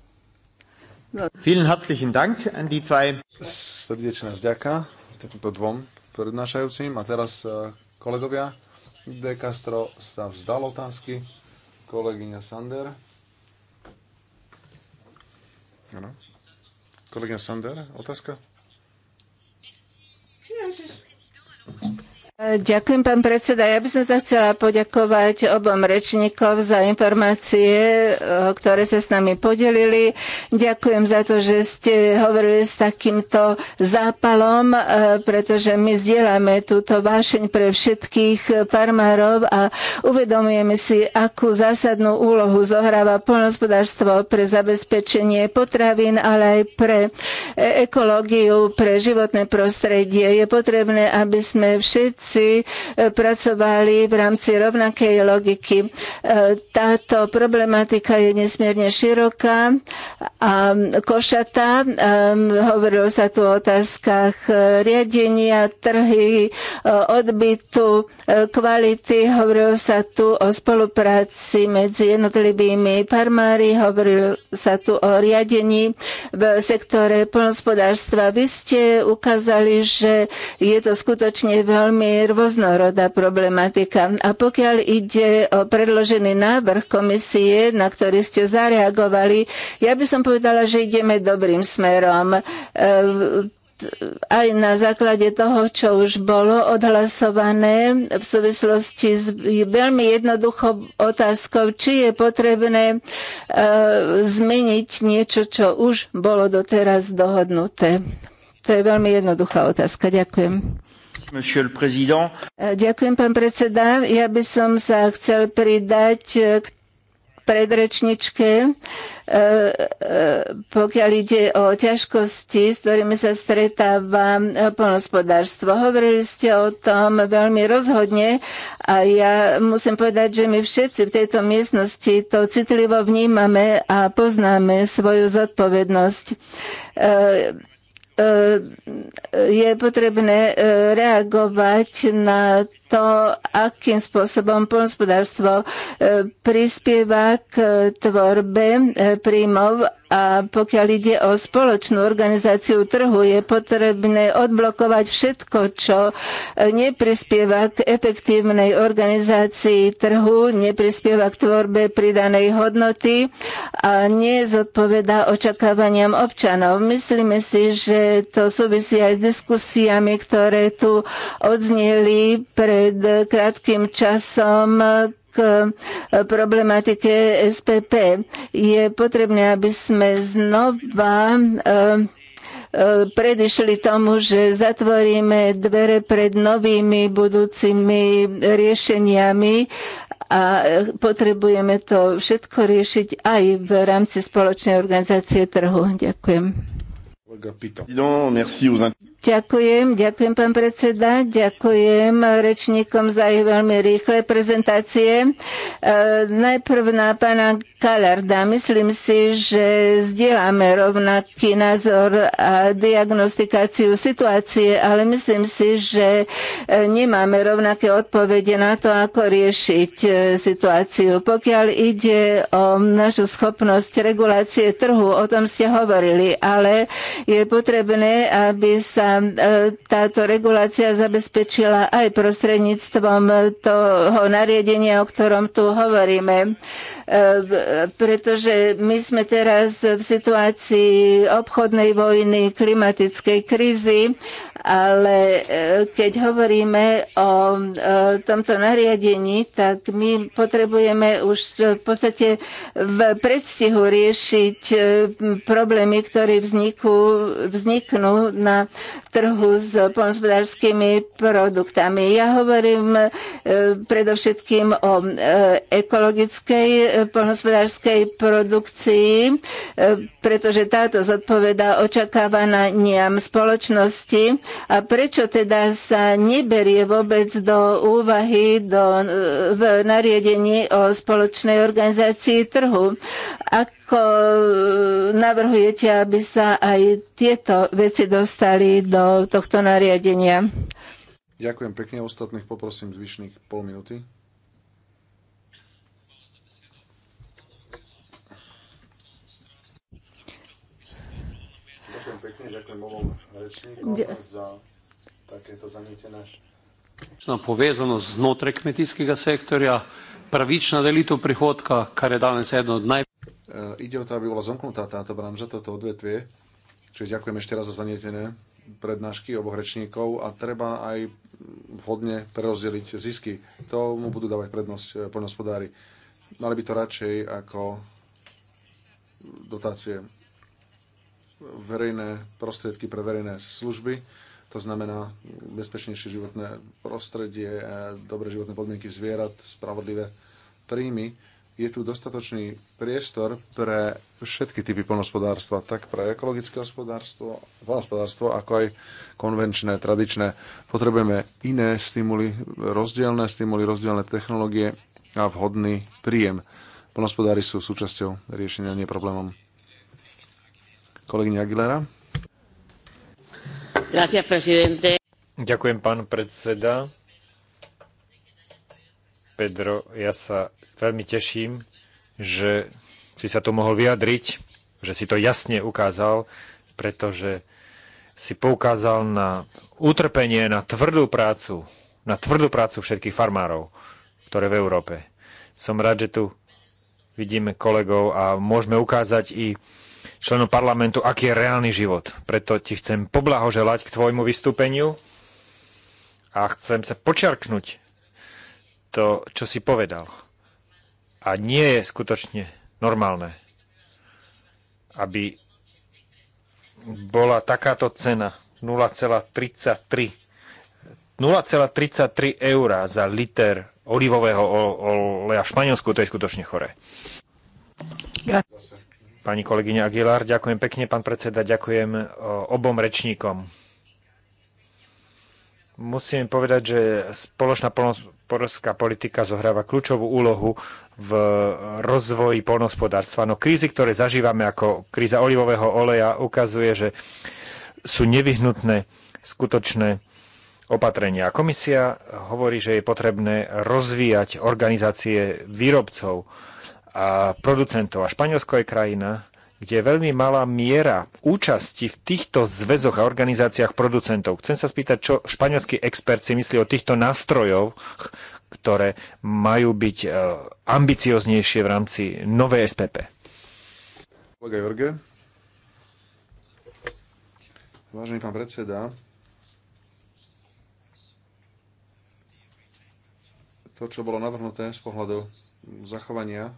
No. Vielen herzlichen Dank an die zwei. Srdiečná vďaka týmto dvom prednášajúcim. A teraz kolegovia, De Castro sa vzdal otázky. Kolegyňa Sander. Áno. Kolegyňa Sander, otázka? Ježiš. Ďakujem, pán predseda. Ja by som sa chcela poďakovať obom rečníkov za informácie, eh, ktoré sa s nami podelili. Ďakujem za to, že ste hovorili s takýmto zápalom, eh, pretože my zdieľame túto vášeň pre všetkých farmárov a uvedomujeme si, akú zásadnú úlohu zohráva poľnohospodárstvo pre zabezpečenie potravín, ale aj pre eh, ekológiu, pre životné prostredie. Je potrebné, aby sme všetci všetci e, pracovali v rámci rovnakej logiky. E, táto problematika je nesmierne široká a košatá. E, hovorilo sa tu o otázkach riadenia, trhy, odbytu, kvality. Hovorilo sa tu o spolupráci medzi jednotlivými farmári. Hovorilo sa tu o riadení v sektore polnospodárstva. Vy ste ukázali, že je to skutočne veľmi je rôznorodá problematika. A pokiaľ ide o predložený návrh komisie, na ktorý ste zareagovali, ja by som povedala, že ideme dobrým smerom e, aj na základe toho, čo už bolo odhlasované v súvislosti s veľmi jednoduchou otázkou, či je potrebné e, zmeniť niečo, čo už bolo doteraz dohodnuté. To je veľmi jednoduchá otázka. Ďakujem. E, ďakujem, pán predseda. Ja by som sa chcel pridať e, k predrečničke, e, pokiaľ ide o ťažkosti, s ktorými sa stretáva polnospodárstvo. Hovorili ste o tom veľmi rozhodne a ja musím povedať, že my všetci v tejto miestnosti to citlivo vnímame a poznáme svoju zodpovednosť E, je potrebné e, reagovať na to, akým spôsobom poľnospodárstvo e, prispieva k tvorbe príjmov a pokiaľ ide o spoločnú organizáciu trhu, je potrebné odblokovať všetko, čo e, neprispieva k efektívnej organizácii trhu, neprispieva k tvorbe pridanej hodnoty a zodpoveda očakávaniam občanov. Myslíme si, že to súvisí aj s diskusiami, ktoré tu odznieli pred krátkým časom, k eh, problematike SPP. Je potrebné, aby sme znova eh, eh, predišli tomu, že zatvoríme dvere pred novými budúcimi riešeniami a potrebujeme to všetko riešiť aj v rámci spoločnej organizácie trhu. Ďakujem. Ďakujem, ďakujem pán predseda, ďakujem rečníkom za ich veľmi rýchle prezentácie. E, najprv na pána Kalarda. Myslím si, že zdieľame rovnaký názor a diagnostikáciu situácie, ale myslím si, že e, nemáme rovnaké odpovede na to, ako riešiť e, situáciu. Pokiaľ ide o našu schopnosť regulácie trhu, o tom ste hovorili, ale je potrebné, aby sa e, táto regulácia zabezpečila aj prostredníctvom toho nariadenia, o ktorom tu hovoríme e, pretože my sme teraz v situácii obchodnej vojny, klimatickej krízy, ale e, keď hovoríme o tomto nariadení, tak my potrebujeme už v podstate v predstihu riešiť problémy, ktoré vznikú vzniknú na trhu s polnospodárskymi produktami. Ja hovorím e, predovšetkým o e, ekologickej e, polnospodárskej produkcii, pretože táto zodpoveda očakávaná niam spoločnosti. A prečo teda sa neberie vôbec do úvahy do, v nariadení o spoločnej organizácii trhu? Ako navrhujete, aby sa aj tieto veci dostali do tohto nariadenia. Ďakujem pekne. Ostatných poprosím zvyšných pol minúty. Ďakujem pekne, ďakujem obom rečníkom za takéto zanietené. Povezanost znotraj kmetijskega sektorja, pravična delitev prihodka, kar je danes jedno od naj... E, ide o to, aby bola zomknutá táto branža, toto odvetvie Čiže ďakujem ešte raz za zanietené prednášky oboch rečníkov a treba aj vhodne prerozdeliť zisky. To mu budú dávať prednosť eh, poľnohospodári. Mali by to radšej ako dotácie verejné prostriedky pre verejné služby, to znamená bezpečnejšie životné prostredie, eh, dobré životné podmienky zvierat, spravodlivé príjmy je tu dostatočný priestor pre všetky typy poľnohospodárstva, tak pre ekologické hospodárstvo, poľnohospodárstvo, ako aj konvenčné, tradičné. Potrebujeme iné stimuly, rozdielne stimuly, rozdielne technológie a vhodný príjem. Poľnohospodári sú súčasťou riešenia, nie problémom. Kolegyňa Aguilera. Ďakujem, pán predseda. Pedro, ja sa veľmi teším, že si sa tu mohol vyjadriť, že si to jasne ukázal, pretože si poukázal na utrpenie, na tvrdú prácu, na tvrdú prácu všetkých farmárov, ktoré v Európe. Som rád, že tu vidíme kolegov a môžeme ukázať i členom parlamentu, aký je reálny život. Preto ti chcem poblahoželať k tvojmu vystúpeniu a chcem sa počiarknúť to, čo si povedal. A nie je skutočne normálne, aby bola takáto cena 0,33 0,33 eur za liter olivového oleja v Španielsku, to je skutočne chore. Pani kolegyňa Aguilar, ďakujem pekne, pán predseda, ďakujem e, obom rečníkom. Musím povedať, že spoločná poľská politika zohráva kľúčovú úlohu v rozvoji polnohospodárstva. No krízy, ktoré zažívame ako kríza olivového oleja, ukazuje, že sú nevyhnutné skutočné opatrenia. Komisia hovorí, že je potrebné rozvíjať organizácie výrobcov a producentov. A Španielsko je krajina, kde je veľmi malá miera účasti v týchto zväzoch a organizáciách producentov. Chcem sa spýtať, čo španielský expert si myslí o týchto nástrojoch, ktoré majú byť e, ambicioznejšie v rámci novej SPP. Kolega Jorge. Vážený pán predseda, to, čo bolo navrhnuté z pohľadu zachovania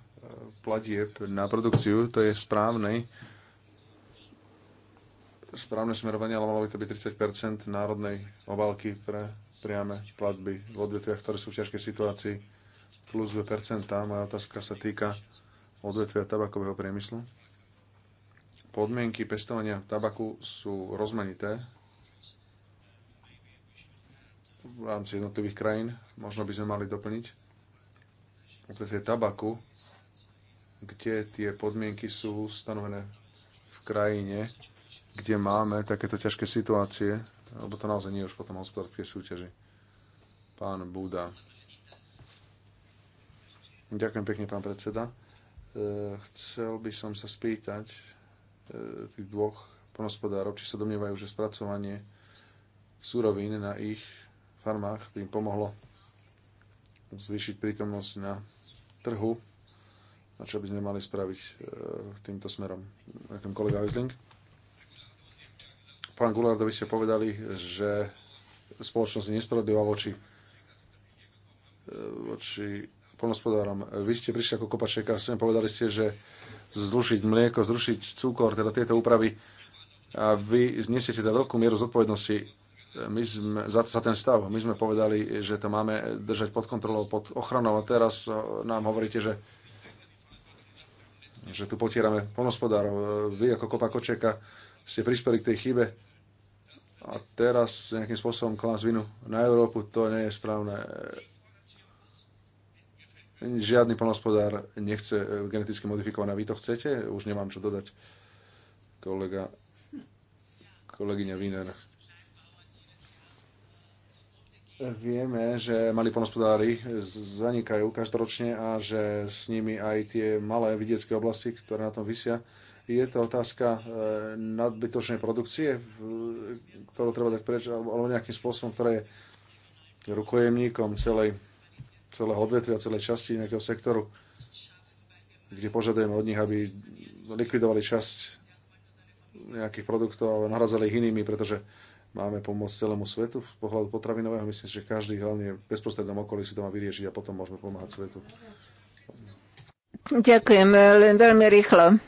platieb na produkciu, to je správne správne smerovanie, ale malo by to byť 30 národnej obálky pre priame platby v odvetviach, ktoré sú v ťažkej situácii, plus 2 Moja otázka sa týka odvetvia tabakového priemyslu. Podmienky pestovania tabaku sú rozmanité v rámci jednotlivých krajín. Možno by sme mali doplniť odvetvie tabaku kde tie podmienky sú stanovené v krajine, kde máme takéto ťažké situácie, lebo to naozaj nie je už potom hospodárskej súťaži. Pán Buda. Ďakujem pekne, pán predseda. E, chcel by som sa spýtať e, tých dvoch ponospodárov, či sa domnievajú, že spracovanie súrovín na ich farmách by im pomohlo zvýšiť prítomnosť na trhu a čo by sme mali spraviť e, týmto smerom. Ďakujem kolega Eusling. Pán Gulardo, vy ste povedali, že spoločnosť je nespravodlivá voči, e, voči polnospodárom. Vy ste prišli ako kopaček a povedali ste, že zrušiť mlieko, zrušiť cukor, teda tieto úpravy a vy znesiete teda veľkú mieru zodpovednosti my sme, za, za ten stav. My sme povedali, že to máme držať pod kontrolou, pod ochranou a teraz e, nám hovoríte, že že tu potierame polnospodárov. E, vy ako kopa kočeka ste prispeli k tej chybe a teraz nejakým spôsobom klas vinu na Európu, to nie je správne. Žiadny polnospodár nechce e, geneticky modifikované. Vy to chcete? Už nemám čo dodať. Kolega, kolegyňa Wiener. Vieme, že malí ponospodári zanikajú každoročne a že s nimi aj tie malé vidiecké oblasti, ktoré na tom vysia. Je to otázka e, nadbytočnej produkcie, ktorú treba dať preč, alebo nejakým spôsobom, ktoré je rukojemníkom celej, celého odvetvia, celej časti nejakého sektoru, kde požadujeme od nich, aby likvidovali časť nejakých produktov a nahrazali ich inými, pretože máme pomôcť celému svetu z pohľadu potravinového. Myslím si, že každý hlavne v bezprostrednom okolí si to má vyriešiť a potom môžeme pomáhať svetu. Ďakujem, len veľmi rýchlo.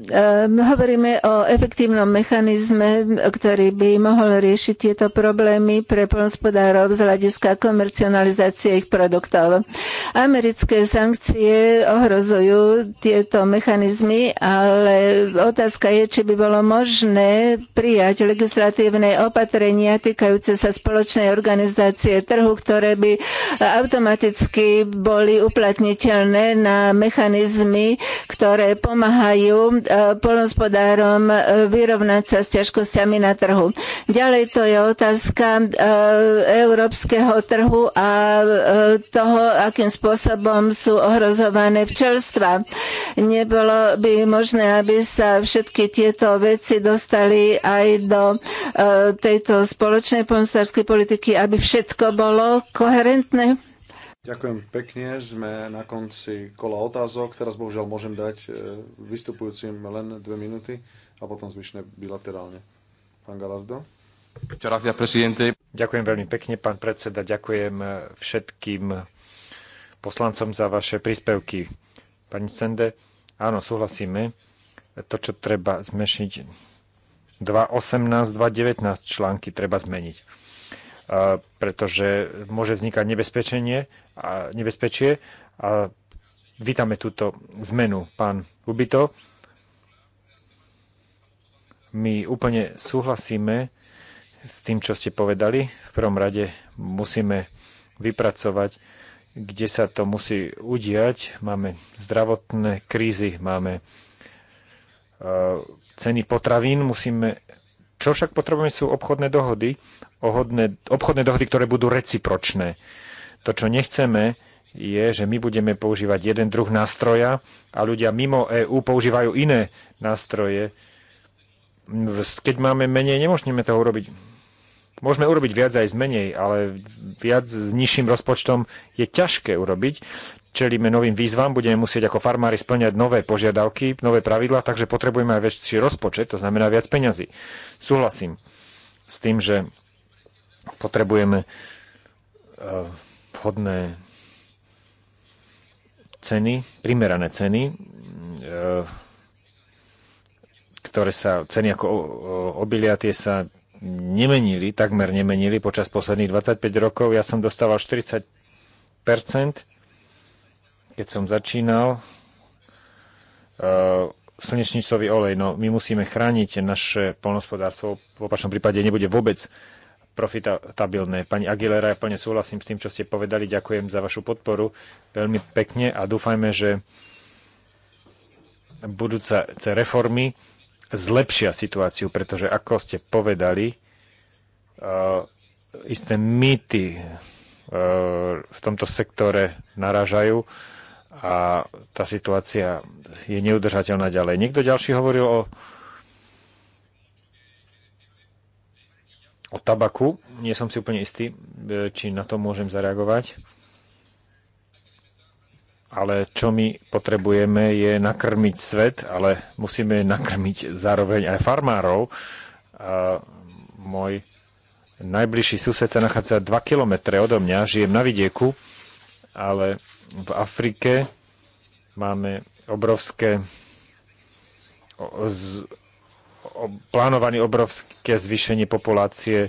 Ehm, hovoríme o efektívnom mechanizme, ktorý by mohol riešiť tieto problémy pre plnospodárov z hľadiska komercionalizácie ich produktov. Americké sankcie ohrozujú tieto mechanizmy, ale otázka je, či by bolo možné prijať legislatívne opatrenia týkajúce sa spoločnej organizácie trhu, ktoré by automaticky boli uplatniteľné na mechanizmy, ktoré pomáhajú E, polnospodárom e, vyrovnať sa s ťažkosťami na trhu. Ďalej to je otázka e, európskeho trhu a toho, akým spôsobom sú ohrozované včelstva. Nebolo by možné, aby sa všetky tieto veci dostali aj do tejto spoločnej polnospodárskej politiky, aby všetko bolo koherentné? Ďakujem pekne. Sme na konci kola otázok. Teraz bohužiaľ môžem dať e, vystupujúcim len dve minúty a potom zvyšne bilaterálne. Pán Galardo. Ďakujem veľmi pekne, pán predseda. Ďakujem e, všetkým poslancom za vaše príspevky. Pani Sende, áno, súhlasíme. To, čo treba zmešiť, 2.18, 2.19 články treba zmeniť pretože môže vznikať nebezpečenie a nebezpečie. A vítame túto zmenu, pán Ubito. My úplne súhlasíme s tým, čo ste povedali. V prvom rade musíme vypracovať, kde sa to musí udiať. Máme zdravotné krízy, máme e, ceny potravín, musíme čo však potrebujeme sú obchodné dohody, ohodné, obchodné dohody, ktoré budú recipročné. To, čo nechceme, je, že my budeme používať jeden druh nástroja a ľudia mimo EÚ používajú iné nástroje. Keď máme menej, nemôžeme to urobiť. Môžeme urobiť viac aj z menej, ale viac s nižším rozpočtom je ťažké urobiť čelíme novým výzvam, budeme musieť ako farmári splňať nové požiadavky, nové pravidlá, takže potrebujeme aj väčší rozpočet, to znamená viac peňazí. Súhlasím s tým, že potrebujeme e, vhodné ceny, primerané ceny, e, ktoré sa, ceny ako obilia, tie sa nemenili, takmer nemenili počas posledných 25 rokov. Ja som dostával 40 keď som začínal, uh, eh, slnečnicový olej, no my musíme chrániť naše polnospodárstvo, v opačnom prípade nebude vôbec profitabilné. Pani Aguilera, ja plne súhlasím s tým, čo ste povedali, ďakujem za vašu podporu veľmi pekne a dúfajme, že budúce reformy zlepšia situáciu, pretože ako ste povedali, uh, isté mýty uh, v tomto sektore naražajú. Uh, a tá situácia je neudržateľná ďalej. Niekto ďalší hovoril o, o tabaku. Nie som si úplne istý, e, či na to môžem zareagovať. Ale čo my potrebujeme je nakrmiť svet, ale musíme nakrmiť zároveň aj farmárov. A môj najbližší sused sa nachádza 2 kilometre odo mňa, žijem na vidieku, ale v Afrike. Máme obrovské plánované obrovské zvýšenie populácie e,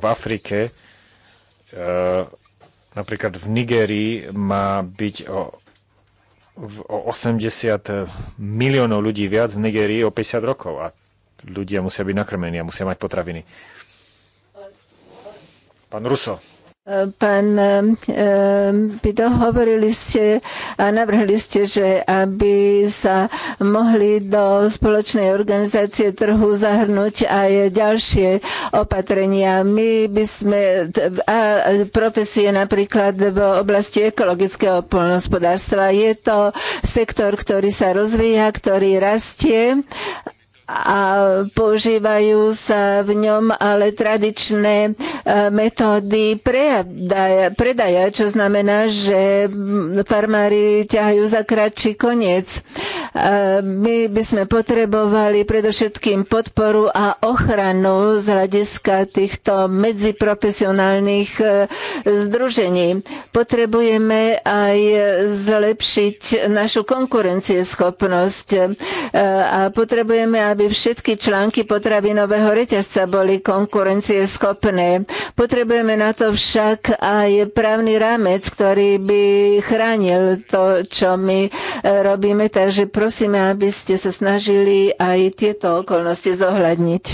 v Afrike. E, napríklad v Nigérii má byť o, o 80 miliónov ľudí viac v Nigérii o 50 rokov a ľudia musia byť nakrmení a musia mať potraviny. Pán Ruso. Pán ehm, Pido, hovorili ste a navrhli ste, že aby sa mohli do spoločnej organizácie trhu zahrnúť aj ďalšie opatrenia. My by sme, a profesie napríklad v oblasti ekologického poľnohospodárstva, je to sektor, ktorý sa rozvíja, ktorý rastie a používajú sa v ňom ale tradičné e, metódy predaja, predaja čo znamená, že farmári ťahajú za kratší koniec. E, my by sme potrebovali predovšetkým podporu a ochranu z hľadiska týchto medziprofesionálnych e, združení. Potrebujeme aj zlepšiť našu konkurencieschopnosť a potrebujeme, aby aby všetky články potravinového reťazca boli konkurencieschopné. Potrebujeme na to však aj právny rámec, ktorý by chránil to, čo my e, robíme, takže prosíme, aby ste sa snažili aj tieto okolnosti zohľadniť.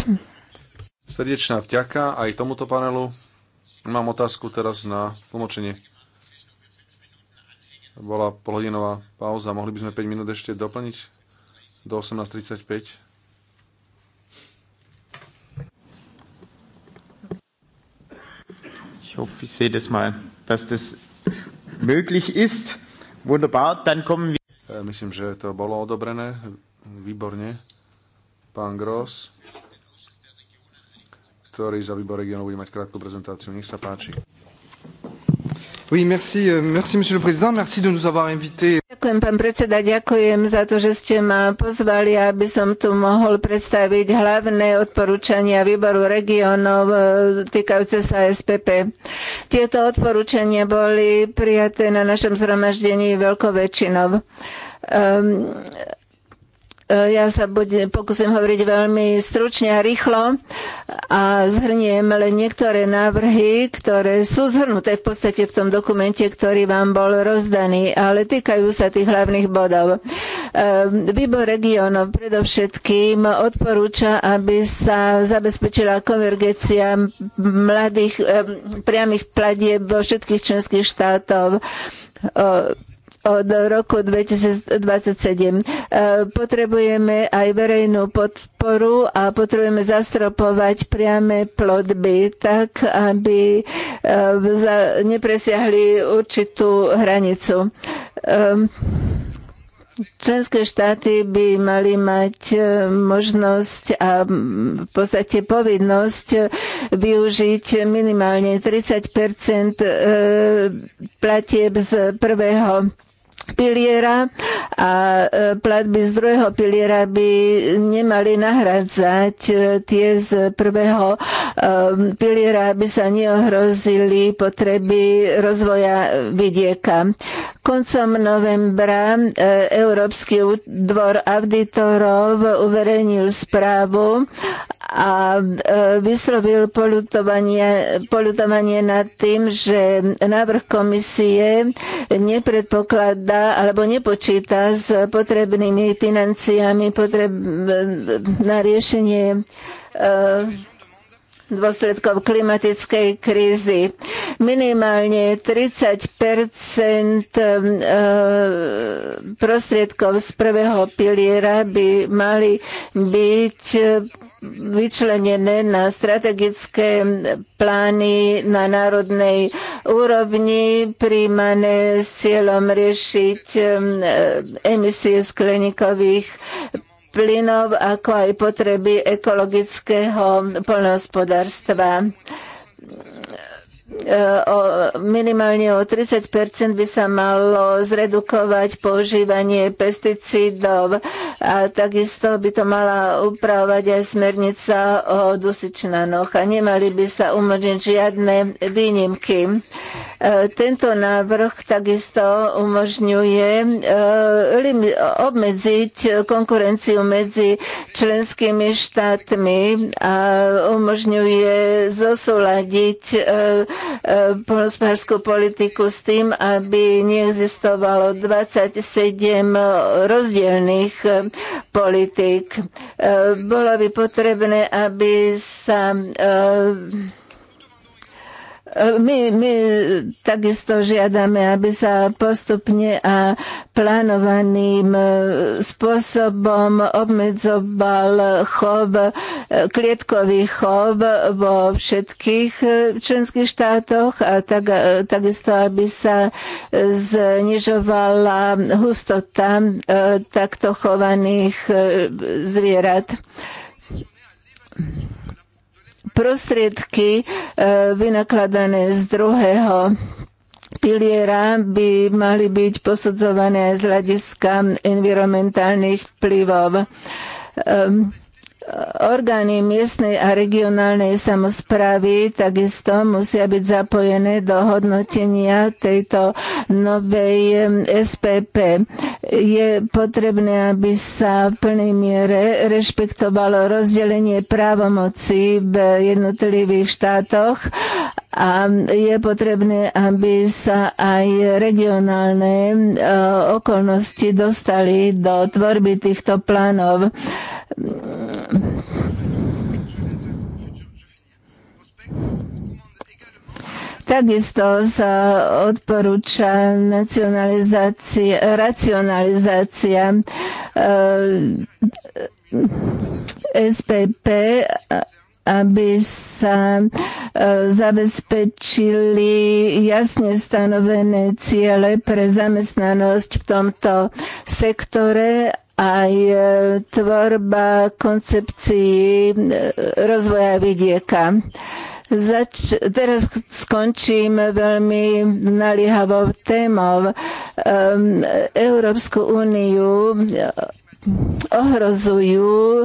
Srdečná vďaka aj tomuto panelu. Mám otázku teraz na tlmočenie. Bola polhodinová pauza, mohli by sme 5 minút ešte doplniť do 18.35? Ich hoffe, ich sehe das mal, dass das möglich ist. Wunderbar, dann kommen wir. Äh, myslím, že to bolo odobrené. Výborne. Pán Gross, ktorý za výbor regionu bude mať krátku prezentáciu. Nech sa páči. Oui, merci, euh, merci, monsieur le président, merci de nous avoir invités. Ďakujem, pán predseda, ďakujem za to, že ste ma pozvali, aby som tu mohol predstaviť hlavné odporúčania výboru regionov e, týkajúce sa SPP. Tieto odporúčania boli prijaté na našom zhromaždení veľkou väčšinou. Um, E, ja sa budem, pokúsim hovoriť veľmi stručne a rýchlo a zhrniem len niektoré návrhy, ktoré sú zhrnuté v podstate v tom dokumente, ktorý vám bol rozdaný, ale týkajú sa tých hlavných bodov. E, výbor regionov predovšetkým odporúča, aby sa zabezpečila konvergencia mladých e, priamých platieb vo všetkých členských štátov od roku 2027. E, potrebujeme aj verejnú podporu a potrebujeme zastropovať priame plodby tak, aby e, nepresiahli určitú hranicu. E, členské štáty by mali mať možnosť a v podstate povinnosť využiť minimálne 30 platieb z prvého piliera a e, platby z druhého piliera by nemali nahradzať e, tie z prvého e, piliera, aby sa neohrozili potreby rozvoja vidieka. Koncom novembra Európsky dvor auditorov uverejnil správu a e, vyslovil polutovanie, polutovanie nad tým, že návrh komisie nepredpokladá alebo nepočíta s potrebnými financiami potreb na riešenie e, dôsledkov klimatickej krízy. Minimálne 30 e, prostriedkov z prvého piliera by mali byť vyčlenené na strategické plány na národnej úrovni, príjmané s cieľom riešiť um, emisie skleníkových plynov, ako aj potreby ekologického poľnohospodárstva E, o, minimálne o 30 by sa malo zredukovať používanie pesticídov a takisto by to mala upravovať aj smernica o dusičnanoch a nemali by sa umožniť žiadne výnimky. E, tento návrh takisto umožňuje e, obmedziť konkurenciu medzi členskými štátmi a umožňuje zosúľadiť Eh, polnospodárskú politiku s tým, aby neexistovalo 27 eh, rozdielných eh, politik. Bolo by potrebné, aby sa my, my takisto žiadame, aby sa postupne a plánovaným e, spôsobom obmedzoval chov, e, klietkový chov vo všetkých e, členských štátoch a tak, takisto, aby sa znižovala hustota takto chovaných zvierat prostriedky e, vynakladané z druhého piliera by mali byť posudzované aj z hľadiska environmentálnych vplyvov. Um, Orgány miestnej a regionálnej samozprávy takisto musia byť zapojené do hodnotenia tejto novej SPP. Je potrebné, aby sa v plnej miere rešpektovalo rozdelenie právomocí v jednotlivých štátoch a je potrebné, aby sa aj regionálne okolnosti dostali do tvorby týchto plánov. Takisto sa odporúča nacionalizácia, racionalizácia eh, SPP aby sa e, zabezpečili jasne stanovené ciele pre zamestnanosť v tomto sektore aj e, tvorba koncepcií e, rozvoja vidieka. Zač- teraz skončím veľmi naliehavou témou. Um, Európsku úniu ohrozujú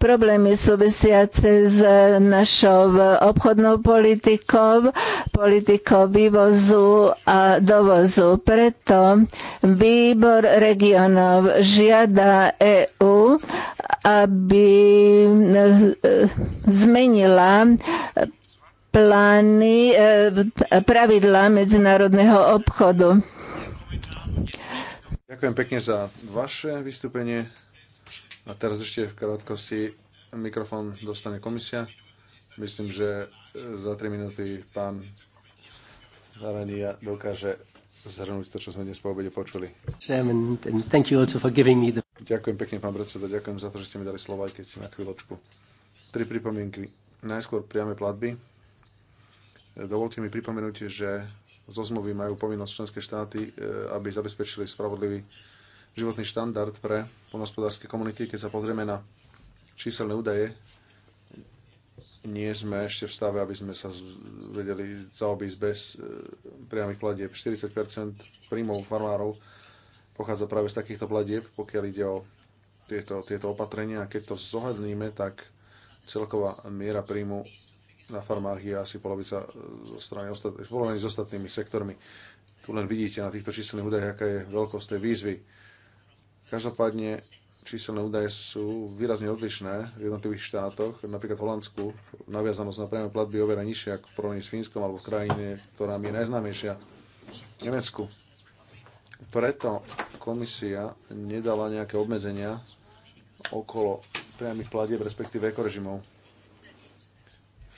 problémy súvisiace s našou obchodnou politikou, politikou vývozu a dovozu. Preto výbor regionov žiada EÚ, aby e, zmenila plány, e, pravidla medzinárodného obchodu. Ďakujem pekne za vaše vystúpenie. A teraz ešte v krátkosti mikrofón dostane komisia. Myslím, že e, za 3 minúty pán Zarania dokáže zhrnúť to, čo sme dnes po obede počuli. Ďakujem pekne, pán predseda, ďakujem za to, že ste mi dali slovo, aj keď na chvíľočku. Tri pripomienky. Najskôr priame platby. E, dovolte mi pripomenúť, že zo zmluvy majú povinnosť členské štáty, e, aby zabezpečili spravodlivý životný štandard pre poľnohospodárske komunity. Keď sa pozrieme na číselné údaje, nie sme ešte v stave, aby sme sa vedeli zaobísť bez e, priamých platieb. 40 príjmov farmárov pochádza práve z takýchto platieb, pokiaľ ide o tieto, tieto opatrenia. A keď to zohľadníme, tak celková miera príjmu na farmách je asi polovica e, zo strany ostatných, s ostatnými sektormi. Tu len vidíte na týchto číselných údajoch, aká je veľkosť tej výzvy Každopádne číselné údaje sú výrazne odlišné v jednotlivých štátoch. Napríklad v Holandsku naviazanosť na priame platby je oveľa nižšia ako v porovnaní s Fínskom alebo v krajine, ktorá mi je najznámejšia, Nemecku. Preto komisia nedala nejaké obmedzenia okolo priamých platieb, respektíve ekorežimov.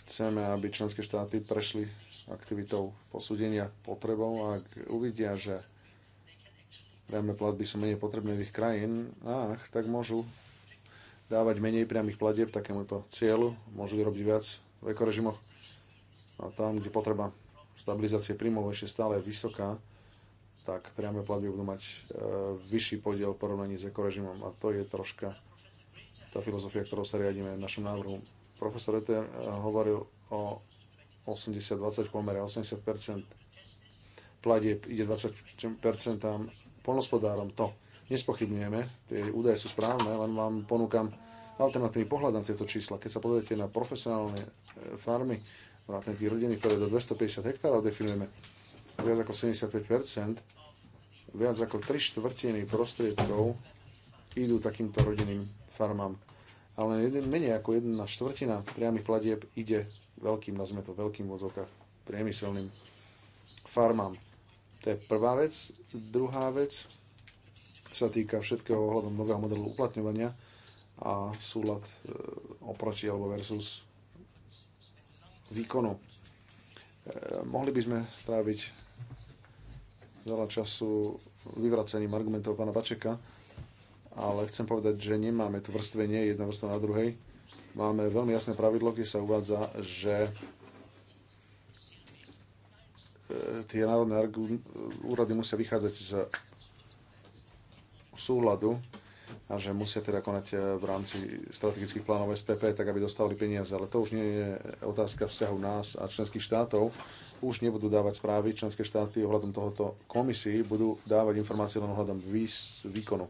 Chceme, aby členské štáty prešli aktivitou posúdenia potrebov a ak uvidia, že priame platby sú menej potrebné v ich krajinách, tak môžu dávať menej priamých platieb takémuto cieľu, môžu robiť viac v ekorežimoch. A tam, kde potreba stabilizácie príjmov ešte stále je vysoká, tak priame platby budú mať e, vyšší podiel v porovnaní s ekorežimom. A to je troška tá filozofia, ktorou sa riadíme v našom návrhu. Profesor Eter e, hovoril o 80-20 pomere, 80% platieb ide 20% polnospodárom. To nespochybňujeme, tie údaje sú správne, len vám ponúkam alternatívny pohľad na tieto čísla. Keď sa pozriete na profesionálne e, farmy, vrátane tých rodiny, ktoré do 250 hektárov definujeme, viac ako 75%, viac ako 3 štvrtiny prostriedkov idú takýmto rodinným farmám. Ale jeden, menej ako jedna štvrtina priamých platieb ide veľkým, nazme to veľkým vozovkách, priemyselným farmám. To je prvá vec. Druhá vec sa týka všetkého ohľadom nového modelu uplatňovania a súlad e, oproti alebo versus výkonu. E, mohli by sme stráviť veľa času vyvracením argumentov pána Bačeka, ale chcem povedať, že nemáme tu vrstvenie jedna vrstva na druhej. Máme veľmi jasné pravidlo, kde sa uvádza, že E, tie národné e, úrady musia vychádzať z súhľadu a že musia teda konať e, v rámci strategických plánov SPP, tak aby dostali peniaze. Ale to už nie je otázka vzťahu nás a členských štátov. Už nebudú dávať správy členské štáty ohľadom tohoto komisii, budú dávať informácie len ohľadom výkonu.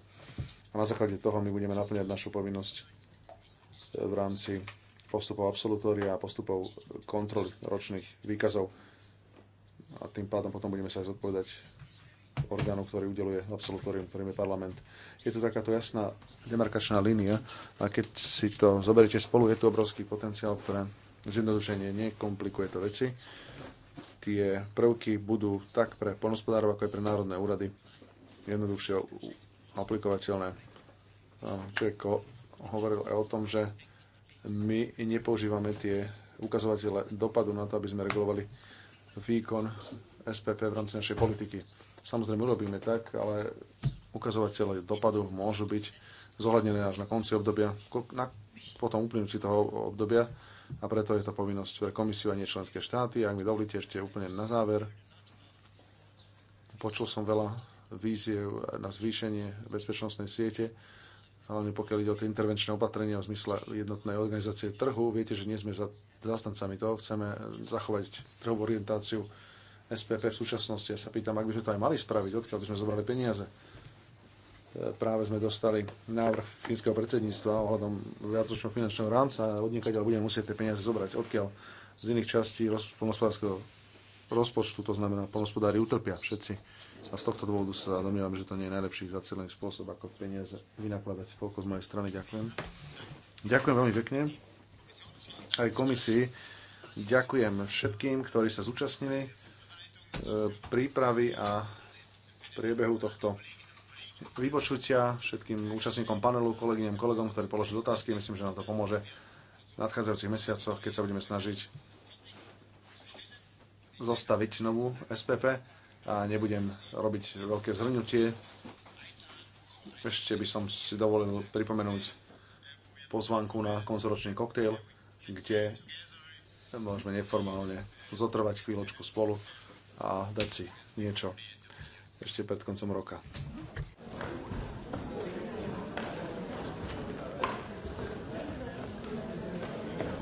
A na základe toho my budeme naplňať našu povinnosť v rámci postupov absolutória a postupov kontroly ročných výkazov a tým pádom potom budeme sa aj zodpovedať orgánu, ktorý udeluje absolutórium, ktorým je parlament. Je tu takáto jasná demarkačná línia a keď si to zoberiete spolu, je tu obrovský potenciál, ktoré zjednodušenie nekomplikuje to veci. Tie prvky budú tak pre polnospodárov, ako aj pre národné úrady jednoduchšie aplikovateľné. Čeko hovoril aj o tom, že my nepoužívame tie ukazovatele dopadu na to, aby sme regulovali výkon SPP v rámci našej politiky. Samozrejme urobíme tak, ale ukazovatele dopadu môžu byť zohľadnené až na konci obdobia, na, potom uplynutí toho obdobia a preto je to povinnosť pre komisiu a nie členské štáty. Ak mi dovolíte ešte úplne na záver, počul som veľa víziev na zvýšenie bezpečnostnej siete hlavne pokiaľ ide o tie intervenčné opatrenia v zmysle jednotnej organizácie trhu. Viete, že nie sme za, zastancami toho, chceme zachovať trhovú orientáciu SPP v súčasnosti. Ja sa pýtam, ak by sme to aj mali spraviť, odkiaľ by sme zobrali peniaze. E, práve sme dostali návrh fínskeho predsedníctva ohľadom viacročného finančného rámca a odniekaď ale budeme musieť tie peniaze zobrať. Odkiaľ z iných častí polnospodárskeho rozpočtu, to znamená, polnospodári utrpia všetci. A z tohto dôvodu sa domnievam, že to nie je najlepší zacelený spôsob, ako peniaze vynakladať. Toľko z mojej strany, ďakujem. Ďakujem veľmi pekne. Aj komisii. Ďakujem všetkým, ktorí sa zúčastnili e, prípravy a priebehu tohto vypočutia, všetkým účastníkom panelu, kolegyňam, kolegom, ktorí položili otázky. Myslím, že nám to pomôže v nadchádzajúcich mesiacoch, keď sa budeme snažiť zostaviť novú SPP a nebudem robiť veľké zhrnutie. Ešte by som si dovolil pripomenúť pozvanku na konzoročný koktejl, kde môžeme neformálne zotrvať chvíľočku spolu a dať si niečo ešte pred koncom roka.